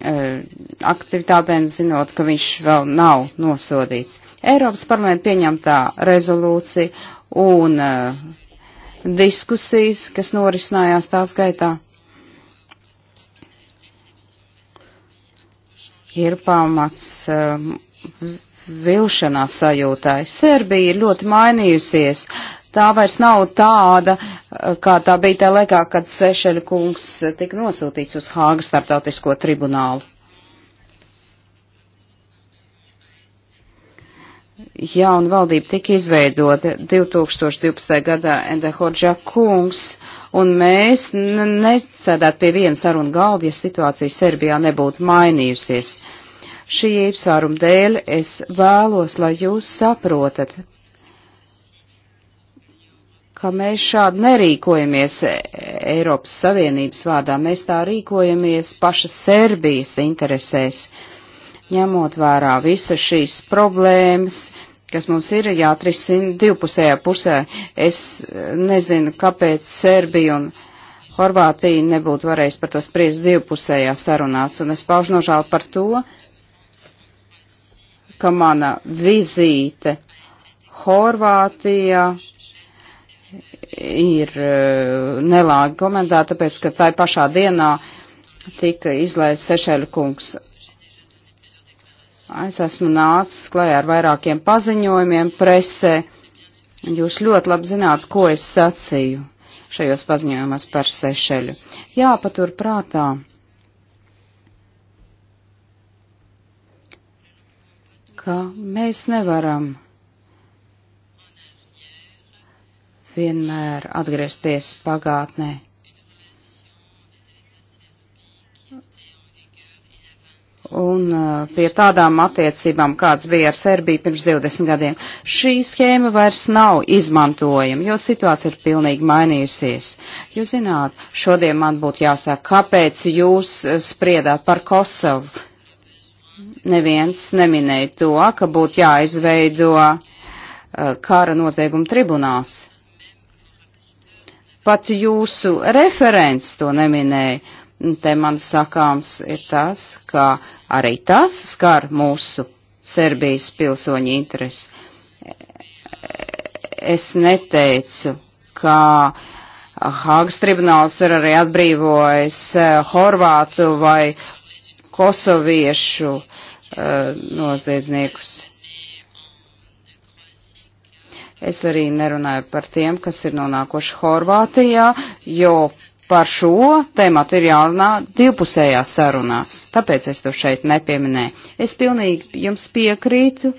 Eh, aktivitātēm, zinot, ka viņš vēl nav nosodīts. Eiropas parlamenta pieņemtā rezolūcija un uh, diskusijas, kas norisinājās tās gaitā, ir pamats uh, vilšanās sajūtai. Serbija ir ļoti mainījusies tā vairs nav tāda, eh, kā tā bija tajā laikā, kad Sešeļa kungs eh, tika nosūtīts uz Hāgas starptautisko tribunālu. Jauna valdība tika izveidota 2012. gadā Endehodžā kungs, un mēs nesēdētu pie viena saruna galda, ja situācija Serbijā nebūtu mainījusies. Šī īpsvāruma dēļ es vēlos, lai jūs saprotat, ka mēs šādi nerīkojamies e, Eiropas Savienības vārdā, mēs tā rīkojamies paša Serbijas interesēs, ņemot vērā visas šīs problēmas, kas mums ir jāatrisina divpusējā pusē. Es e, nezinu, kāpēc Serbija un Horvātija nebūtu varējis par to spriest divpusējā sarunās, un es paužu nožēlu par to, ka mana vizīte Horvātijā ir eh, nelāgi komentēt, tāpēc, ka tai pašā dienā tika izlaists Sešeļa kungs. Es esmu nācis klajā ar vairākiem paziņojumiem presē. Jūs ļoti labi zināt, ko es sacīju šajos paziņojumos par Sešeļu. Jāpatur prātā. ka mēs nevaram vienmēr atgriezties pagātnē. Un uh, pie tādām attiecībām, kāds bija ar Serbiju pirms 20 gadiem, šī schēma vairs nav izmantojama, jo situācija ir pilnīgi mainījusies. Jūs zināt, šodien man būtu jāsaka, kāpēc jūs uh, spriedāt par Kosovu. Neviens neminēja to, ka būtu jāizveido uh, kara nozieguma tribunāls Pat jūsu referents to neminēja. Te man sakāms ir tas, ka arī tas skar mūsu Serbijas pilsoņu interesi. Es neteicu, ka Hāgas tribunāls ir arī atbrīvojis eh, horvātu vai kosoviešu uh, noziedzniekus. Es arī nerunāju par tiem, kas ir nonākuši Horvātijā, jo par šo tēmatu ir jārunā divpusējās sarunās. Tāpēc es to šeit nepieminēju. Es pilnīgi jums piekrītu.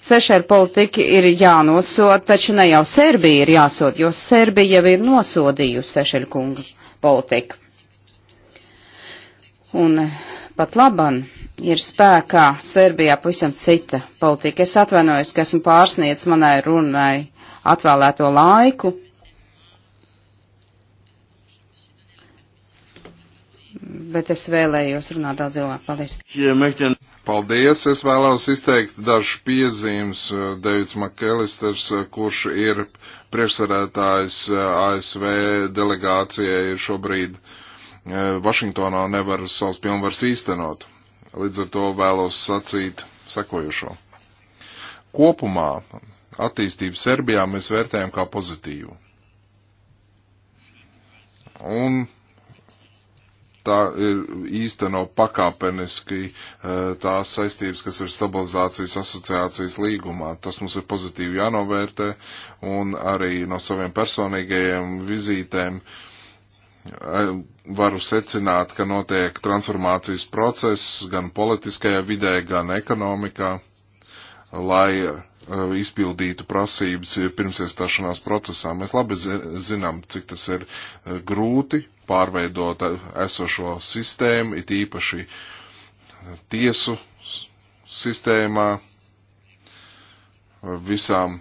Sešēra politika ir jānosod, taču ne jau Serbija ir jāsod, jo Serbija jau ir nosodījusi Sešēra kunga politiku. Un pat laban ir spēkā Serbijā pavisam cita politika. Es atvainojos, ka esmu pārsniedz manai runai atvēlēto laiku. Bet es vēlējos runāt daudz ilgāk. Paldies. Paldies. Es vēlos izteikt dažu piezīmes. Uh, Deivids Makelisters, uh, kurš ir priekšsarētājs uh, ASV delegācijai šobrīd Vašingtonā nevar savus pilnvars īstenot. Līdz ar to vēlos sacīt sekojušo. Kopumā attīstību Serbijā mēs vērtējam kā pozitīvu. Un tā ir īsteno pakāpeniski eh, tās saistības, kas ir stabilizācijas asociācijas līgumā. Tas mums ir pozitīvi jānovērtē un arī no saviem personīgajiem vizītēm eh, varu secināt, ka notiek transformācijas process gan politiskajā vidē, gan ekonomikā, lai eh, izpildītu prasības pirms iestāšanās procesā. Mēs labi zinām, cik tas ir eh, grūti pārveidot eh, esošo sistēmu, it īpaši tiesu sistēmā visām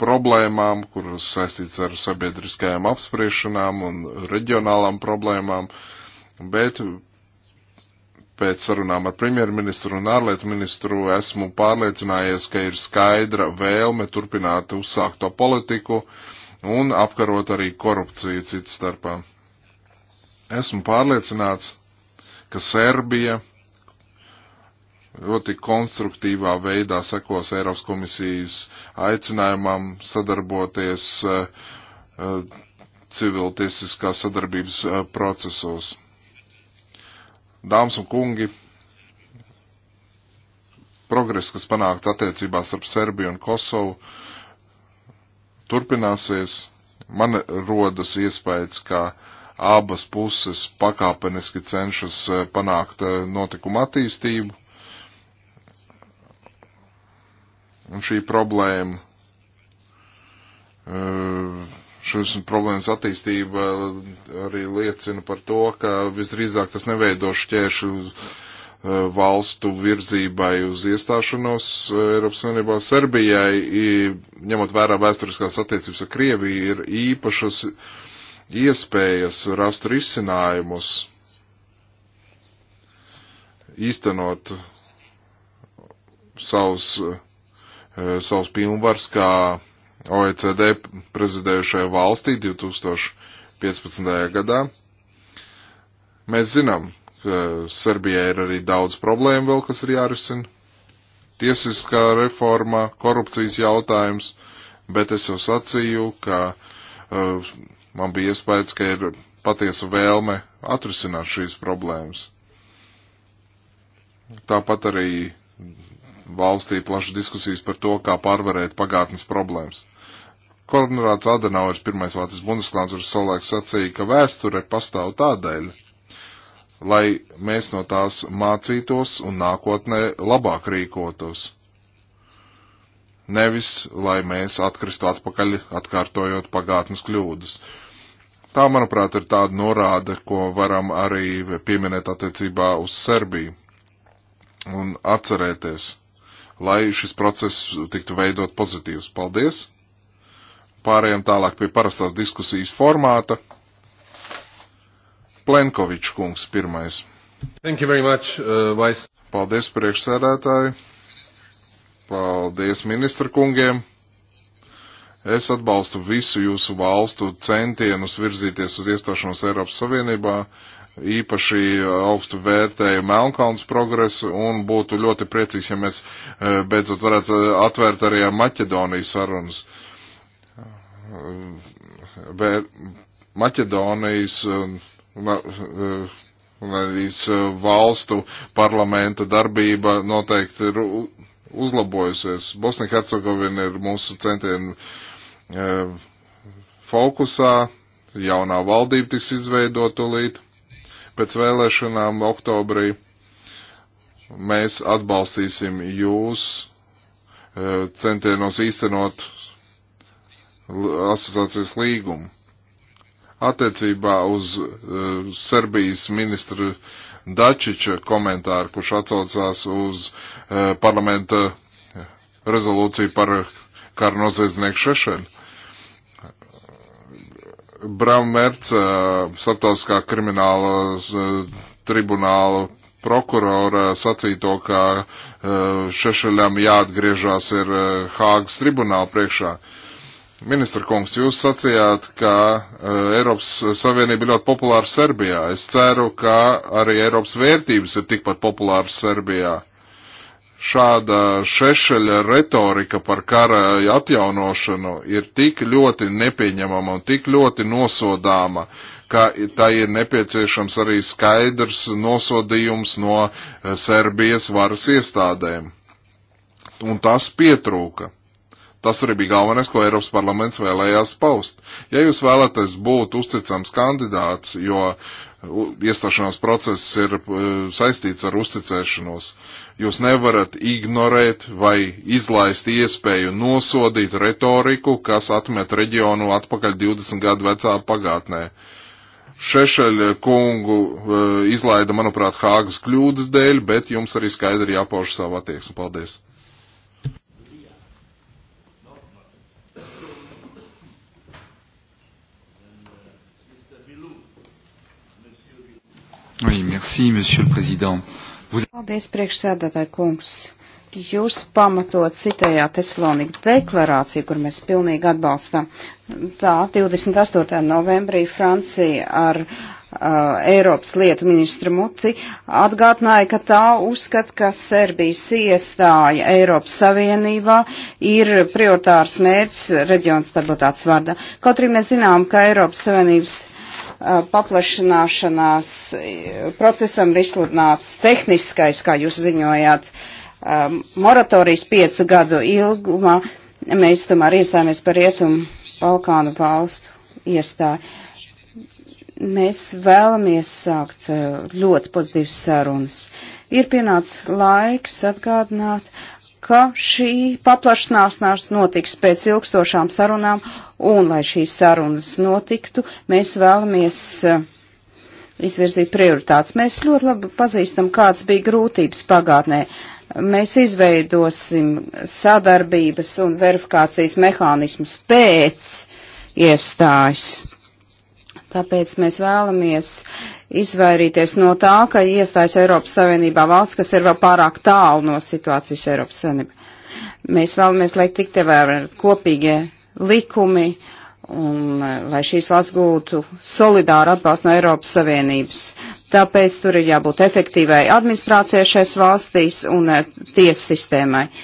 problēmām, kuras saistīts ar sabiedriskajām apspriešanām un reģionālām problēmām, bet pēc sarunām ar premjerministru un ārlietu ministru esmu pārliecinājies, ka ir skaidra vēlme turpināt uzsākto politiku un apkarot arī korupciju citu starpā. Esmu pārliecināts, ka Serbija ļoti konstruktīvā veidā sekos Eiropas komisijas aicinājumam sadarboties eh, eh, civiltiesiskās sadarbības eh, procesos. Dāmas un kungi, progress, kas panākts attiecībās ar Serbiju un Kosovu, turpināsies. Man rodas iespējas, ka abas puses pakāpeniski cenšas panākt notikumu attīstību Un šī problēma, eh, šis problēmas attīstība arī liecina par to, ka visdrīzāk tas neveido šķēršu eh, valstu virzībai uz iestāšanos eh, Eiropas Savienībā. Serbijai, ņemot vērā vēsturiskās attiecības ar Krieviju, ir īpašas iespējas rast risinājumus, īstenot savus Uh, savus pilnvars kā OECD prezidējušajā valstī 2015. gadā. Mēs zinām, ka Serbijai ir arī daudz problēmu vēl, kas ir jārisina. Tiesiskā reforma, korupcijas jautājums, bet es jau sacīju, ka uh, man bija iespējas, ka ir patiesa vēlme atrisināt šīs problēmas. Tāpat arī valstī plašas diskusijas par to, kā pārvarēt pagātnes problēmas. Konrads Adenauers, pirmais Vācijas bundesklāns, savulaik sacīja, ka vēsture pastāv tādēļ, lai mēs no tās mācītos un nākotnē labāk rīkotos. Nevis, lai mēs atkristu atpakaļ, atkārtojot pagātnes kļūdas. Tā, manuprāt, ir tāda norāde, ko varam arī pieminēt attiecībā uz Serbiju un atcerēties lai šis process tiktu veidot pozitīvs. Paldies! Pārējām tālāk pie parastās diskusijas formāta. Plenkovičs kungs pirmais. Thank you very much, uh, Vice. Paldies priekšsēdētāji. Paldies ministra kungiem. Es atbalstu visu jūsu valstu centienus virzīties uz iestāšanos Eiropas Savienībā īpaši augstu vērtēju Melnkalns progresu un būtu ļoti priecīgs, ja mēs e, beidzot varētu atvērt arī Maķedonijas sarunas. Vēr, Maķedonijas un e, arī e, valstu parlamenta darbība noteikti ir uzlabojusies. Bosnija Hercegovina ir mūsu centienu fokusā, jaunā valdība tiks izveidota līdz pēc vēlēšanām oktobrī. Mēs atbalstīsim jūs e, centienos īstenot asociācijas līgumu. Attiecībā uz e, Serbijas ministru Dačiča komentāru, kurš atsaucās uz e, parlamenta rezolūciju par karu noziedznieku šešanu Brammerca, starptautiskā krimināla tribunāla prokurora sacīto, ka Šešeļam jāatgriežās ir Hāgas tribunāla priekšā. Ministra kungs, jūs sacījāt, ka Eiropas Savienība ir ļoti populāra Serbijā. Es ceru, ka arī Eiropas vērtības ir tikpat populāras Serbijā šāda šešeļa retorika par kara atjaunošanu ir tik ļoti nepieņemama un tik ļoti nosodāma, ka tā ir nepieciešams arī skaidrs nosodījums no eh, Serbijas varas iestādēm. Un tas pietrūka. Tas arī bija galvenais, ko Eiropas parlaments vēlējās paust. Ja jūs vēlaties būt uzticams kandidāts, jo iestāšanās process ir e, saistīts ar uzticēšanos. Jūs nevarat ignorēt vai izlaist iespēju nosodīt retoriku, kas atmet reģionu atpakaļ 20 gadu vecā pagātnē. Šešeļa kungu e, izlaida, manuprāt, Hāgas kļūdas dēļ, bet jums arī skaidri jāpauž savu attieksmi. Paldies! Oui, merci, monsieur le président. Vous... Paldies, priekšsēdētāji kungs. Jūs pamatot citējāt Tesloniku deklarāciju, kur mēs pilnīgi atbalstam. Tā 28. novembrī Francija ar uh, Eiropas lietu ministra muti atgādināja, ka tā uzskata, ka Serbijas iestāja Eiropas Savienībā ir prioritārs mērķis reģiona stabilitātes vārdā. Kaut arī mēs zinām, ka Eiropas Savienības paplašināšanās procesam ir izsludināts tehniskais, kā jūs ziņojāt, moratorijas piecu gadu ilgumā. Mēs tomēr iestājāmies par rietumu Balkānu valstu iestāju. Mēs vēlamies sākt ļoti pozitīvas sarunas. Ir pienācis laiks atgādināt ka šī paplašanāsnās notiks pēc ilgstošām sarunām, un lai šīs sarunas notiktu, mēs vēlamies eh, izvirzīt prioritātes. Mēs ļoti labi pazīstam, kādas bija grūtības pagātnē. Mēs izveidosim sadarbības un verifikācijas mehānismus pēc iestājas Tāpēc mēs vēlamies izvairīties no tā, ka iestājas Eiropas Savienībā valsts, kas ir vēl pārāk tālu no situācijas Eiropas Savienībā. Mēs vēlamies, lai tik te vēl kopīgie likumi un eh, lai šīs valsts gūtu solidāru atbalstu no Eiropas Savienības. Tāpēc tur ir jābūt efektīvai administrācijai šais valstīs un eh, tiesu sistēmai eh,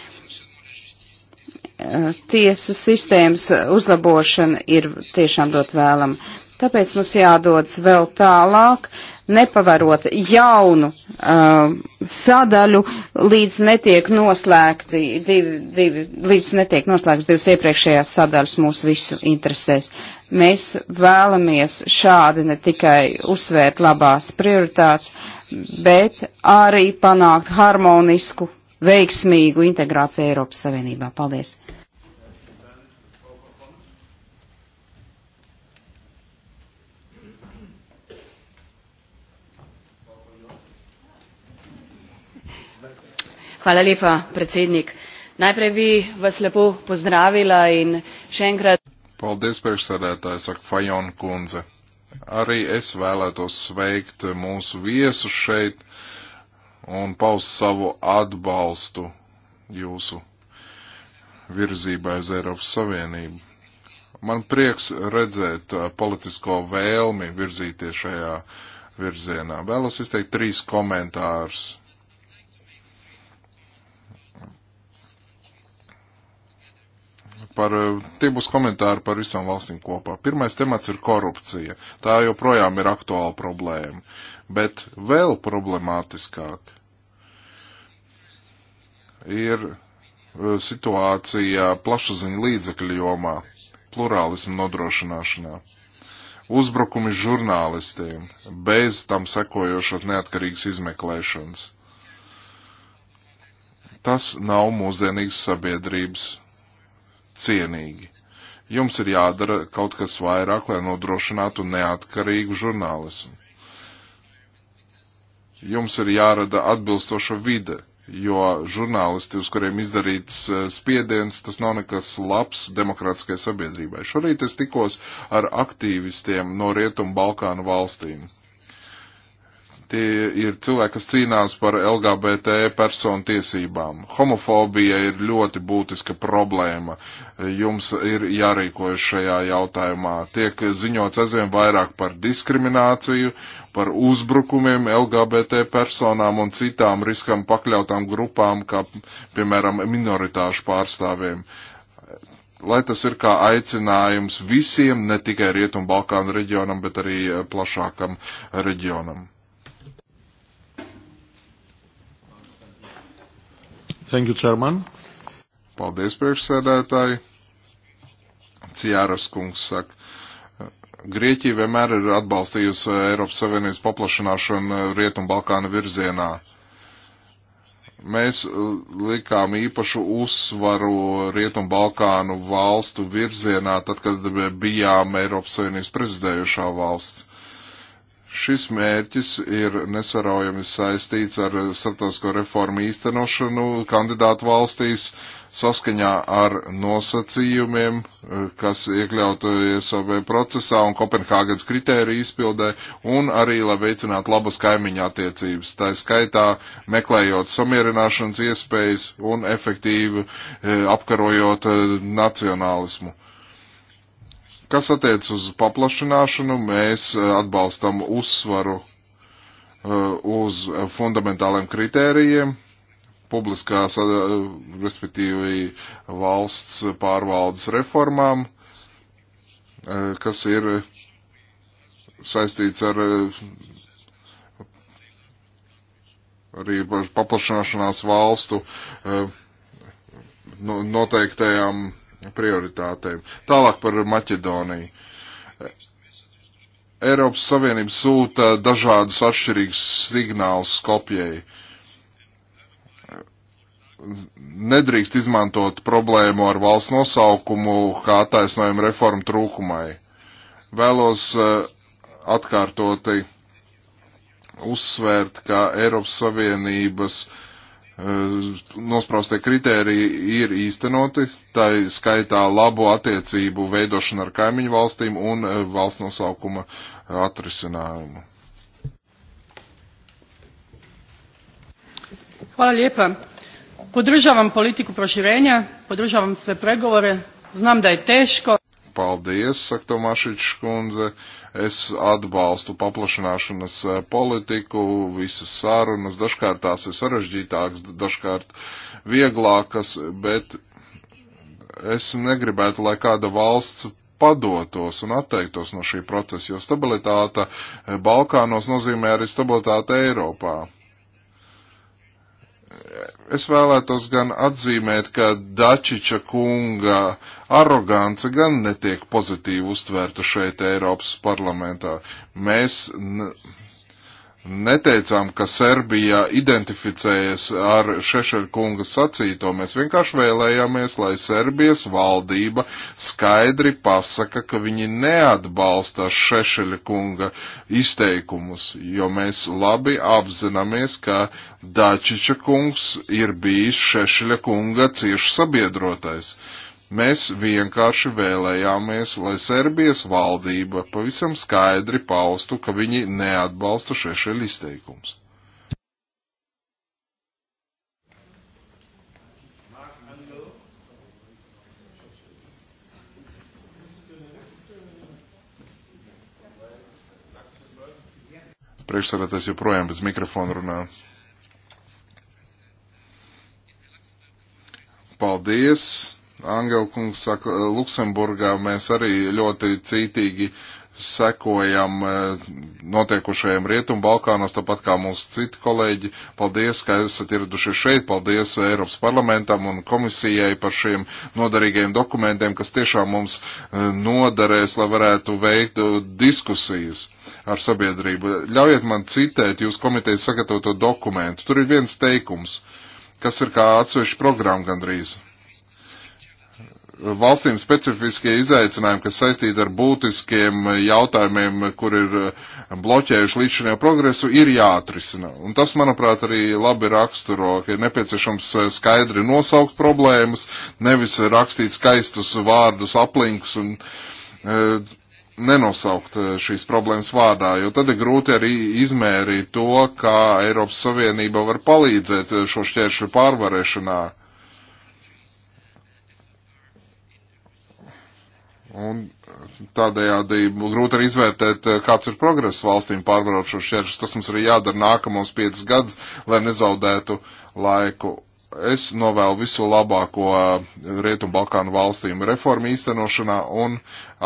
tiesu sistēmas uzlabošana ir tiešām dot vēlam. Tāpēc mums jādodas vēl tālāk, nepavarot jaunu uh, sadaļu, līdz netiek noslēgti divi, divi, līdz netiek noslēgts divas iepriekšējās sadaļas mūsu visu interesēs. Mēs vēlamies šādi ne tikai uzsvērt labās prioritātes, bet arī panākt harmonisku, veiksmīgu integrāciju Eiropas Savienībā. Paldies! Hvala lepa, predsednik. Najprej bi vas lepo pozdravila in še enkrat. Paldies, priekšsēdētāji, saka Fajon kundze. Arī es vēlētos sveikt mūsu viesu šeit un paust savu atbalstu jūsu virzībai uz Eiropas Savienību. Man prieks redzēt uh, politisko vēlmi virzīties šajā virzienā. Vēlos izteikt trīs komentārus par, eh, tie būs komentāri par visām valstīm kopā. Pirmais temats ir korupcija. Tā joprojām ir aktuāla problēma. Bet vēl problemātiskāk ir eh, situācija plašsaziņa līdzekļu jomā, plurālismu nodrošināšanā. Uzbrukumi žurnālistiem bez tam sekojošas neatkarīgas izmeklēšanas. Tas nav mūsdienīgs sabiedrības cienīgi. Jums ir jādara kaut kas vairāk, lai nodrošinātu neatkarīgu žurnālismu. Jums ir jārada atbilstoša vide, jo žurnālisti, uz kuriem izdarīts eh, spiediens, tas nav nekas labs demokrātiskai sabiedrībai. Šorīt es tikos ar aktīvistiem no Rietumu Balkānu valstīm Tie ir cilvēki, kas cīnās par LGBT personu tiesībām. Homofobija ir ļoti būtiska problēma. Jums ir jārīkojas šajā jautājumā. Tiek ziņots aizvien vairāk par diskrimināciju, par uzbrukumiem LGBT personām un citām riskam pakļautām grupām, kā piemēram minoritāšu pārstāvjiem lai tas ir kā aicinājums visiem, ne tikai Rietumbalkānu reģionam, bet arī eh, plašākam reģionam. Thank you, Chairman. Paldies, priekšsēdētāji. Ciāras kungs saka. Grieķija vienmēr ir atbalstījusi Eiropas Savienības paplašināšanu Rietumbalkāna virzienā mēs uh, likām īpašu uzsvaru Rietumu Balkānu valstu virzienā, tad, kad bijām Eiropas Savienības prezidējušā valsts. Šis mērķis ir nesaraujami saistīts ar starptautisko reformu īstenošanu kandidātu valstīs saskaņā ar nosacījumiem, kas iekļautu ISOB procesā un Kopenhāgens kritēriju izpildē, un arī, lai veicinātu labas kaimiņa attiecības. Tā skaitā meklējot samierināšanas iespējas un efektīvi eh, apkarojot eh, nacionālismu Kas attiec uz paplašināšanu, mēs e, atbalstam uzsvaru e, uz fundamentāliem kritērijiem, publiskās, e, respektīvi valsts pārvaldes reformām, kas ir saistīts ar arī paplašināšanās valstu noteiktajām prioritātēm. Tālāk par Maķedoniju. Eiropas Savienība sūta dažādus atšķirīgus signālus Skopjai. Nedrīkst izmantot problēmu ar valsts nosaukumu kā attaisnojumu reformu trūkumai. Vēlos eh, atkārtoti uzsvērt, ka Eiropas Savienības uh, Eh, nospraustie kriteriji ir īstenoti, tā skaitā labu attiecību veidošana ar kaimiņu valstīm un eh, valsts nosaukuma eh, atrisinājumu. Hvala lijepa. Podržavam politiku proširenja, podržavam sve pregovore, znam da je teško. Paldies, saka Tomašić kundze. Uh, Es atbalstu paplašanāšanas eh, politiku, visas sarunas, dažkārt tās ir sarežģītākas, dažkārt vieglākas, bet es negribētu, lai kāda valsts padotos un atteiktos no šī procesa, jo stabilitāte Balkānos nozīmē arī stabilitāte Eiropā es vēlētos gan atzīmēt, ka Dačiča kunga arogance gan netiek pozitīvi uztvērta šeit Eiropas parlamentā. Mēs neteicām, ka Serbija identificējas ar Šešeļkunga sacīto. Mēs vienkārši vēlējāmies, lai Serbijas valdība skaidri pasaka, ka viņi neatbalsta Šešeļkunga izteikumus, jo mēs labi apzināmies, ka Dačiča kungs ir bijis Šešeļkunga cieši sabiedrotais. Uh, Mēs vienkārši vēlējāmies, lai Serbijas valdība pavisam skaidri paustu, ka viņi neatbalsta šešeļu izteikums. Priekšsēdētājs joprojām bez mikrofona runā. Paldies! Angelkungs saka, Luksemburgā mēs arī ļoti cītīgi sekojam notiekušajiem Rietumu Balkānos, tāpat kā mūsu citi kolēģi. Paldies, ka esat ieradušies šeit. Paldies Eiropas parlamentam un komisijai par šiem noderīgajiem dokumentiem, kas tiešām mums noderēs, lai varētu veikt diskusijas ar sabiedrību. Ļaujiet man citēt jūs komitejas sagatavoto dokumentu. Tur ir viens teikums, kas ir kā atsevišķa programma gandrīz valstīm specifiskie izaicinājumi, kas saistīti ar būtiskiem jautājumiem, kur ir eh, bloķējuši līdzinējo progresu, ir jāatrisina. Un tas, manuprāt, arī labi raksturo, ka ir nepieciešams eh, skaidri nosaukt problēmas, nevis rakstīt skaistus vārdus, aplinkus un e, nenosaukt šīs problēmas vārdā, jo tad ir grūti arī izmērīt to, kā Eiropas Savienība var palīdzēt šo šķēršu pārvarēšanā Un tādējādi grūti arī izvērtēt, eh, kāds ir progress valstīm pārvarot šo šķēršļus. Tas mums arī jādara nākamos piecas gadus, lai nezaudētu laiku. Es novēlu visu labāko eh, Rietumbalkānu valstīm reformu īstenošanā un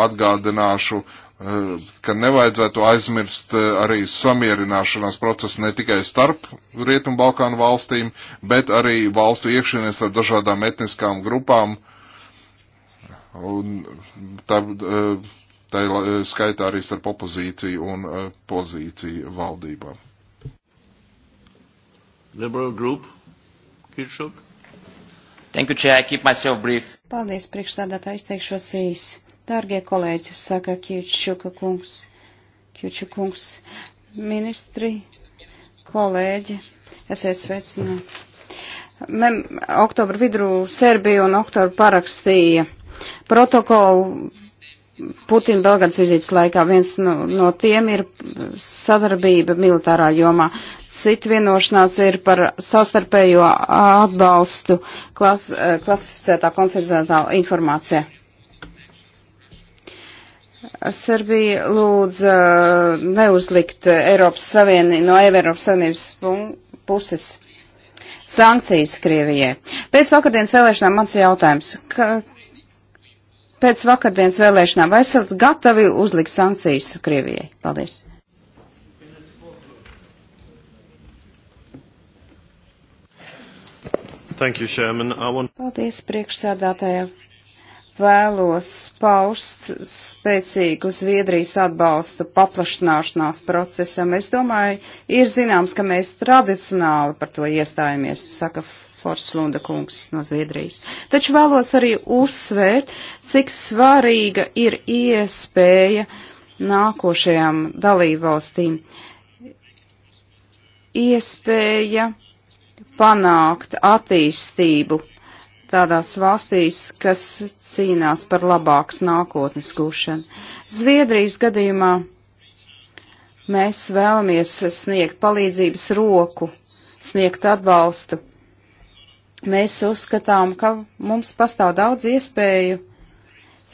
atgādināšu, eh, ka nevajadzētu aizmirst arī samierināšanās procesu ne tikai starp Rietumbalkānu valstīm, bet arī valstu iekšienēs ar dažādām etniskām grupām Un eh, tā, eh, tā eh, skaitā arī starp opozīciju un pozīciju valdībā. Liberal group, Kirchhoff. Thank you, Chair. I keep myself brief. Paldies, priekšstādātā, izteikšos īsi. Dārgie kolēģi, saka Kirchhoffa kungs, Kirchhoffa kungs, ministri, kolēģi, esiet sveicināti. Mem, oktobra vidū Serbija un oktobra parakstīja protokolu Putina Belgradas vizītes laikā. Viens no, no tiem ir sadarbība militārā jomā. Cita vienošanās ir par savstarpējo atbalstu klas, eh, klasificētā konfidenciālā informācija. Serbija lūdza eh, neuzlikt Eiropas Savieni, no Eiropas Savienības puses sankcijas Krievijai. Pēc vakardienas vēlēšanām mans jautājums, ka, pēc vakardienas vēlēšanām. Vai esat gatavi uzlikt sankcijas Krievijai? Paldies! Thank you, Chairman. I want... Paldies, priekšsēdātājai. Vēlos paust spēcīgu Zviedrijas atbalstu paplašanāšanās procesam. Es domāju, ir zināms, ka mēs tradicionāli par to iestājamies, saka Forslunda kungs no Zviedrijas. Taču vēlos arī uzsvērt, cik svarīga ir iespēja nākošajām dalībvalstīm. Iespēja panākt attīstību tādās valstīs, kas cīnās par labāks nākotnes gūšanu. Zviedrijas gadījumā mēs vēlamies sniegt palīdzības roku, sniegt atbalstu Mēs uzskatām, ka mums pastāv daudz iespēju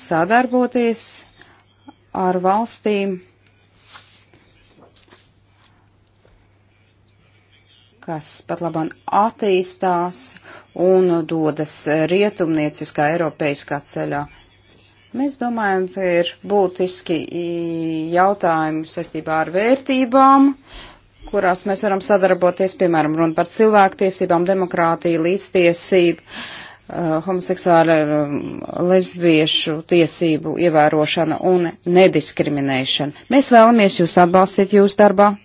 sadarboties ar valstīm, kas pat labāk attīstās un dodas rietumnieciskā Eiropeiskā ceļā. Mēs domājam, ka ir būtiski jautājumi saistībā ar vērtībām, kurās mēs varam sadarboties, piemēram, runa par cilvēktiesībām, demokrātiju, līdztiesību, eh, homoseksuālu, eh, lesbiešu tiesību ievērošana un nediskriminēšana. Mēs vēlamies jūs atbalstīt jūs darbā.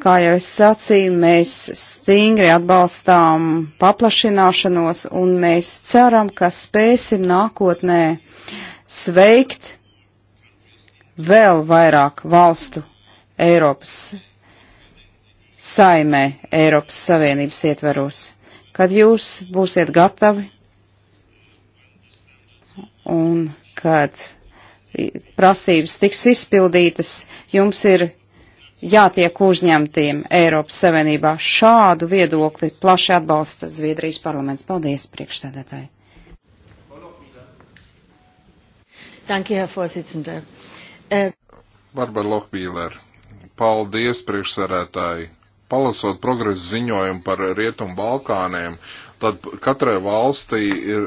Kā jau es sacīju, mēs stingri atbalstām paplašināšanos un mēs ceram, ka spēsim nākotnē sveikt vēl vairāk valstu Eiropas saimē Eiropas Savienības ietveros. Kad jūs būsiet gatavi un kad prasības tiks izpildītas, jums ir jātiek uzņemtiem Eiropas Savienībā. Šādu viedokli plaši atbalsta Zviedrijas parlaments. Paldies, priekšsēdētāji. Danke, Herr Vorsitzender. Barbara Lokbīler, paldies, priekšsēdētāji palasot progresa ziņojumu par Rietumu Balkāniem, tad katrai valstī ir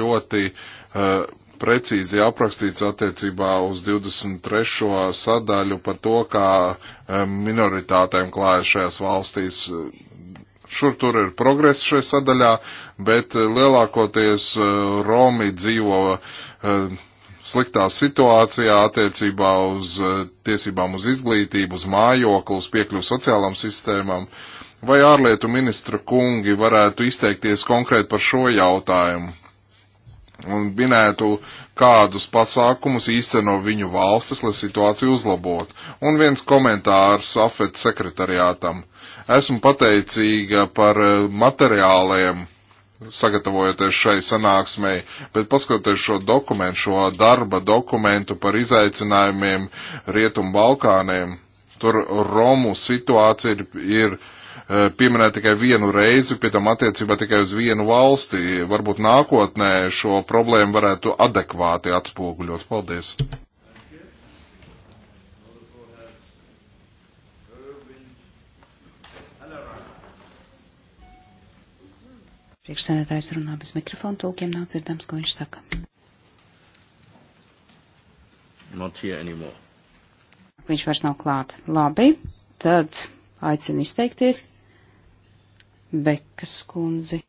ļoti uh, precīzi aprakstīts attiecībā uz 23. sadaļu par to, kā uh, minoritātēm klājas šajās valstīs. Šur tur ir progress šajā sadaļā, bet eh, lielākoties uh, Romi dzīvo uh, sliktā situācijā attiecībā uz eh, tiesībām uz izglītību, uz mājokli, uz piekļuvu sociālām sistēmām. Vai ārlietu ministra kungi varētu izteikties konkrēti par šo jautājumu un minētu, kādus pasākumus īsteno viņu valstis, lai situāciju uzlabotu? Un viens komentārs AFET sekretariātam. Esmu pateicīga par eh, materiāliem sagatavojoties šai sanāksmei, bet paskatoties šo dokumentu, šo darba dokumentu par izaicinājumiem Rietumu Balkāniem, tur Romu situācija ir, ir e, pieminēta tikai vienu reizi, pie tam attiecībā tikai uz vienu valsti. Varbūt nākotnē šo problēmu varētu adekvāti atspoguļot. Paldies! Priekšsēdētājs runā bez mikrofona, tūkiem nav dzirdams, ko viņš saka. Viņš vairs nav klāt. Labi, tad aicinu izteikties. Bekas kundzi.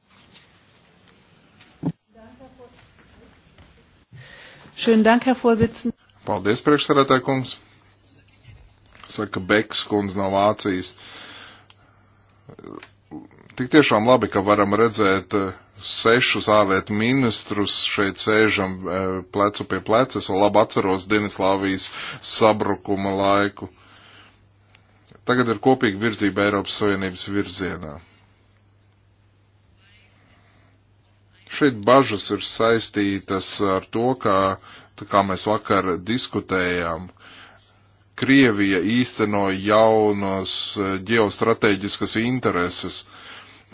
Schönen Dank, Herr Vorsitzender. Paldies, priekšsarētāj kungs. Saka Beks kundze no Vācijas. Tik tiešām labi, ka varam redzēt eh, sešus ārlietu ministrus šeit sēžam eh, plecu pie pleces, un labi atceros Denislāvijas sabrukuma laiku. Tagad ir kopīga virzība Eiropas Savienības virzienā. Šeit bažas ir saistītas ar to, ka, kā mēs vakar diskutējām, Krievija īsteno jaunas eh, ģeostrateģiskas intereses, uh,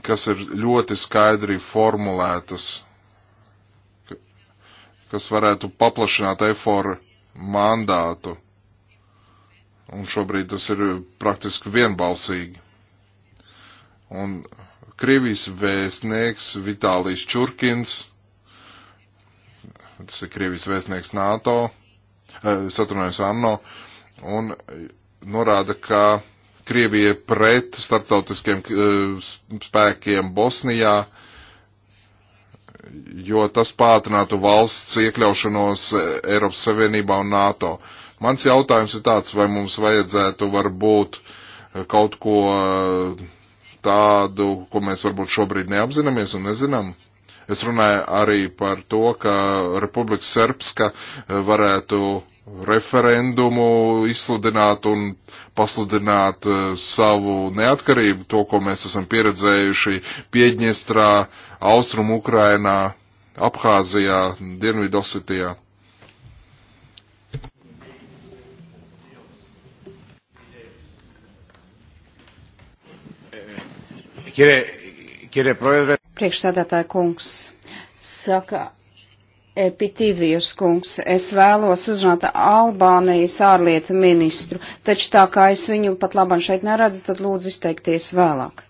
kas ir ļoti skaidri formulētas, kas varētu paplašināt eforu mandātu. Un šobrīd tas ir praktiski vienbalsīgi. Un Krievijas vēstnieks Vitālijs Čurkins, tas ir Krievijas vēstnieks NATO, eh, satunājas Anno, un norāda, ka Krievija pret starptautiskiem eh, spēkiem Bosnijā, jo tas pātrinātu valsts iekļaušanos Eiropas Savienībā un NATO. Mans jautājums ir tāds, vai mums vajadzētu varbūt kaut ko eh, tādu, ko mēs varbūt šobrīd neapzināmies un nezinām. Es runāju arī par to, ka Republika Serbska eh, varētu referendumu izsludināt un pasludināt eh, savu neatkarību, to, ko mēs esam pieredzējuši Piedņestrā, Austrum Ukrainā, Abhāzijā, Dienvidosetijā. Priekšsēdētāja kungs saka, Epitidijus kungs, es vēlos uzrunāt Albānijas ārlietu ministru, taču tā kā es viņu pat labam šeit neredzu, tad lūdzu izteikties vēlāk.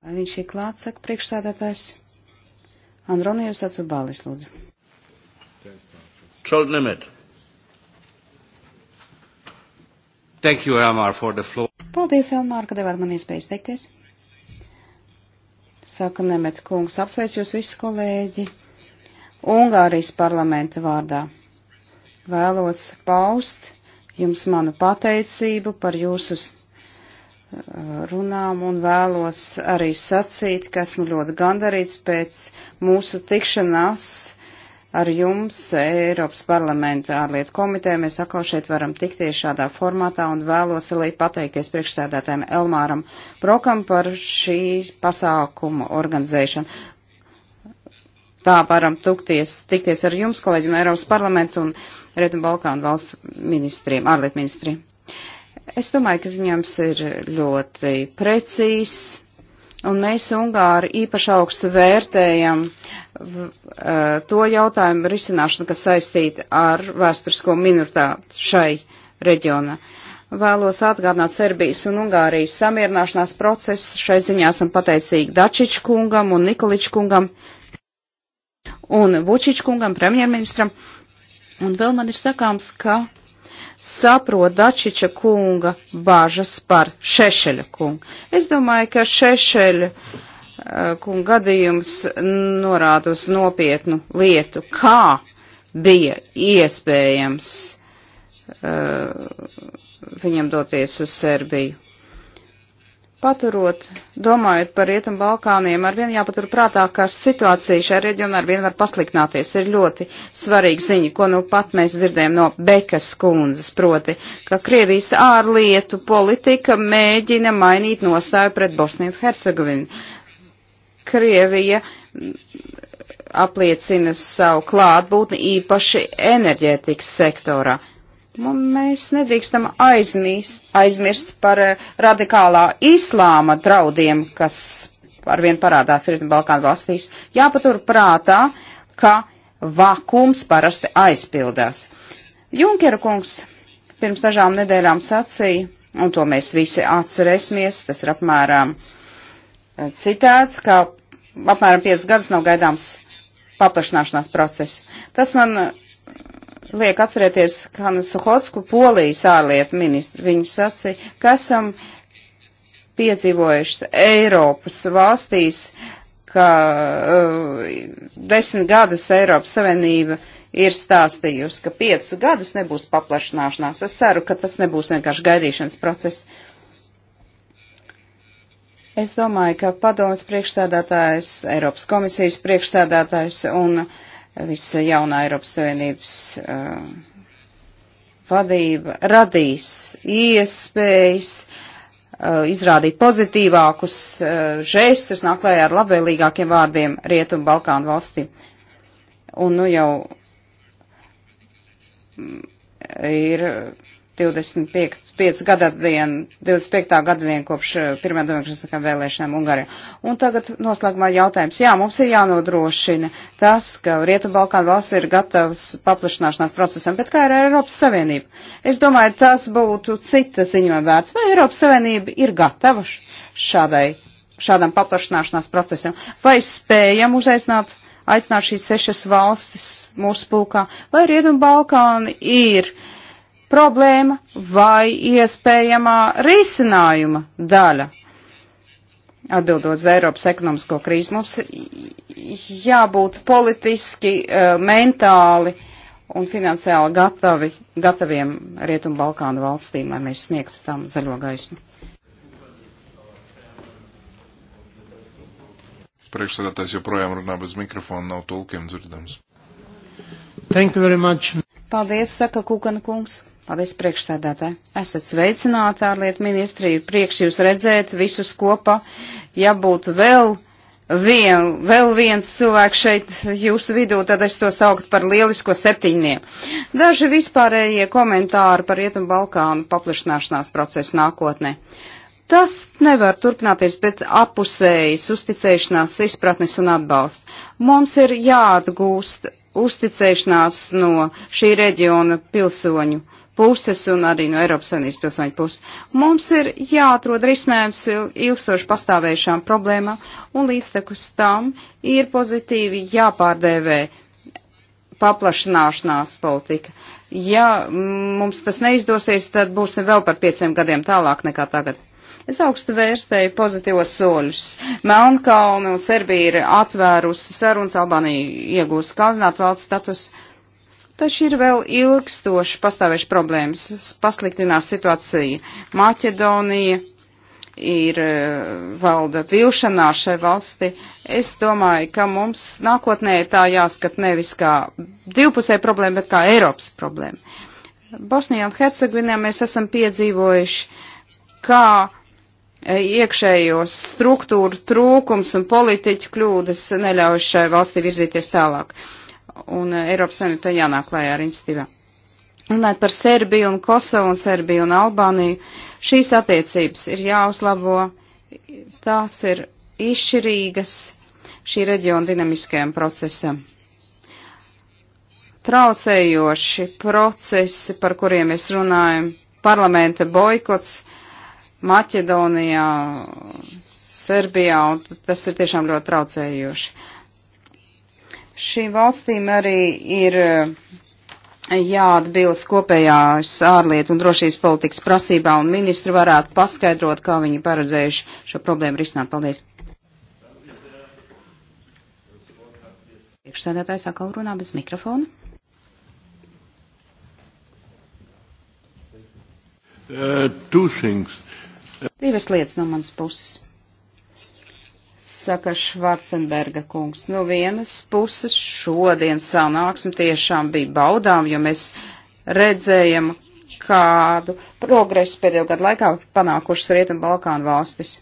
Vai viņš ir klāts, saka priekšsēdētājs? Andronijus Atsubalis, lūdzu. Short limit. Thank you, Elmar, for the floor. Paldies, Elmār, ka devāt man iespēju izteikties. Saka Nemet kungs, apsveic jūs visus kolēģi Ungārijas parlamenta vārdā. Vēlos paust jums manu pateicību par jūsu runām un vēlos arī sacīt, ka esmu ļoti gandarīts pēc mūsu tikšanās ar jums Eiropas parlamenta ārlietu komiteja. Mēs atkal šeit varam tikties šādā formātā un vēlos arī pateikties priekšstādātājiem Elmāram Prokam par šī pasākuma organizēšanu. Tā varam tukties, tikties ar jums, kolēģi no Eiropas parlamenta un Rietu Balkānu valstu ministriem, ārlietu ministriem. Es domāju, ka ziņojums ir ļoti precīzs, un mēs Ungāri īpaši augstu vērtējam eh, to jautājumu risināšanu, kas saistīta ar vēsturisko minoritātu šai reģionā. Vēlos atgādināt Serbijas un Ungārijas samierināšanās procesu. Šai ziņā esam pateicīgi Dačič kungam un Nikolič kungam un Vučič kungam, premjerministram. Un vēl man ir sakāms, ka saprot Dačiča kunga bāžas par Šešeļa kungu. Es domāju, ka Šešeļa eh, kunga gadījums norāda uz nopietnu lietu, kā bija iespējams uh, viņam doties uz Serbiju. Paturot, domājot par Rietumu Balkāniem, ar vienu jāpatur prātā, ka situācija šajā reģionā ar vienu var pasliknāties. Ir ļoti svarīga ziņa, ko nu pat mēs dzirdējam no Bekas kundzes, proti, ka Krievijas ārlietu politika mēģina mainīt nostāju pret Bosniju un Hercegovinu. Krievija apliecina savu klātbūtni īpaši enerģētikas sektorā. Mēs nedrīkstam aizmirst, aizmirst par eh, radikālā islāma draudiem, kas arvien parādās Rietumbalkānu valstīs. Jāpatur prātā, ka vakums parasti aizpildās. Junkera kungs pirms dažām nedēļām sacīja, un to mēs visi atcerēsimies, tas ir apmēram eh, citāts, ka apmēram 5 gadus nav gaidāms paplašināšanās process. Tas man liek atcerēties Hanu Suhotsku, Polijas ārlietu ministru. Viņš sacīja, ka esam piedzīvojuši Eiropas valstīs, ka uh, desmit gadus Eiropas Savienība ir stāstījusi, ka piecus gadus nebūs paplašināšanās. Es ceru, ka tas nebūs vienkārši gaidīšanas process. Es domāju, ka padomas priekšsēdētājs, Eiropas komisijas priekšsēdētājs un uh, visa jaunā Eiropas Savienības uh, vadība radīs iespējas uh, izrādīt pozitīvākus uh, žestus, naklēja ar labvēlīgākiem vārdiem Rietumu Balkānu valsti. Un nu jau mm, ir. Uh, 25. gadadienu, 25. gadadienu kopš eh, pirmā demokrātiskā vēlēšanām Ungarijā. Un tagad noslēgumā jautājums. Jā, mums ir jānodrošina tas, ka Rietu-Balkānu valsts ir gatavs paplašanāšanās procesam, bet kā ir ar Eiropas Savienību? Es domāju, tas būtu cita ziņojuma vērts. Vai Eiropas Savienība ir gatava šādai, šādam paplašanāšanās procesam? Vai spējam uzaicināt? aicināt šīs sešas valstis mūsu pulkā, vai Rietumbalkāni ir uh, problēma vai iespējamā risinājuma daļa. Atbildot uz Eiropas ekonomisko krīzi, mums jābūt politiski, eh, mentāli un finansiāli gatavi, gataviem Rietumu Balkānu valstīm, lai mēs sniegtu tam zaļo gaismu. Priekšsēdētājs joprojām runā bez mikrofona, nav tulkiem dzirdams. Thank you very much. Paldies, saka Kūkana kungs. Paldies, priekšsēdētāji. Esat sveicināti, ārlietu ministri, ir prieks jūs redzēt visus kopā. Ja būtu vēl, vien, vēl viens cilvēks šeit jūsu vidū, tad es to saukt par lielisko septiņiem. Daži vispārējie komentāri par Rietumu Balkānu paplašināšanās procesu nākotnē. Tas nevar turpināties bez apusējas uzticēšanās, izpratnes un atbalsta. Mums ir jāatgūst uzticēšanās no šī reģiona pilsoņu puses un arī no Eiropas Savienības pilsoņu puses. Mums ir jāatrod risinājums ilgstoši pastāvējušām problēmām un līdztekus tam ir pozitīvi jāpārdēvē paplašanāšanās politika. Ja mums tas neizdosies, tad būsim vēl par pieciem gadiem tālāk nekā tagad. Es augstu vērstēju pozitīvos soļus. Melnkalni un Serbija ir atvērusi sarunas, Albānija iegūst kalinātu valsts statusu Taču ir vēl ilgstoši pastāvējuši problēmas. Pasliktinās situācija Maķedonija, ir e, valda vilšanā šai valsti. Es domāju, ka mums nākotnē tā jāskat nevis kā divpusē problēma, bet kā Eiropas problēma. Bosnijā un Hercegovinā mēs esam piedzīvojuši, kā e, iekšējos struktūru trūkums un politiķu kļūdas neļauj šai valstī virzīties tālāk un eh, Eiropas Savienība te jānāk klājā ar institīvām. Runājot par Serbiju un Kosovu un Serbiju un Albāniju, šīs attiecības ir jāuzlabo, tās ir izšķirīgas šī reģiona dinamiskajam procesam. Traucējoši procesi, par kuriem es runāju, parlamenta boikots Maķedonijā, Serbijā, un tas ir tiešām ļoti traucējoši. Šīm valstīm arī ir eh, jāatbilst kopējās ārlietu un drošības politikas prasībā, un ministri varētu paskaidrot, kā viņi paredzējuši šo problēmu risināt. Paldies! Priekšsēdētājs atkal runā bez mikrofona. Uh, Divas lietas no manas puses saka Švarcenberga kungs. No vienas puses šodien sanāksim tiešām bija baudām, jo mēs redzējam, kādu progresu pēdējo gadu laikā panākušas Rietumu Balkānu valstis.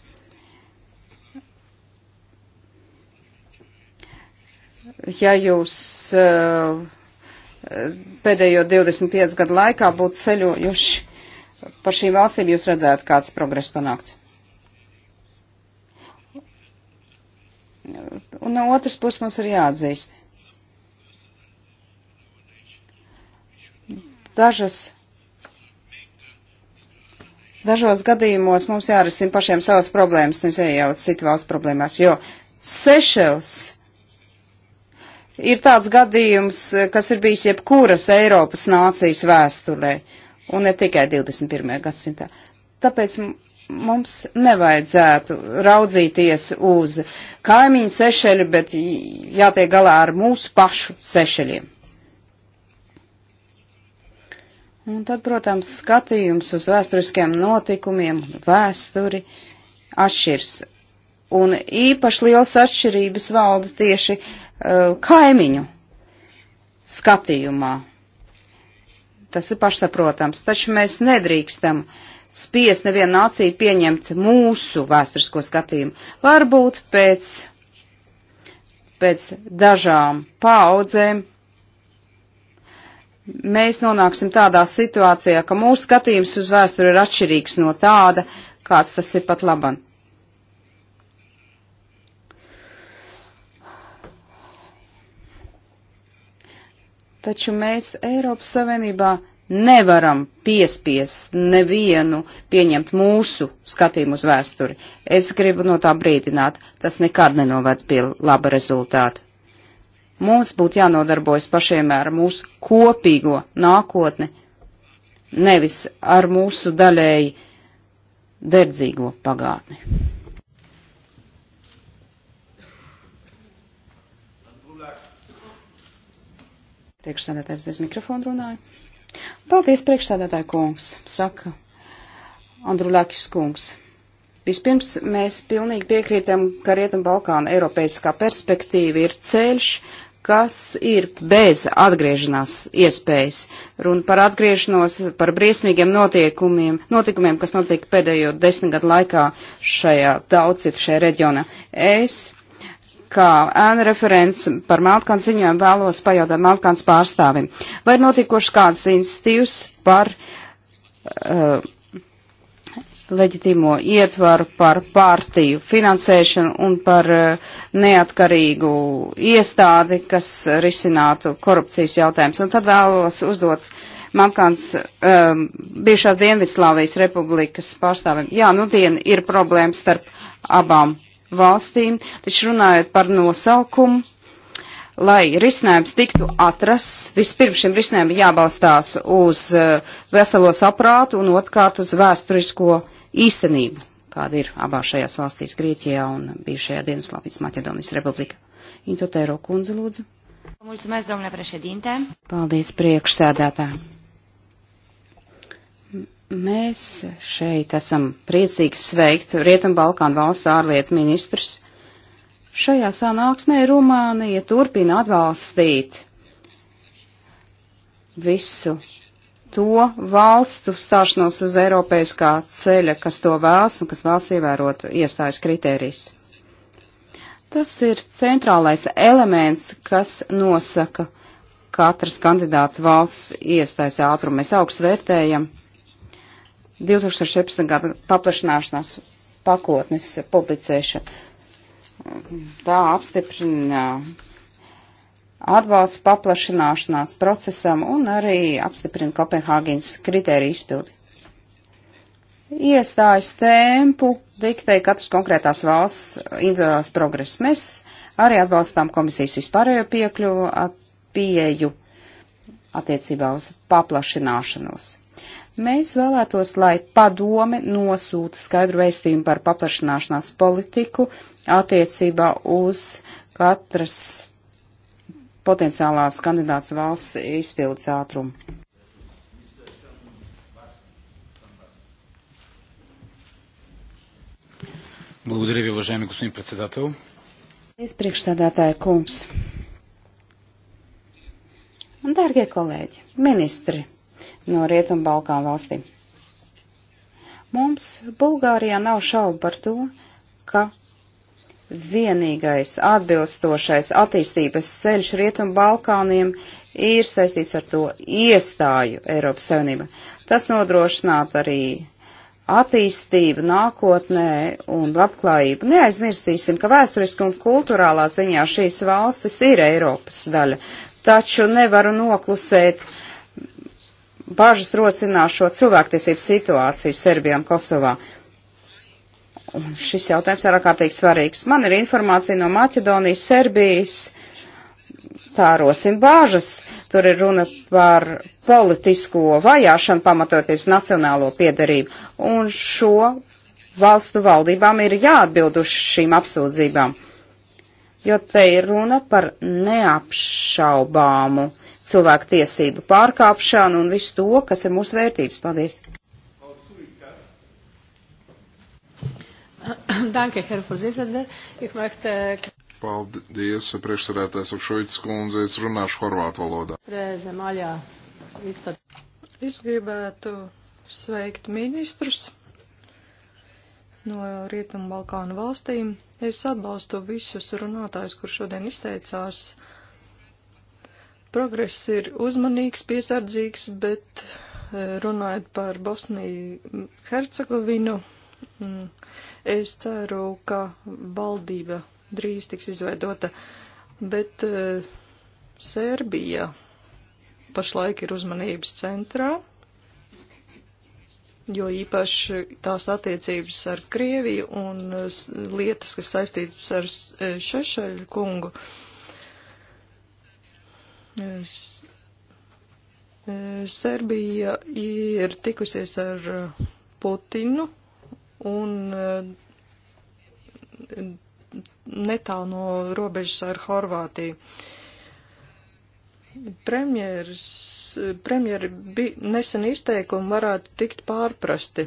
Ja jūs uh, pēdējo 25 gadu laikā būtu ceļojuši par šīm valstīm, jūs redzētu, kāds progress panākts. Un no otras puses mums ir jāatzīst. Dažas, dažos gadījumos mums jārisina pašiem savas problēmas, nevis iejauc citu valsts problēmās, jo Sešels ir tāds gadījums, kas ir bijis jebkuras Eiropas nācijas vēsturē, un ne tikai 21. gadsimtā. Tāpēc mums nevajadzētu raudzīties uz kaimiņu sešeļu, bet jātiek galā ar mūsu pašu sešeļiem. Un tad, protams, skatījums uz vēsturiskiem notikumiem, vēsturi atšķirs. Un īpaši liels atšķirības valda tieši uh, kaimiņu skatījumā. Tas ir pašsaprotams, taču mēs nedrīkstam uh, spiest nevienu nāciju pieņemt mūsu vēsturisko skatījumu. Varbūt pēc, pēc dažām paudzēm mēs nonāksim tādā situācijā, ka mūsu skatījums uz vēsturi ir atšķirīgs no tāda, kāds tas ir pat laban. Taču mēs Eiropas Savienībā nevaram piespiest nevienu pieņemt mūsu skatījumu uz vēsturi. Es gribu no tā brīdināt, tas nekad nenovērt pie laba rezultāta. Mums būtu jānodarbojas pašiem ar mūsu kopīgo nākotni, nevis ar mūsu daļēji derdzīgo pagātni. Priekšsēdētājs bez mikrofona runāja. Paldies, priekšstādātāja kungs, saka Andrulakis kungs. Vispirms mēs pilnīgi piekrītam, ka Rietumbalkāna Eiropeiskā perspektīva ir ceļš, kas ir bez atgriešanās iespējas. Runa par atgriešanos, par briesmīgiem notiekumiem, notikumiem, kas notika pēdējo desmit gadu laikā šajā daudzcietušajā reģionā. Es kā ēna referents par Meltkāns ziņojumu vēlos pajautāt Meltkāns pārstāvim. Vai ir notikušas kādas institīvas par uh, leģitīmo ietvaru, par pārtīju finansēšanu un par uh, neatkarīgu iestādi, kas risinātu korupcijas jautājumus? Un tad vēlos uzdot Meltkāns um, bijušās Dienvidslāvijas republikas pārstāvim. Jā, nu dien ir problēmas starp abām valstīm, taču runājot par nosaukumu, lai risinājums tiktu atrasts, vispirms šim risinājumam jābalstās uz eh, veselo saprātu un otrkārt uz vēsturisko īstenību, kāda ir abās šajās valstīs - Grieķijā un bijušajā Dienaslavijas Maķedonijas Republika. Intotēro kundze lūdzu. Mulțumesc, domnule președinte. Paldies, priekšsēdētāji. Mēs šeit esam priecīgi sveikt Rietumbalkānu valstu ārlietu ministrs. Šajā sanāksmē Rumānija turpina atbalstīt visu to valstu stāšanos uz Eiropēskā ceļa, kas to vēlas un kas vēlas ievērot iestājas kritērijas. Tas ir centrālais elements, kas nosaka katras kandidātu valsts iestājas ātrumu. Mēs augstu vērtējam 2017. gada paplašanāšanās pakotnes publicēšana. Tā apstiprina atbalsts paplašanāšanās procesam un arī apstiprina Kopenhāgīnas kritēriju izpildi. Iestājas tempu diktē katras konkrētās valsts individuālās progresas. Mēs arī atbalstām komisijas vispārējo piekļuvu at pieeju attiecībā uz paplašināšanos. Mēs vēlētos, lai padome nosūta skaidru vēstījumu par paplašanāšanās politiku attiecībā uz katras potenciālās kandidāts valsts izpildes ātrumu. Благодаря ви, уважаеми господин председател. Изпрекщадатая Кумс. Дорогие колеги, министри, no Rietumu Balkānu valstīm. Mums Bulgārijā nav šaubu par to, ka vienīgais atbilstošais attīstības ceļš Rietumu Balkāniem ir saistīts ar to iestāju Eiropas Savienībā. Tas nodrošinātu arī attīstību nākotnē un labklājību. Neaizmirsīsim, ka vēsturiski un kultūrālā ziņā šīs valstis ir Eiropas daļa, taču nevaru noklusēt uh, bažas rosināšo cilvēktiesību situāciju Serbijā un Kosovā. Un šis jautājums ir ārkārtīgi svarīgs. Man ir informācija no Maķedonijas, Serbijas, tā rosina bāžas. Tur ir runa par politisko vajāšanu pamatoties nacionālo piedarību. Un šo valstu valdībām ir jāatbild uz šīm apsūdzībām. Jo te ir runa par neapšaubāmu cilvēku tiesību pārkāpšanu un visu to, kas ir mūsu vērtības. Paldies! Danke, Herr Vorsitzender. Ich möchte Paldies, priekšsarētājs Ukšoits kundze, es runāšu horvātu valodā. Es gribētu sveikt ministrus no Rietumu Balkānu valstīm. Es atbalstu visus runātājus, kur šodien izteicās Progress ir uzmanīgs, piesardzīgs, bet eh, runājot par Bosniju Hercegovinu, es ceru, ka valdība drīz tiks izveidota, bet eh, Sērbija pašlaik ir uzmanības centrā, jo īpaši tās attiecības ar Krieviju un eh, lietas, kas saistītas ar Šešeļu kungu. Uh, E, Serbija ir tikusies ar e, Putinu un e, netālu no robežas ar Horvātiju. Premjeras, premjeri nesen izteikumi varētu tikt pārprasti,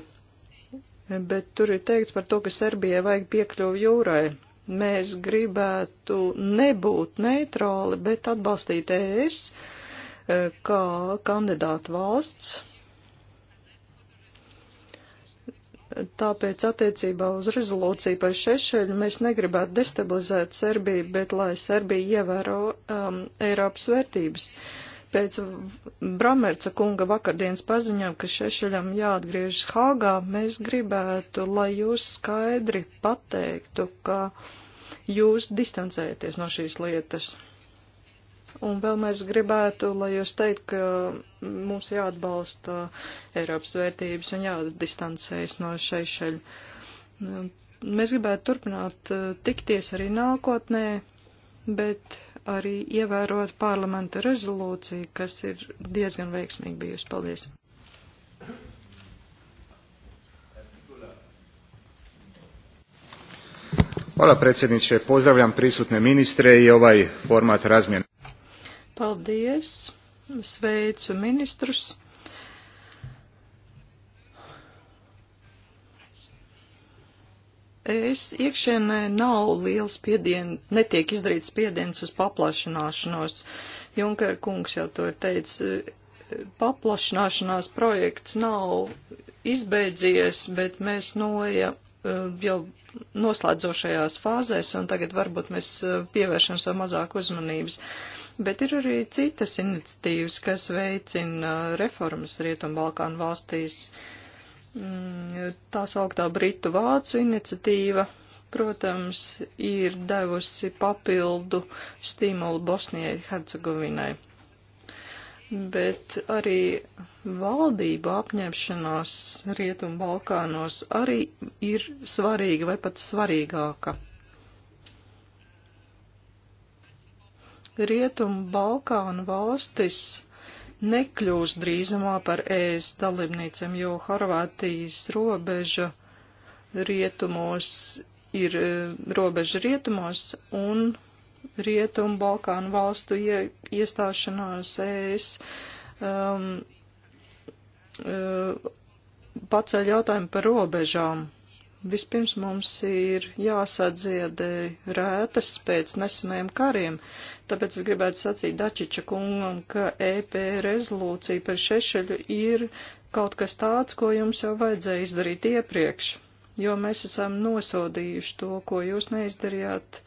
bet tur ir teikts par to, ka Serbijai vajag piekļuvu jūrai mēs gribētu nebūt neitrāli, bet atbalstīt ES eh, kā kandidātu valsts. Tāpēc attiecībā uz rezolūciju par Šešeļu mēs negribētu destabilizēt Serbiju, bet lai Serbija ievēro um, Eiropas vērtības. Uh, Pēc Bramerca kunga vakardienas paziņām, ka Šešeļam jāatgriežas Hāgā, mēs gribētu, lai jūs skaidri pateiktu, ka jūs distancējaties no šīs lietas. Un vēl mēs gribētu, lai jūs teikt, ka mums jāatbalsta Eiropas vērtības un jādistancējas no Šešeļa. Mēs gribētu turpināt uh, tikties arī nākotnē, bet arī ievērot parlamenta rezolūciju, kas ir diezgan veiksmīgi bijusi. Paldies! Hvala predsjedniče, pozdravljam prisutne ministre i ovaj format razmjene. Paldies, sveicu ministrus. es iekšienē nav liels spiediens, netiek izdarīts spiediens uz paplašināšanos. Junker kungs jau to ir teicis, paplašināšanās projekts nav izbeidzies, bet mēs noja eh, jau noslēdzošajās fāzēs, un tagad varbūt mēs eh, pievēršam savu mazāk uzmanības. Bet ir arī citas iniciatīvas, kas veicina reformas Rietumbalkānu valstīs. Uh, Mm, tā sauktā Britu Vācu iniciatīva, protams, ir devusi papildu stimulu Bosnijai Hercegovinai. Bet arī valdība apņemšanās Rietumu Balkānos arī ir svarīga vai pat svarīgāka. Rietumu Balkānu valstis nekļūs drīzumā par ēs dalībniecēm, jo Horvātijas robeža rietumos ir eh, robeža rietumos un rietumu Balkānu valstu ie, iestāšanās ēs um, eh, paceļ jautājumu par robežām. Vispirms mums ir jāsadziedē rētas pēc nesenajiem kariem, tāpēc es gribētu sacīt Dačiča kungam, ka EP rezolūcija par šešeļu ir kaut kas tāds, ko jums jau vajadzēja izdarīt iepriekš, jo mēs esam nosodījuši to, ko jūs neizdarījāt.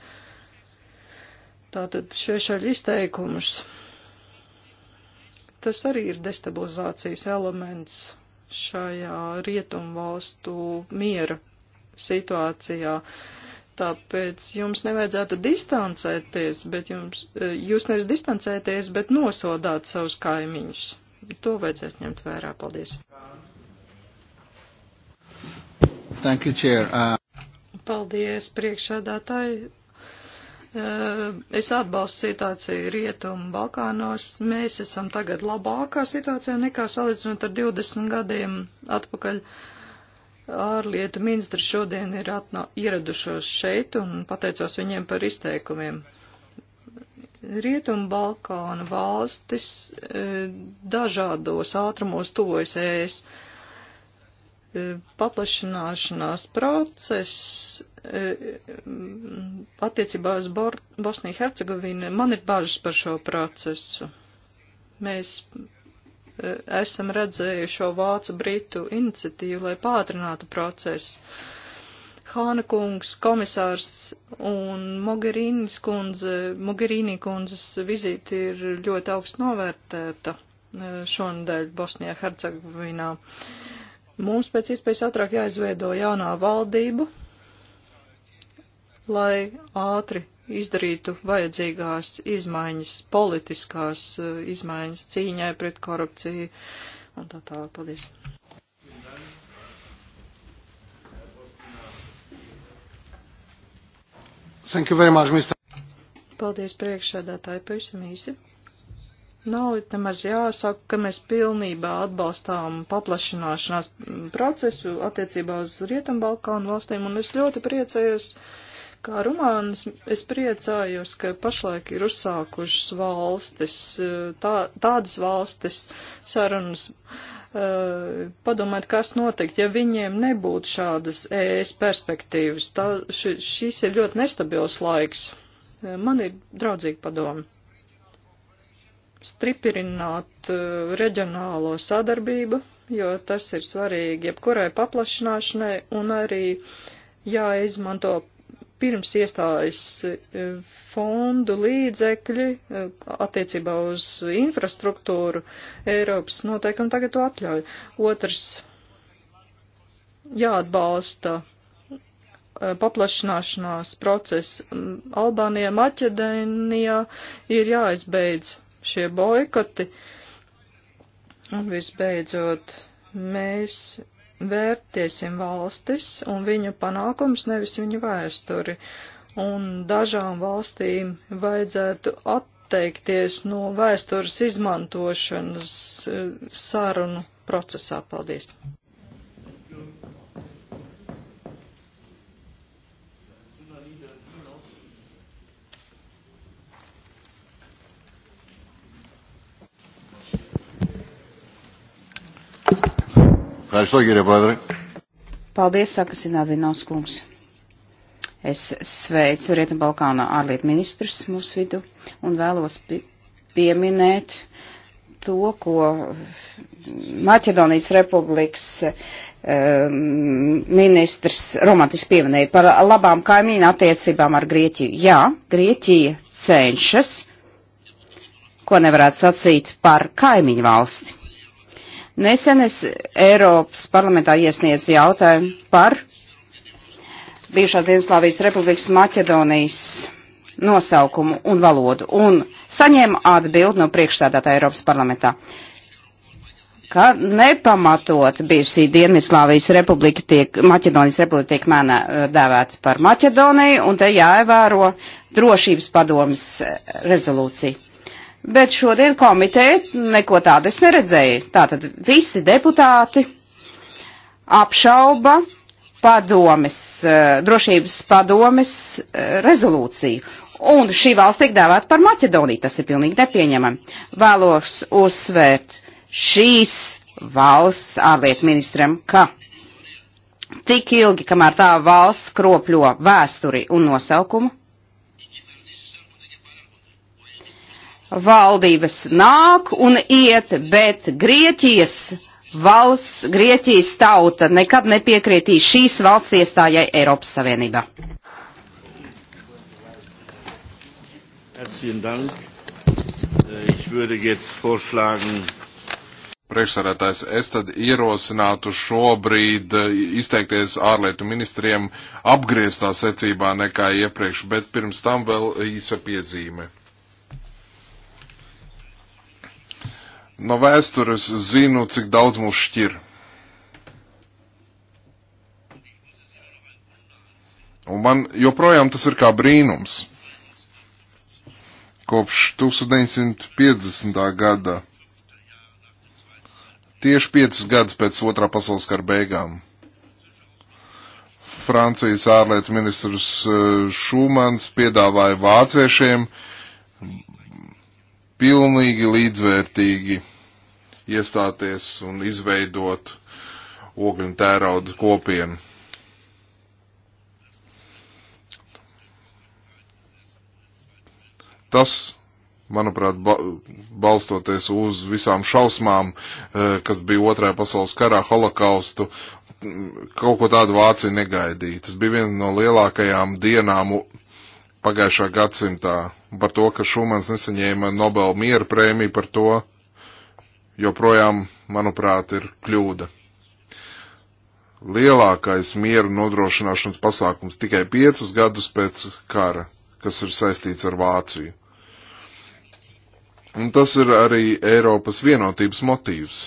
Tātad šešeļu izteikumus. Tas arī ir destabilizācijas elements šajā rietumvalstu miera situācijā. Tāpēc jums nevajadzētu distancēties, bet jums, e, jūs nevis distancēties, bet nosodāt savus kaimiņus. To vajadzētu ņemt vērā. Paldies. Thank you, Chair. Uh... Paldies, priekšādātāji. E, es atbalstu situāciju Rietumu Balkānos. Mēs esam tagad labākā situācijā nekā salīdzinot ar 20 gadiem atpakaļ. Uh, ārlietu ministri šodien ir atnā, ieradušos šeit un pateicos viņiem par izteikumiem. Rietumu Balkānu valstis e, dažādos ātrumos tuvojas ēs. E, paplašināšanās process e, attiecībā uz Bosniju Hercegovinu, man ir bažas par šo procesu. Mēs Eh, esam redzējuši šo vācu britu iniciatīvu, lai pātrinātu procesu. Hāna kungs, komisārs un Mogherīnis kundze, Mogherīnī kundzes vizīte ir ļoti augst novērtēta eh, šonadēļ Bosnijā, Hercegovinā. Mums pēc iespējas ātrāk jāizveido jaunā valdība, lai ātri izdarītu vajadzīgās izmaiņas, politiskās uh, izmaiņas cīņai pret korupciju un tā tālāk. Paldies! Thank you very much, Mr. Paldies priekšsēdētāji, pavisam īsi. Nav nemaz jāsaka, ka mēs pilnībā atbalstām paplašināšanās procesu attiecībā uz Rietumbalkānu valstīm, un es ļoti priecājos Kā Rumāns es priecājos, ka pašlaik ir uzsākušas valstis, eh, tā, tādas valstis sarunas. Eh, padomājiet, kas notikt, ja viņiem nebūtu šādas ES perspektīvas. Tā, ši, šis ir ļoti nestabils laiks. Eh, man ir draudzīgi padomi. Stripirināt reģionālo sadarbību, jo tas ir svarīgi jebkurai paplašināšanai un arī jāizmanto pirms iestājas e, fondu līdzekļi e, attiecībā uz infrastruktūru Eiropas noteikumi tagad to atļauj. Otrs jāatbalsta e, paplašināšanās process. Albānijā, Maķedēnijā ir jāizbeidz šie boikoti. Un visbeidzot, mēs vērtiesim valstis un viņu panākums, nevis viņu vēsturi. Un dažām valstīm vajadzētu atteikties no vēstures izmantošanas eh, sarunu procesā. Paldies! Ευχαριστώ κύριε Πρόεδρε. Paldies, saka Sinādināvs kungs. Es sveicu Rietumbalkāna ārlietu ministrs mūsu vidu un vēlos pieminēt to, ko Maķedonijas republikas um, ministrs romantiski pieminēja par labām kaimīnu attiecībām ar Grieķiju. Jā, Grieķija cenšas, ko nevarētu sacīt par kaimiņu valsti Nesen es Eiropas parlamentā iesniedzu jautājumu par bijušās Dienaslāvijas republikas Maķedonijas nosaukumu un valodu un saņēma atbildi no priekšstādātā Eiropas parlamentā, ka nepamatot bijusī Dienvidslāvijas republika tiek, Maķedonijas republika tiek mēnā eh, dēvēta par Maķedoniju un te jāievēro drošības padomas eh, rezolūcija. Bet šodien komiteja neko tādu es neredzēju. Tātad visi deputāti apšauba padomes, eh, drošības padomes eh, rezolūciju. Un šī valsts tiek dēvēta par Maķedoniju. Tas ir pilnīgi nepieņemami. Vēlos uzsvērt šīs valsts ārlietu ministram, ka tik ilgi, kamēr tā valsts kropļo vēsturi un nosaukumu, valdības nāk un iet, bet Grieķijas valsts, Grieķijas tauta nekad nepiekrietīs šīs valsts iestājai Eiropas Savienībā. Äh, Priekšsarētājs, es tad ierosinātu šobrīd äh, izteikties ārlietu ministriem apgrieztā secībā nekā iepriekš, bet pirms tam vēl īsa piezīme. No vēstures zinu, cik daudz mūs šķir. Un man joprojām tas ir kā brīnums. Kopš 1950. gada, tieši piecus gadus pēc otrā pasaules kara beigām, Francijas ārlietu ministrs eh, Šumans piedāvāja vāciešiem uh, pilnīgi līdzvērtīgi iestāties un izveidot ogļu un tērauda kopienu. Tas, manuprāt, ba balstoties uz visām šausmām, eh, kas bija otrajā pasaules karā, holokaustu, kaut ko tādu Vācija negaidīja. Tas bija viena no lielākajām dienām pagājušā gadsimtā par to, ka Šumans nesaņēma Nobel miera prēmiju par to, joprojām, manuprāt, ir kļūda. Lielākais miera nodrošināšanas pasākums tikai piecus gadus pēc kara, kas ir saistīts ar Vāciju. Un tas ir arī Eiropas vienotības motīvs.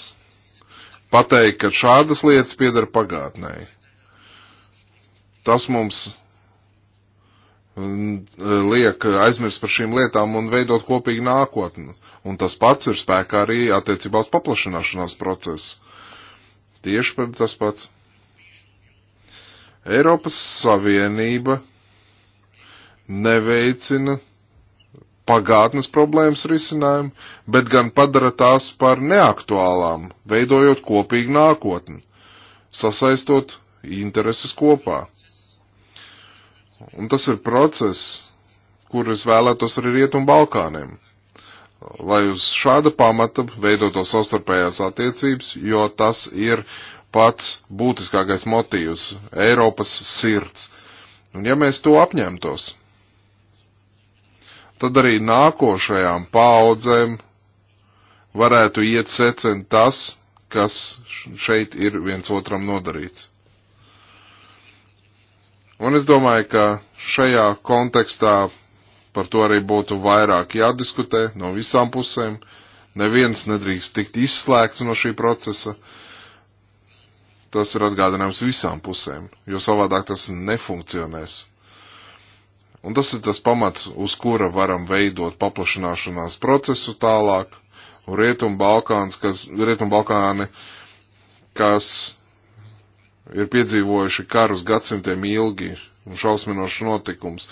Pateikt, ka šādas lietas piedara pagātnēji. Tas mums E, liek aizmirst par šīm lietām un veidot kopīgu nākotni. Un tas pats ir spēkā arī attiecībā uz paplašanāšanās procesu. Tieši tas pats. Eiropas Savienība neveicina pagātnes problēmas risinājumu, bet gan padara tās par neaktuālām, veidojot kopīgu nākotni, sasaistot intereses kopā. Un tas ir process, kur es vēlētos arī Rietumu Balkāniem, lai uz šāda pamata veidoto savstarpējās attiecības, jo tas ir pats būtiskākais motīvs - Eiropas sirds. Un ja mēs to apņemtos, tad arī nākošajām paaudzēm varētu iet secen tas, kas šeit ir viens otram nodarīts. Un es domāju, ka šajā kontekstā par to arī būtu vairāk jādiskutē no visām pusēm. Neviens nedrīkst tikt izslēgts no šī procesa. Tas ir atgādinājums visām pusēm, jo savādāk tas nefunkcionēs. Un tas ir tas pamats, uz kura varam veidot paplašināšanās procesu tālāk. Un Rietumbalkāns, kas, Rietumbalkāni, kas ir piedzīvojuši karus gadsimtiem ilgi un šausminošs notikums,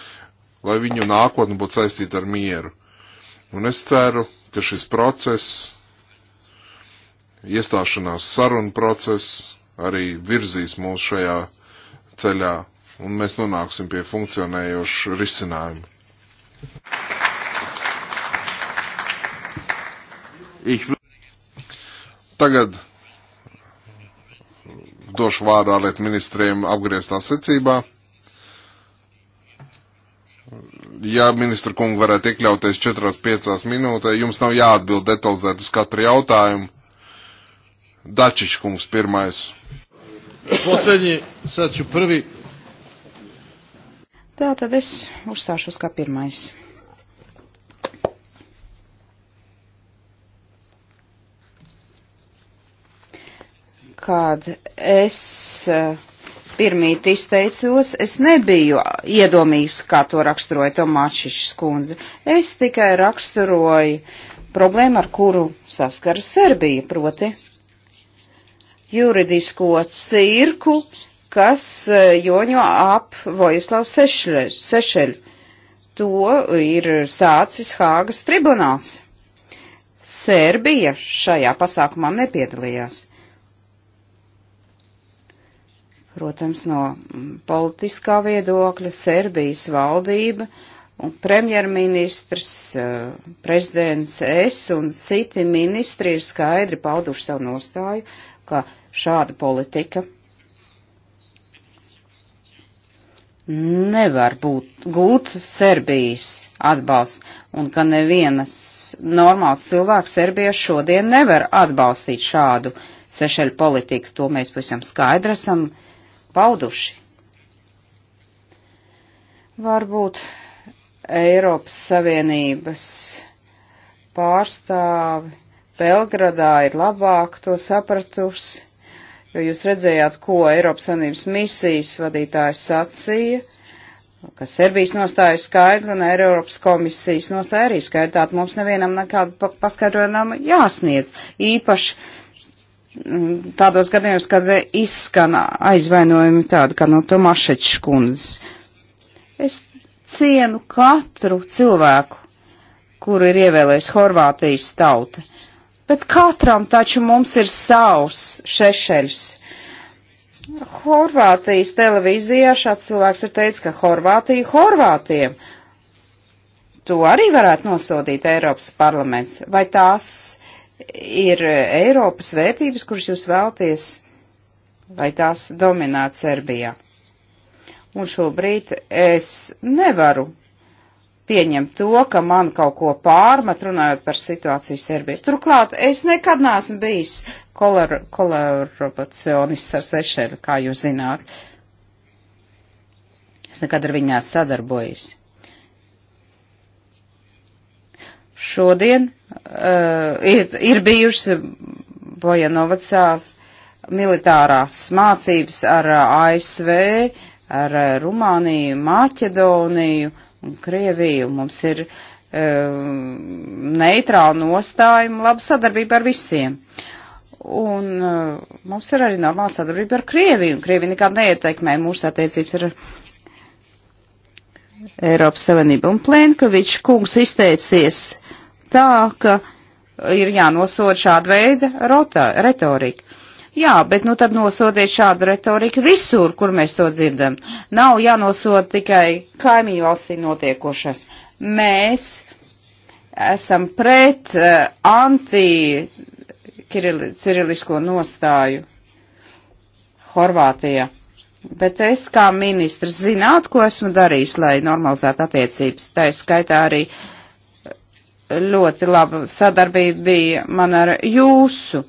lai viņu nākotne būtu saistīta ar mieru. Un es ceru, ka šis process, iestāšanās saruna process, arī virzīs mūs šajā ceļā, un mēs nonāksim pie funkcionējošu risinājumu. Tagad došu vārdu ārlietu ministriem apgrieztā secībā. Ja ministra kungu varētu iekļauties 4-5 minūtē, jums nav jāatbild detalizēt uz katru jautājumu. Dačiš kungs pirmais. Posēdņi, saču prvi. Tā tad es uzstāšos kā pirmais. kad es eh, pirmīt izteicos, es nebiju iedomīgs, kā to raksturoja Tomāčiša skundze. Es tikai raksturoju problēmu, ar kuru saskara Serbija, proti juridisko cirku, kas eh, joņo ap Vojislavu Sešeļu. To ir sācis Hāgas tribunāls. Serbija šajā pasākumā nepiedalījās. Protams, no mm, politiskā viedokļa Serbijas valdība un premjerministrs, eh, prezidents es un citi ministri ir skaidri pauduši savu nostāju, ka šāda politika nevar būt gūt Serbijas atbalsts, un ka nevienas normāls cilvēks Serbijā šodien nevar atbalstīt šādu sešeļu politiku. To mēs pavisam skaidri esam pauduši. Varbūt Eiropas Savienības pārstāvi Belgradā ir labāk to sapratusi, jo jūs redzējāt, ko Eiropas Savienības misijas vadītājs sacīja, ka Serbijas nostāja skaidra un Eiropas komisijas nostāja arī skaidra, tātad mums nevienam nekādu paskaidrojumu jāsniedz. Īpaši tādos gadījumos, kad izskan aizvainojumi tādi, kā no Tomašečs kundzes. Es cienu katru cilvēku, kuru ir ievēlējis Horvātijas tauta, bet katram taču mums ir savs šešeļs. Horvātijas televīzijā šāds cilvēks ir teicis, ka Horvātija Horvātiem. To arī varētu nosodīt Eiropas parlaments. Vai tās ir Eiropas vērtības, kuras jūs vēlties, lai tās dominētu Serbijā. Un šobrīd es nevaru pieņemt to, ka man kaut ko pārmet runājot par situāciju Serbijā. Turklāt es nekad neesmu bijis kolaboracionists ar Sešeru, kā jūs zināt. Es nekad ar viņā sadarbojos. Šodien Uh, ir, ir bijušas Bojanovacās militārās mācības ar uh, ASV, ar uh, Rumāniju, Maķedoniju un Krieviju. Mums ir uh, neitrāla nostājuma, laba sadarbība ar visiem. Un uh, mums ir arī normāla sadarbība ar Krieviju, un Krievija nekad neietekmē mūsu attiecības ar Eiropas Savienību. Un Plenkovičs kungs izteicies tā, ka ir jānosod šāda veida rota, retorika. Jā, bet nu tad nosodiet šādu retoriku visur, kur mēs to dzirdam. Nav jānosod tikai kaimiņu valstī notiekošas. Mēs esam pret uh, eh, anti-cirilisko nostāju Horvātijā. Bet es kā ministrs zinātu, ko esmu darījis, lai normalizētu attiecības. Tā ir skaitā arī uh, ļoti laba sadarbība bija man ar jūsu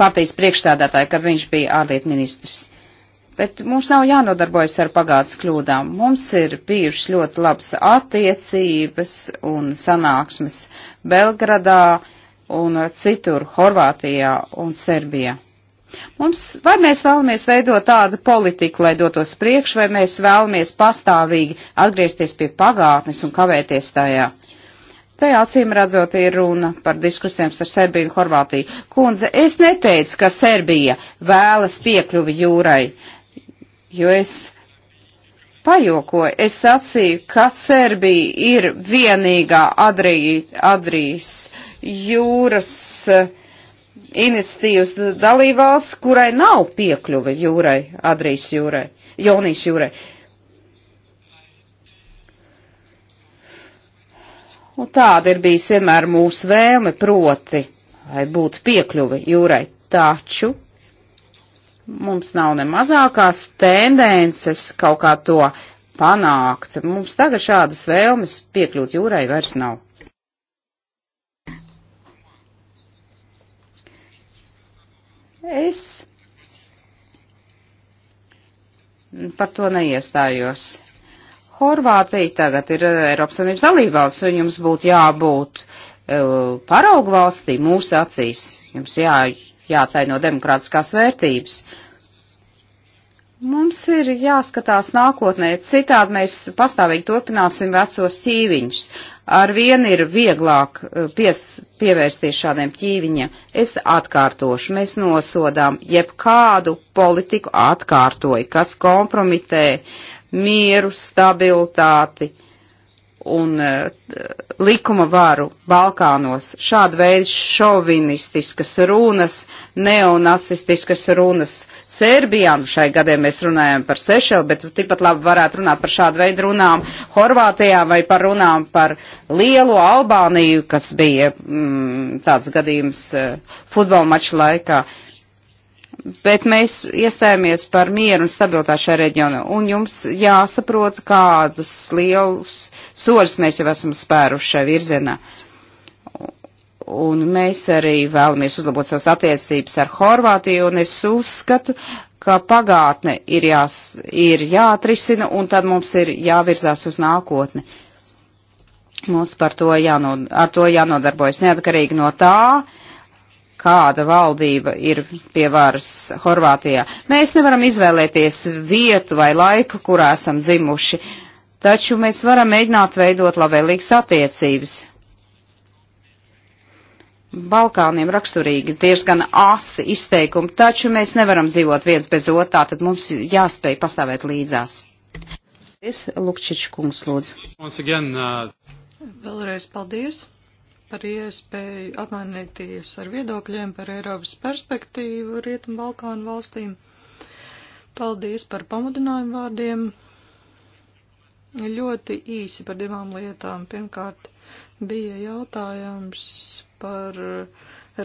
partijas priekšstādātāju, kad viņš bija ārlietu ministrs. Bet mums nav jānodarbojas ar pagātnes kļūdām. Mums ir bijušas ļoti labas attiecības un sanāksmes Belgradā un citur Horvātijā un Serbijā. Mums, vai mēs vēlamies veidot tādu politiku, lai dotos priekš, vai mēs vēlamies pastāvīgi atgriezties pie pagātnes un kavēties tajā? Te acīm redzot ir runa par diskusijām ar Serbiju un Horvātiju. Kundze, es neteicu, ka Serbija vēlas piekļuvi jūrai, jo es pajokoju. Es sacīju, ka Serbija ir vienīgā Adrī, Adrijas jūras eh, iniciatīvas dalībvalsts, kurai nav piekļuve jūrai, Adrijas jūrai, Jonijas jūrai. Uh, Un nu, tāda ir bijis vienmēr mūsu vēlme, proti, lai būtu piekļuvi jūrai. Taču mums nav ne mazākās tendences kaut kā to panākt. Mums tagad šādas vēlmes piekļūt jūrai vairs nav. Es par to neiestājos. Horvātija tagad ir eh, Eiropas Savienības dalībvalsts, un jums būtu jābūt uh, paraugu valstī mūsu acīs. Jums jā, jātaino demokrātiskās vērtības. Mums ir jāskatās nākotnē, citādi mēs pastāvīgi turpināsim vecos ķīviņus. Ar vienu ir vieglāk eh, pies, pievērsties šādiem ķīviņiem. Es atkārtošu, mēs nosodām jebkādu politiku atkārtoju, kas kompromitē uh, mieru, stabilitāti un e, likuma varu Balkānos. Šāda veida šovinistiskas runas, neonacistiskas runas Serbijā, nu šai gadiem mēs runājam par Sešelu, bet tikpat labi varētu runāt par šādu veidu runām Horvātijā vai par runām par lielu Albāniju, kas bija mm, tāds gadījums e, futbola mača laikā. Uh, bet mēs iestājāmies par mieru un stabilitāti šajā reģionā. Un jums jāsaprot, kādus lielus soļus mēs jau esam spēruši šajā virzienā. Un mēs arī vēlamies uzlabot savas attiecības ar Horvātiju, un es uzskatu, ka pagātne ir, jās, ir jāatrisina, un tad mums ir jāvirzās uz nākotni. Mums par to jānod, ar to jānodarbojas neatkarīgi no tā, uh, kāda valdība ir pie varas Horvātijā. Mēs nevaram izvēlēties vietu vai laiku, kurā esam dzimuši, taču mēs varam mēģināt veidot labvēlīgas attiecības. Balkāniem raksturīgi diezgan asi izteikumi, taču mēs nevaram dzīvot viens bez otrā, tad mums jāspēj pastāvēt līdzās. Es Lukčiču kungs lūdzu. Again, uh... Vēlreiz paldies par iespēju apmainīties ar viedokļiem par Eiropas perspektīvu Rietumu Balkānu valstīm. Paldies par pamudinājumu vārdiem. Ļoti īsi par divām lietām. Pirmkārt, bija jautājums par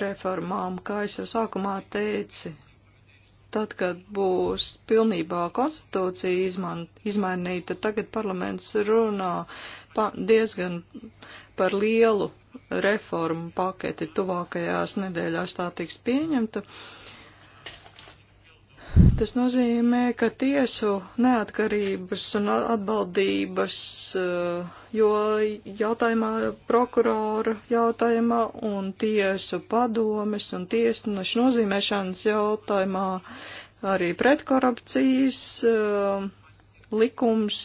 reformām, kā es jau sākumā teici. Tad, kad būs pilnībā konstitūcija izman, izmainīta, tagad parlaments runā pa, diezgan par lielu reformu paketi tuvākajās nedēļās tā tiks pieņemta. Tas nozīmē, ka tiesu neatkarības un atbaldības, eh, jo jautājumā prokurora jautājumā un tiesu padomes un tiesnešu nozīmēšanas jautājumā arī pretkorupcijas eh, likums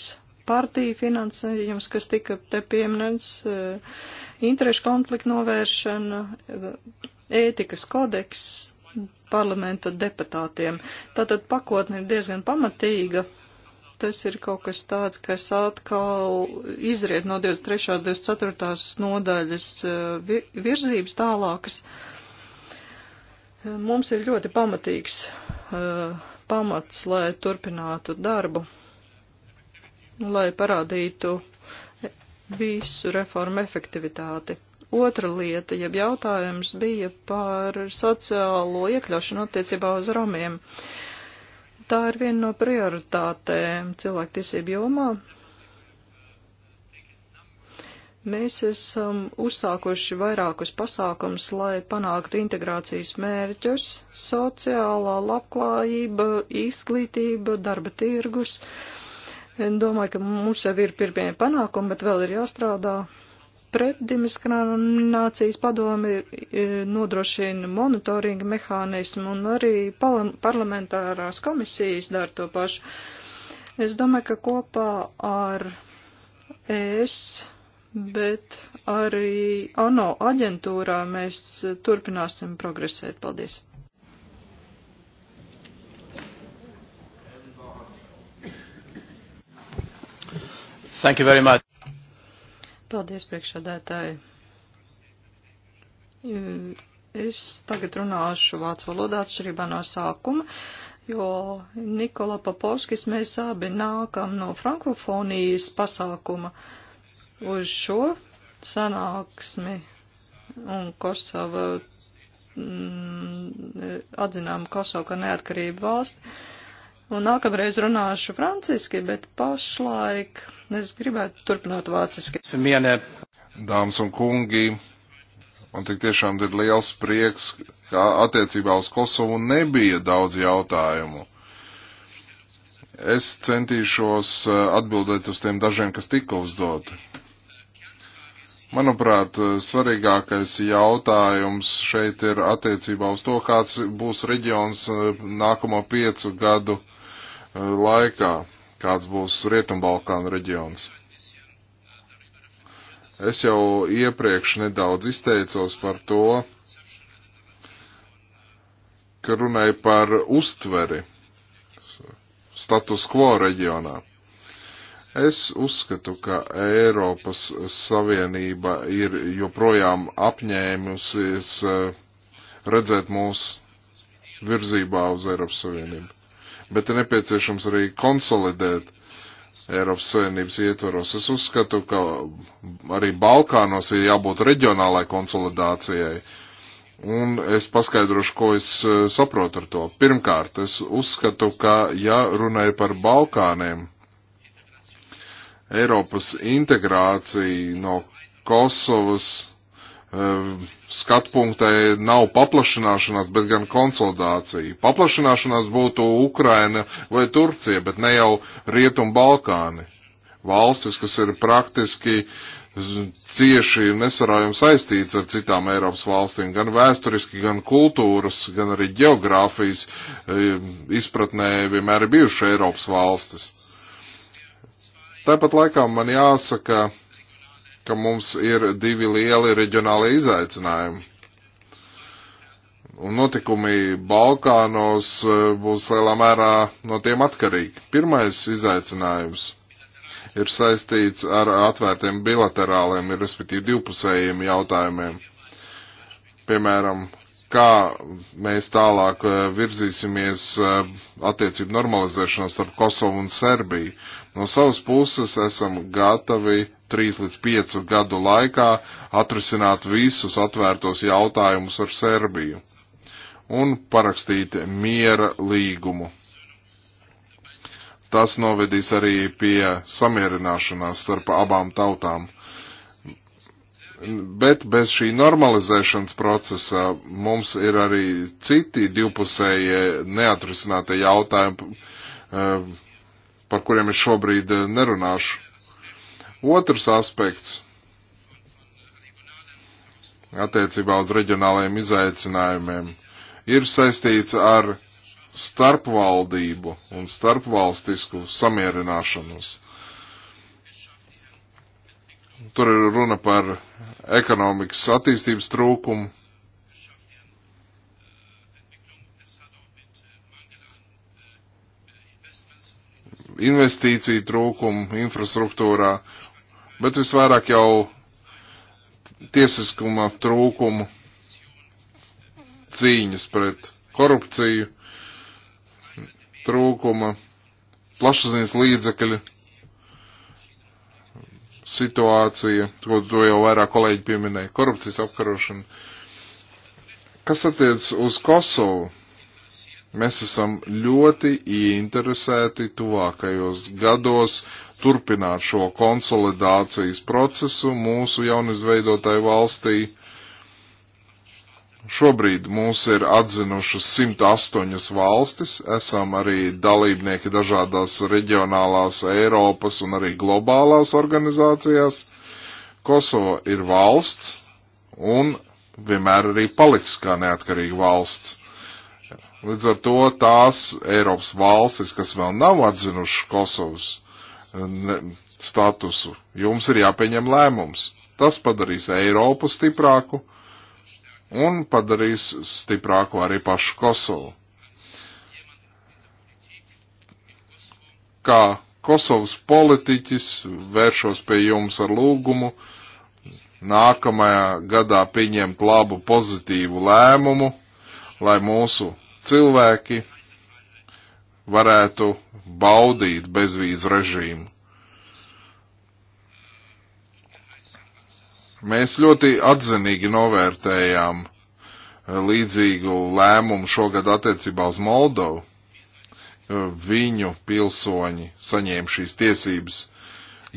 partiju finansējums, kas tika te pieminēts, eh, interešu konfliktu novēršana, eh, ētikas kodeks parlamenta deputātiem. Tātad pakotne ir diezgan pamatīga. Tas ir kaut kas tāds, kas atkal izriet no 23. un 24. nodaļas eh, virzības tālākas. Mums ir ļoti pamatīgs pamats, lai turpinātu darbu lai parādītu visu reformu efektivitāti. Otra lieta, jeb jautājums bija par sociālo iekļaušanu attiecībā uz romiem. Tā ir viena no prioritātēm cilvēktiesību jomā. Mēs esam uzsākuši vairākus pasākums, lai panāktu integrācijas mērķus - sociālā labklājība, izglītība, darba tirgus. Uh, Domāju, ka mums jau ir pirmie panākumi, bet vēl ir jāstrādā. Pretdiskriminācijas padomi nodrošina monitoringa mehānismu un arī parlamentārās komisijas dara to pašu. Es domāju, ka kopā ar ES bet arī ANO aģentūrā mēs turpināsim progresēt. Paldies! Thank you very much. Paldies, priekšsādētāji. Mm, es tagad runāšu vācu valodā atšķirībā no sākuma, jo Nikola Papovskis mēs abi nākam no frankofonijas pasākuma uz šo sanāksmi un Kosova, mm, atzinām Kosovu kā neatkarību valsti Un nākamreiz runāšu franciski, bet pašlaik es gribētu turpināt vāciski. Dāmas un kungi, man tik tiešām ir liels prieks, ka attiecībā uz Kosovu nebija daudz jautājumu. Es centīšos eh, atbildēt uz tiem dažiem, kas tika uzdoti. Manuprāt, eh, svarīgākais jautājums šeit ir attiecībā uz to, kāds būs reģions eh, nākamo piecu gadu laikā, kāds būs Rietumbalkānu reģions. Es jau iepriekš nedaudz izteicos par to, ka runāja par uztveri status quo reģionā. Es uzskatu, ka Eiropas Savienība ir joprojām apņēmusies eh, redzēt mūs virzībā uz Eiropas Savienību bet ir nepieciešams arī konsolidēt Eiropas Savienības ietvaros. Es uzskatu, ka arī Balkānos ir jābūt reģionālai konsolidācijai. Un es paskaidrošu, ko es e, saprotu ar to. Pirmkārt, es uzskatu, ka ja runāja par Balkāniem, Eiropas integrācija no Kosovas, Ehm, skatpunktai nav paplašanāšanās, bet gan konsolidācija. Paplašanāšanās būtu Ukraina vai Turcija, bet ne jau Rietum Balkāni. Valstis, kas ir praktiski cieši nesarājumi saistīts ar citām Eiropas valstīm, gan vēsturiski, gan kultūras, gan arī geogrāfijas ehm, izpratnē vienmēr ir bijuši Eiropas valstis. Tāpat laikā man jāsaka, ka ka mums ir divi lieli reģionāli izaicinājumi. Un notikumi Balkānos e, būs lielā mērā no tiem atkarīgi. Pirmais izaicinājums ir saistīts ar atvērtiem bilaterāliem, respektīvi divpusējiem jautājumiem. Piemēram, kā mēs tālāk e, virzīsimies e, attiecību normalizēšanā starp Kosovu un Serbiju. No savas puses esam gatavi 3 līdz 5 gadu laikā atrisināt visus atvērtos jautājumus ar Serbiju un parakstīt miera līgumu. Tas novedīs arī pie samierināšanās starp abām tautām. Bet bez šī normalizēšanas procesa mums ir arī citi divpusējie neatrisinātie jautājumi, eh, par kuriem es šobrīd eh, nerunāšu. Otrs aspekts attiecībā uz reģionālajiem izaicinājumiem ir saistīts ar starpvaldību un starpvalstisku samierināšanos. Tur ir runa par ekonomikas attīstības trūkumu. investīciju trūkumu infrastruktūrā bet visvairāk jau tiesiskuma trūkumu, cīņas pret korupciju, trūkuma, plašsaziņas līdzekļu situācija, ko to jau vairāk kolēģi pieminēja, korupcijas apkarošana. Kas attiec uz Kosovu? Mēs esam ļoti ieinteresēti tuvākajos gados turpināt šo konsolidācijas procesu mūsu jaunizveidotai valstī. Šobrīd mūs ir atzinušas 108 valstis, esam arī dalībnieki dažādās reģionālās Eiropas un arī globālās organizācijās. Kosova ir valsts un vienmēr arī paliks kā neatkarīga valsts. Līdz ar to tās Eiropas valstis, kas vēl nav atzinušas Kosovas eh, statusu, jums ir jāpieņem lēmums. Tas padarīs Eiropu stiprāku un padarīs stiprāku arī pašu Kosovu. Kā Kosovas politiķis vēršos pie jums ar lūgumu nākamajā gadā pieņemt labu pozitīvu lēmumu lai mūsu cilvēki varētu baudīt bezvīzu režīmu. Mēs ļoti atzinīgi novērtējām eh, līdzīgu lēmumu šogad attiecībā uz Moldovu. Eh, viņu pilsoņi saņēma šīs tiesības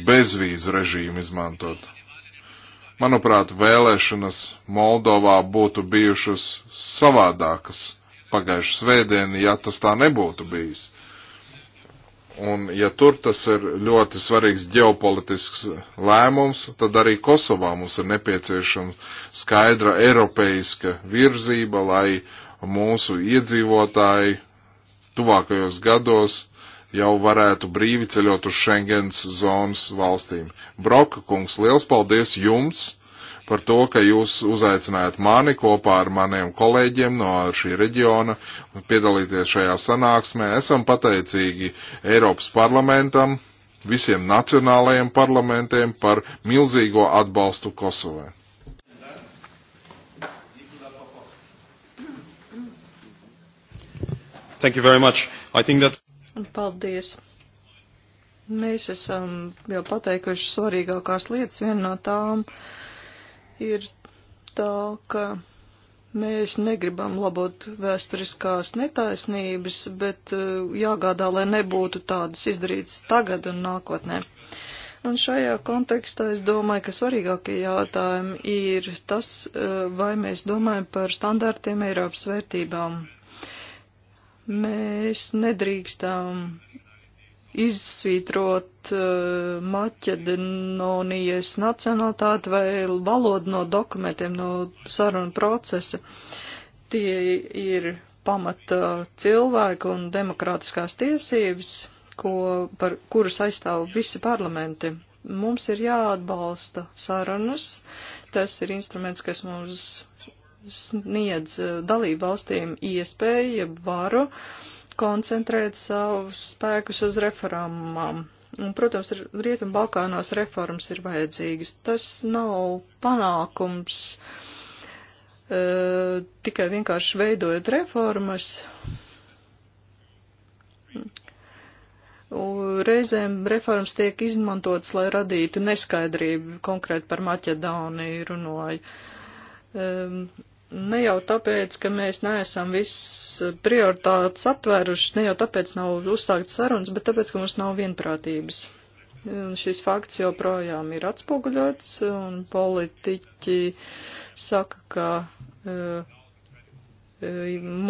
bezvīzu režīmu izmantot. Manuprāt, vēlēšanas Moldovā būtu bijušas savādākas pagājušas svētdien, ja tas tā nebūtu bijis. Un ja tur tas ir ļoti svarīgs ģeopolitisks lēmums, tad arī Kosovā mums ir nepieciešama skaidra eiropeiska virzība, lai mūsu iedzīvotāji tuvākajos gados jau varētu brīvi ceļot uz Schengens zonas valstīm. Broka kungs, liels paldies jums par to, ka jūs uzaicinājāt mani kopā ar maniem kolēģiem no šī reģiona piedalīties šajā sanāksmē. Esam pateicīgi Eiropas parlamentam, visiem nacionālajiem parlamentiem par milzīgo atbalstu Kosovai. Thank you very much. I think that Un paldies! Mēs esam jau pateikuši svarīgākās lietas. Viena no tām ir tā, ka mēs negribam labot vēsturiskās netaisnības, bet uh, jāgādā, lai nebūtu tādas izdarītas tagad un nākotnē. Un šajā kontekstā es domāju, ka svarīgākie jautājumi ir tas, uh, vai mēs domājam par standartiem Eiropas vērtībām Mēs nedrīkstam izsvītrot uh, Maķedonijas nacionalitāti vai valodu no dokumentiem, no sarunu procesa. Tie ir pamata cilvēku un demokrātiskās tiesības, ko, par kuras aizstāv visi parlamenti. Mums ir jāatbalsta sarunas, tas ir instruments, kas mums sniedz eh, dalību valstīm iespēju, ja varu koncentrēt savus spēkus uz reformām. Un, protams, Rietumu Balkānos reformas ir vajadzīgas. Tas nav panākums e, tikai vienkārši veidojot reformas. Reizēm reformas tiek izmantotas, lai radītu neskaidrību konkrēti par Maķedoniju runāju. Um, e, ne jau tāpēc, ka mēs neesam viss prioritātes aptvēruši, ne jau tāpēc nav uzsākt sarunas, bet tāpēc, ka mums nav vienprātības. Un šis fakts joprojām ir atspoguļots, un politiķi saka, ka uh,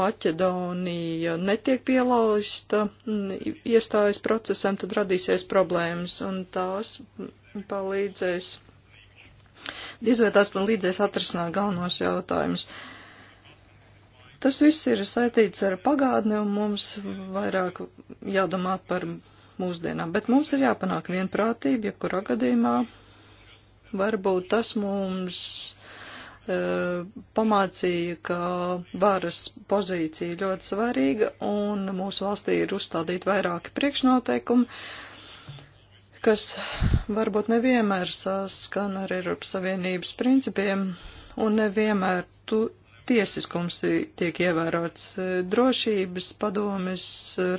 Maķedonija netiek pielaužta iestājas procesam, tad radīsies problēmas, un tās palīdzēs Diez vai tās man līdzēs atrisināt galvenos jautājumus. Tas viss ir saistīts ar pagātni un mums vairāk jādomā par mūsdienām. Bet mums ir jāpanāk vienprātība, jebkurā gadījumā. Varbūt tas mums e, pamācīja, ka varas pozīcija ļoti svarīga un mūsu valstī ir uzstādīti vairāki priekšnoteikumi, kas varbūt nevienmēr saskan ar Eiropas Savienības principiem un nevienmēr tu, tiesiskums tiek ievērots drošības padomis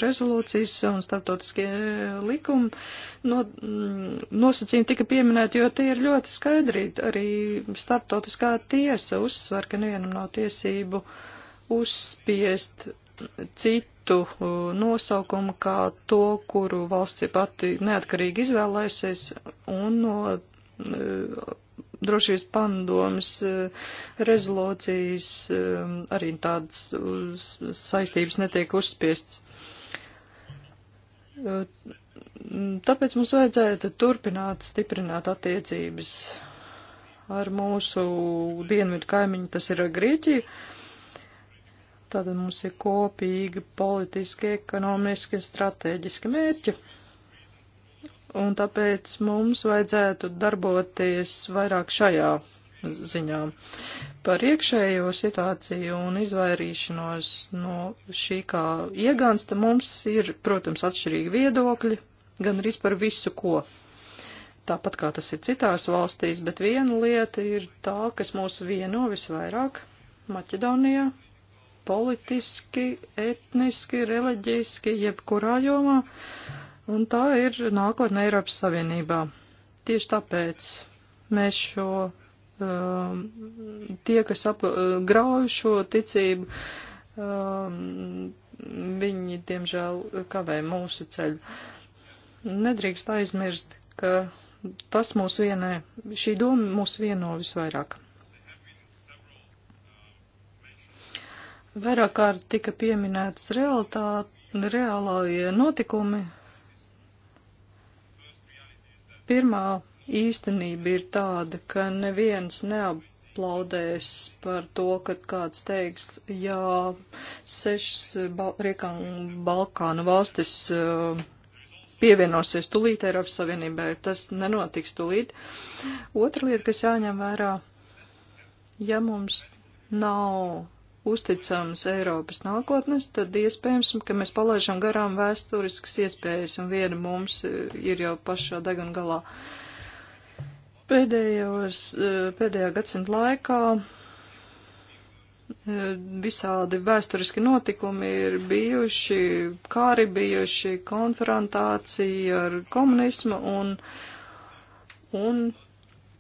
rezolūcijas un starptautiskie likumi no, mm, nosacījumi tika pieminēti, jo tie ir ļoti skaidri. Arī starptautiskā tiesa uzsver, ka nevienam nav tiesību uzspiest citu citu uh, nosaukumu kā to, kuru valsts ir pati neatkarīgi izvēlējusies un no uh, drošības pandomas uh, rezolūcijas um, arī tādas saistības netiek uzspiests. Tāpēc mums vajadzētu turpināt stiprināt attiecības ar mūsu dienvidu kaimiņu, tas ir Grieķija Tātad mums ir kopīgi politiski, ekonomiski, strateģiski mērķi. Un tāpēc mums vajadzētu darboties vairāk šajā ziņā. Par iekšējo situāciju un izvairīšanos no šī kā iegansta mums ir, protams, atšķirīgi viedokļi, gan arī par visu ko. Tāpat kā tas ir citās valstīs, bet viena lieta ir tā, kas mūs vieno visvairāk Maķedonijā, politiski, etniski, reliģiski, jebkurā jomā, un tā ir nākotne Eiropas Savienībā. Tieši tāpēc mēs šo, um, tie, kas ap, uh, grauj šo ticību, um, viņi, diemžēl, kavē mūsu ceļu. Nedrīkst aizmirst, ka tas mūs vienē, šī doma mūs vieno visvairāk. Vairāk kārt tika pieminētas realitā, reālāie notikumi. Pirmā īstenība ir tāda, ka neviens neaplaudēs par to, kad kāds teiks, jā, sešas Bal Balkānu valstis uh, pievienosies tulīt Eiropas Savienībai. Tas nenotiks tulīt. Otra lieta, kas jāņem vērā, ja mums nav uzticams Eiropas nākotnes, tad iespējams, ka mēs palaižam garām vēsturiskas iespējas, un viena mums eh, ir jau pašā deguna galā. Pēdējos, eh, pēdējā gadsimta laikā eh, visādi vēsturiski notikumi ir bijuši, kāri bijuši, konfrontācija ar komunismu un, un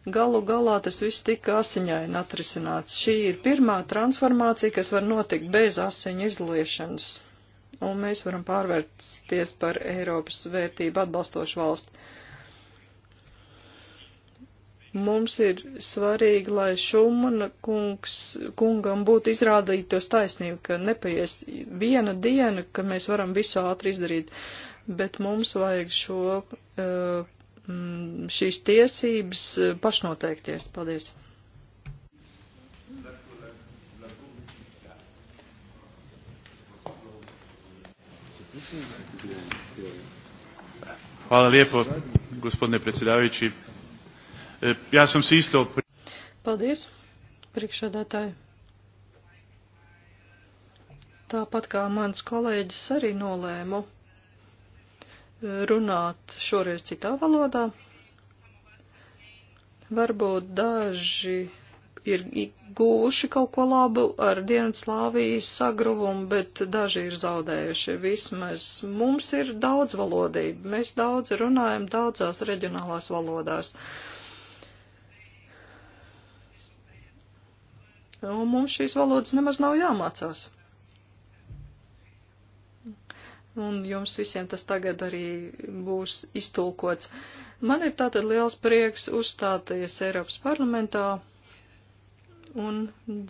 Galu galā tas viss tika asiņaini atrisināts. Šī ir pirmā transformācija, kas var notikt bez asiņu izliešanas, un mēs varam pārvērsties par Eiropas vērtību atbalstošu valstu mums ir svarīgi, lai Šumana kungs, kungam būtu izrādītos taisnība, ka nepaies viena diena, ka mēs varam visu ātri izdarīt, bet mums vajag šo uh, Mm, šīs tiesības eh, pašnoteikties. Paldies! Hvala lijepo, gospodine predsjedavajući. E, ja sam se isto... Paldies, priekšādātāji. Tāpat kā mans kolēģis arī nolēmu runāt šoreiz citā valodā. Varbūt daži ir gūši kaut ko labu ar Dienvidslāvijas sagruvumu, bet daži ir zaudējuši. Vismaz mums ir daudz valodība, mēs daudz runājam daudzās reģionālās valodās. Un mums šīs valodas nemaz nav jāmācās un jums visiem tas tagad arī būs iztulkots. Man ir tātad liels prieks uzstāties Eiropas parlamentā un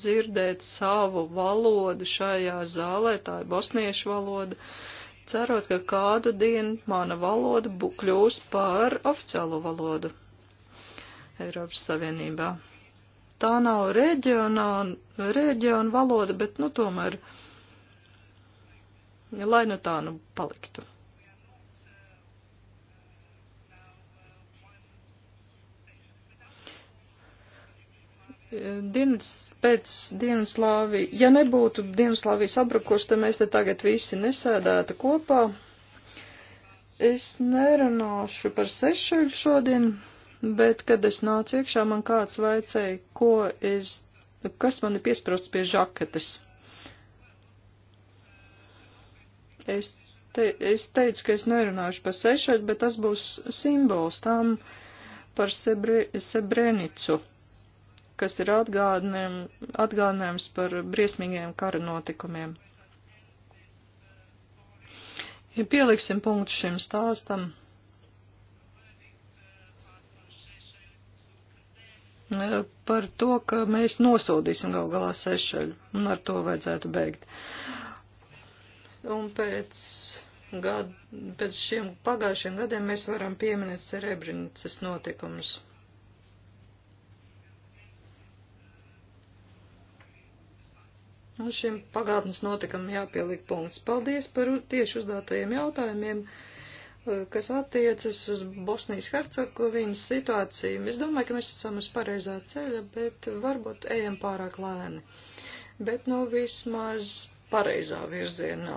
dzirdēt savu valodu šajā zālē, tā ir bosniešu valoda, cerot, ka kādu dienu mana valoda kļūs par oficiālo valodu Eiropas Savienībā. Tā nav reģionā, reģiona valoda, bet, nu, tomēr. Uh, lai nu tā nu paliktu. Dienas pēc Dienaslāvijas, ja nebūtu Dienaslāvijas sabrukurs, tad mēs te tagad visi nesēdētu kopā. Es nerunāšu par sešuļu šodien, bet, kad es nācu iekšā, man kāds vaicēja, ko es, kas mani piesprost pie žaketes. Es, te, es teicu, ka es nerunāšu par sešaļu, bet tas būs simbols tam par sebre, Sebrenicu, kas ir atgādinājum, atgādinājums par briesmīgiem kara notikumiem. Ja pieliksim punktu šim stāstam. par to, ka mēs nosodīsim gal galā sešaļu, un ar to vajadzētu beigt. Uh, Un pēc, gad, pēc šiem pagājušiem gadiem mēs varam pieminēt Serebrinicas notikumus. Un šim pagātnes notikamam jāpieliek punkts. Paldies par tieši uzdātajiem jautājumiem e, kas attiecas uz Bosnijas Hercegovinas situāciju. Es domāju, ka mēs esam uz pareizā ceļa, bet varbūt ejam pārāk lēni. Bet nu vismaz pareizā virzienā.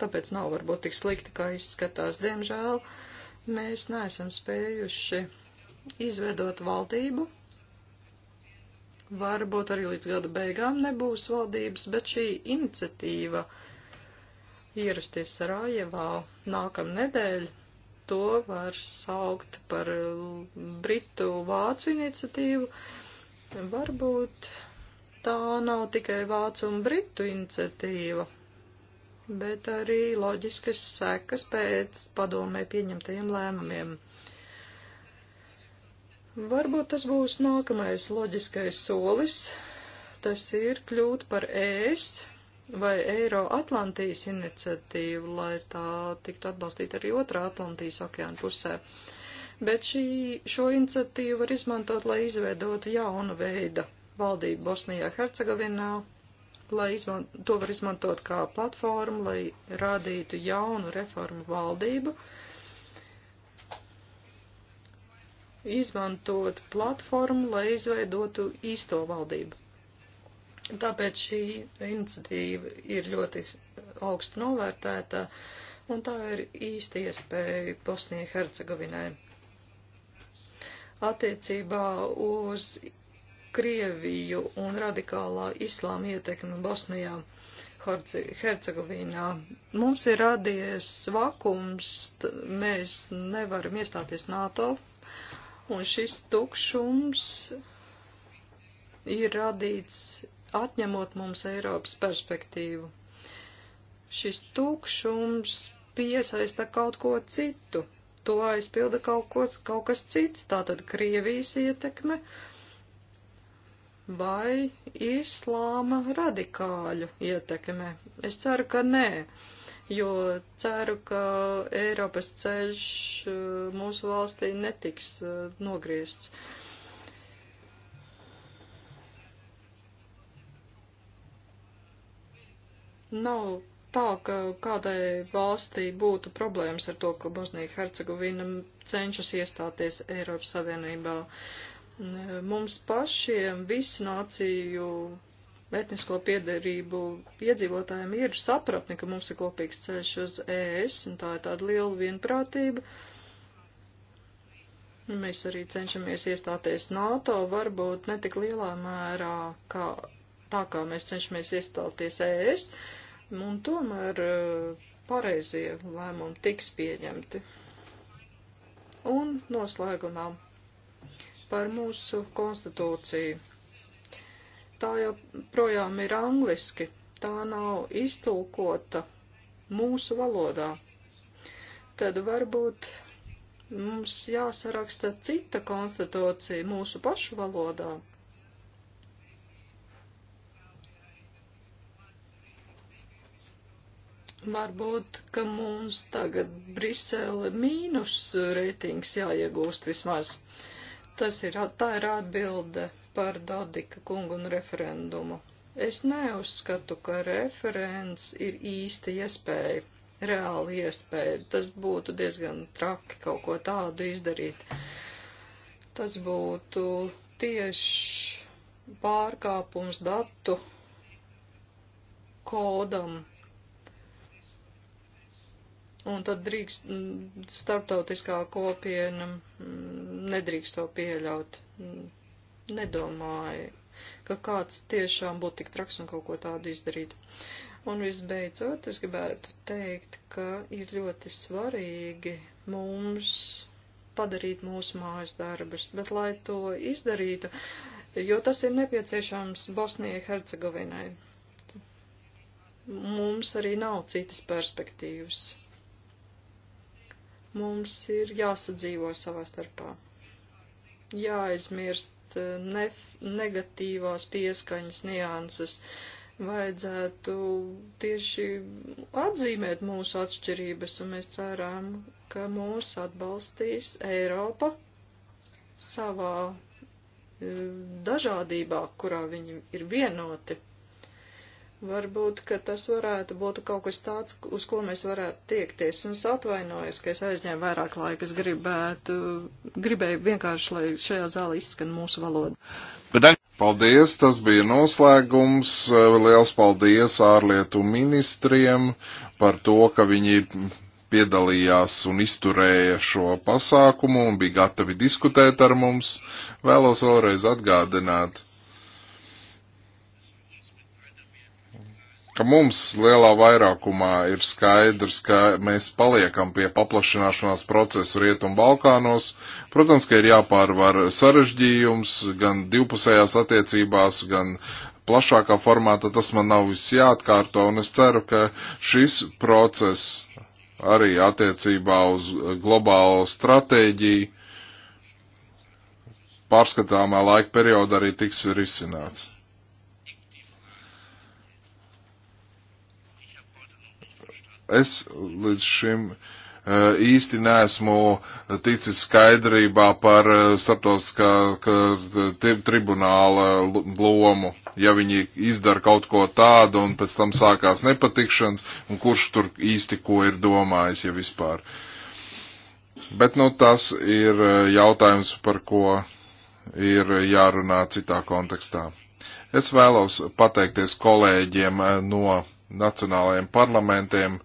Tāpēc nav varbūt tik slikti, kā izskatās. Diemžēl mēs neesam spējuši izveidot valdību. Varbūt arī līdz gada beigām nebūs valdības, bet šī iniciatīva ierasties Sarajevā nākam nedēļ, to var saukt par Britu Vācu iniciatīvu. Varbūt tā nav tikai vācu un britu iniciatīva, bet arī loģiskas sekas pēc padomē pieņemtajiem lēmumiem. Varbūt tas būs nākamais loģiskais solis, tas ir kļūt par ES vai Eiroatlantijas iniciatīvu, lai tā tiktu atbalstīta arī otrā Atlantijas okeāna pusē. Bet šī, šo iniciatīvu var izmantot, lai izveidotu jaunu veidu valdību Bosnijā Hercegovinā, lai izman, to var izmantot kā platformu, lai rādītu jaunu reformu valdību, izmantot platformu, lai izveidotu īsto valdību. Tāpēc šī iniciatīva ir ļoti augstu novērtēta, un tā ir īsti iespēja Bosnijai Hercegovinai. Attiecībā uz Krieviju un radikālā islāma ietekmi Bosnijā. Hercegovīnā. Mums ir radies vakums, mēs nevaram iestāties NATO, un šis tukšums ir radīts atņemot mums Eiropas perspektīvu. Šis tukšums piesaista kaut ko citu, to aizpilda kaut, ko, kaut kas cits, tātad Krievijas ietekme, uh, vai islāma radikāļu ietekme. Es ceru, ka nē, jo ceru, ka Eiropas ceļš uh, mūsu valstī netiks uh, nogriezts. Nav tā, ka kādai valstī būtu problēmas ar to, ka Bosnija Hercegovina cenšas iestāties Eiropas Savienībā. Uh, mums pašiem visu nāciju etnisko piedarību iedzīvotājiem ir sapratni, ka mums ir kopīgs ceļš uz ES, un tā ir tāda liela vienprātība. Mēs arī cenšamies iestāties NATO, varbūt netik lielā mērā, kā tā kā mēs cenšamies iestāties ES, un tomēr eh, pareizie lēmumi tiks pieņemti. Un noslēgumā par mūsu konstitūciju. Tā joprojām ir angliski, tā nav iztulkota mūsu valodā. Tad varbūt mums jāsaraksta cita konstitūcija mūsu pašu valodā. varbūt, ka mums tagad Brisele mīnus reitings jāiegūst vismaz. Uh, Tas ir, tā ir atbilde par Dodika kungu un referendumu. Es neuzskatu, ka referents ir īsta iespēja, reāla iespēja. Tas būtu diezgan traki kaut ko tādu izdarīt. Tas būtu tieši pārkāpums datu kodam un tad drīkst, starptautiskā kopiena nedrīkst to pieļaut. Nedomāju, ka kāds tiešām būtu tik traks un kaut ko tādu izdarīt. Un visbeidzot, es gribētu teikt, ka ir ļoti svarīgi mums padarīt mūsu mājas darbus, bet lai to izdarītu, jo tas ir nepieciešams Bosnijai Hercegovinai. Mums arī nav citas perspektīvas. Mums ir jāsadzīvo savā starpā. Jāaizmirst eh, ne negatīvās pieskaņas nianses. Vajadzētu tieši atzīmēt mūsu atšķirības, un mēs ceram, ka mūs atbalstīs Eiropa savā eh, dažādībā, kurā viņi ir vienoti. Varbūt, ka tas varētu būt kaut kas tāds, uz ko mēs varētu tiekties. Un es atvainojos, ka es aizņēmu vairāk laika. Es gribētu, gribēju vienkārši, lai šajā zālē izskan mūsu valoda. Paldies, tas bija noslēgums. Liels paldies ārlietu ministriem par to, ka viņi piedalījās un izturēja šo pasākumu un bija gatavi diskutēt ar mums. Vēlos vēlreiz atgādināt ka mums lielā vairākumā ir skaidrs, ka mēs paliekam pie paplašināšanās procesa Rietumbalkānos. Protams, ka ir jāpārvar sarežģījums gan divpusējās attiecībās, gan plašākā formātā. Tas man nav viss jāatkārto, un es ceru, ka šis process arī attiecībā uz globālo stratēģiju pārskatāmā laika perioda arī tiks risināts. es līdz šim eh, īsti neesmu eh, ticis skaidrībā par eh, starptautiskā tribunāla lomu. Ja viņi izdara kaut ko tādu un pēc tam sākās nepatikšanas, un kurš tur īsti ko ir domājis, ja vispār. Bet nu, tas ir jautājums, par ko ir jārunā citā kontekstā. Es vēlos pateikties kolēģiem no nacionālajiem parlamentiem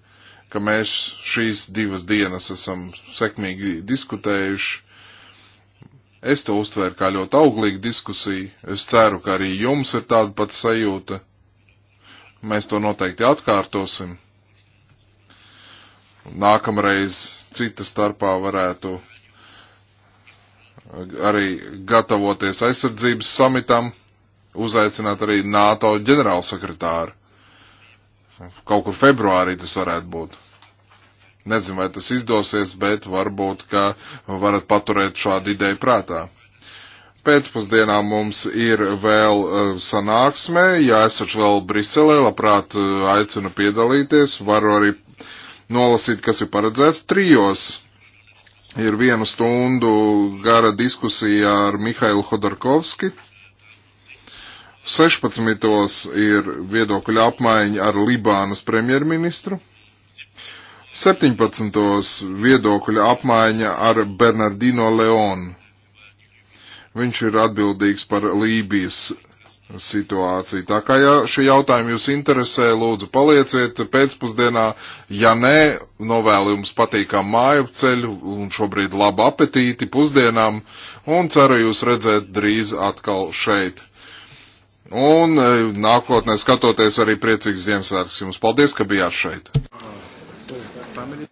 ka mēs šīs divas dienas esam sekmīgi diskutējuši. Es to uztvēru kā ļoti auglīgu diskusiju. Es ceru, ka arī jums ir tāda pati sajūta. Mēs to noteikti atkārtosim. Nākamreiz cita starpā varētu arī gatavoties aizsardzības samitam, uzaicināt arī NATO ģenerālsekretāru. Kaut kur februārī tas varētu būt. Nezinu, vai tas izdosies, bet varbūt, ka varat paturēt šādu ideju prātā. Pēcpusdienā mums ir vēl uh, sanāksme, ja esat vēl Briselē, labprāt uh, aicinu piedalīties, varu arī nolasīt, kas ir paredzēts trijos. Ir vienu stundu gara diskusija ar Mihailu Hodorkovski 16. ir viedokļa apmaiņa ar Libānas premjerministru. 17. viedokļa apmaiņa ar Bernardino Leonu. Viņš ir atbildīgs par Lībijas situāciju. Tā kā ja šie jautājumi jūs interesē, lūdzu palieciet pēcpusdienā. Ja nē, novēlu jums patīkamu māju ceļu un šobrīd labu apetīti pusdienām un ceru jūs redzēt drīz atkal šeit. Un e, nākotnē skatoties arī priecīgs Ziemassvētkus jums. Paldies, ka bijāt šeit! Family.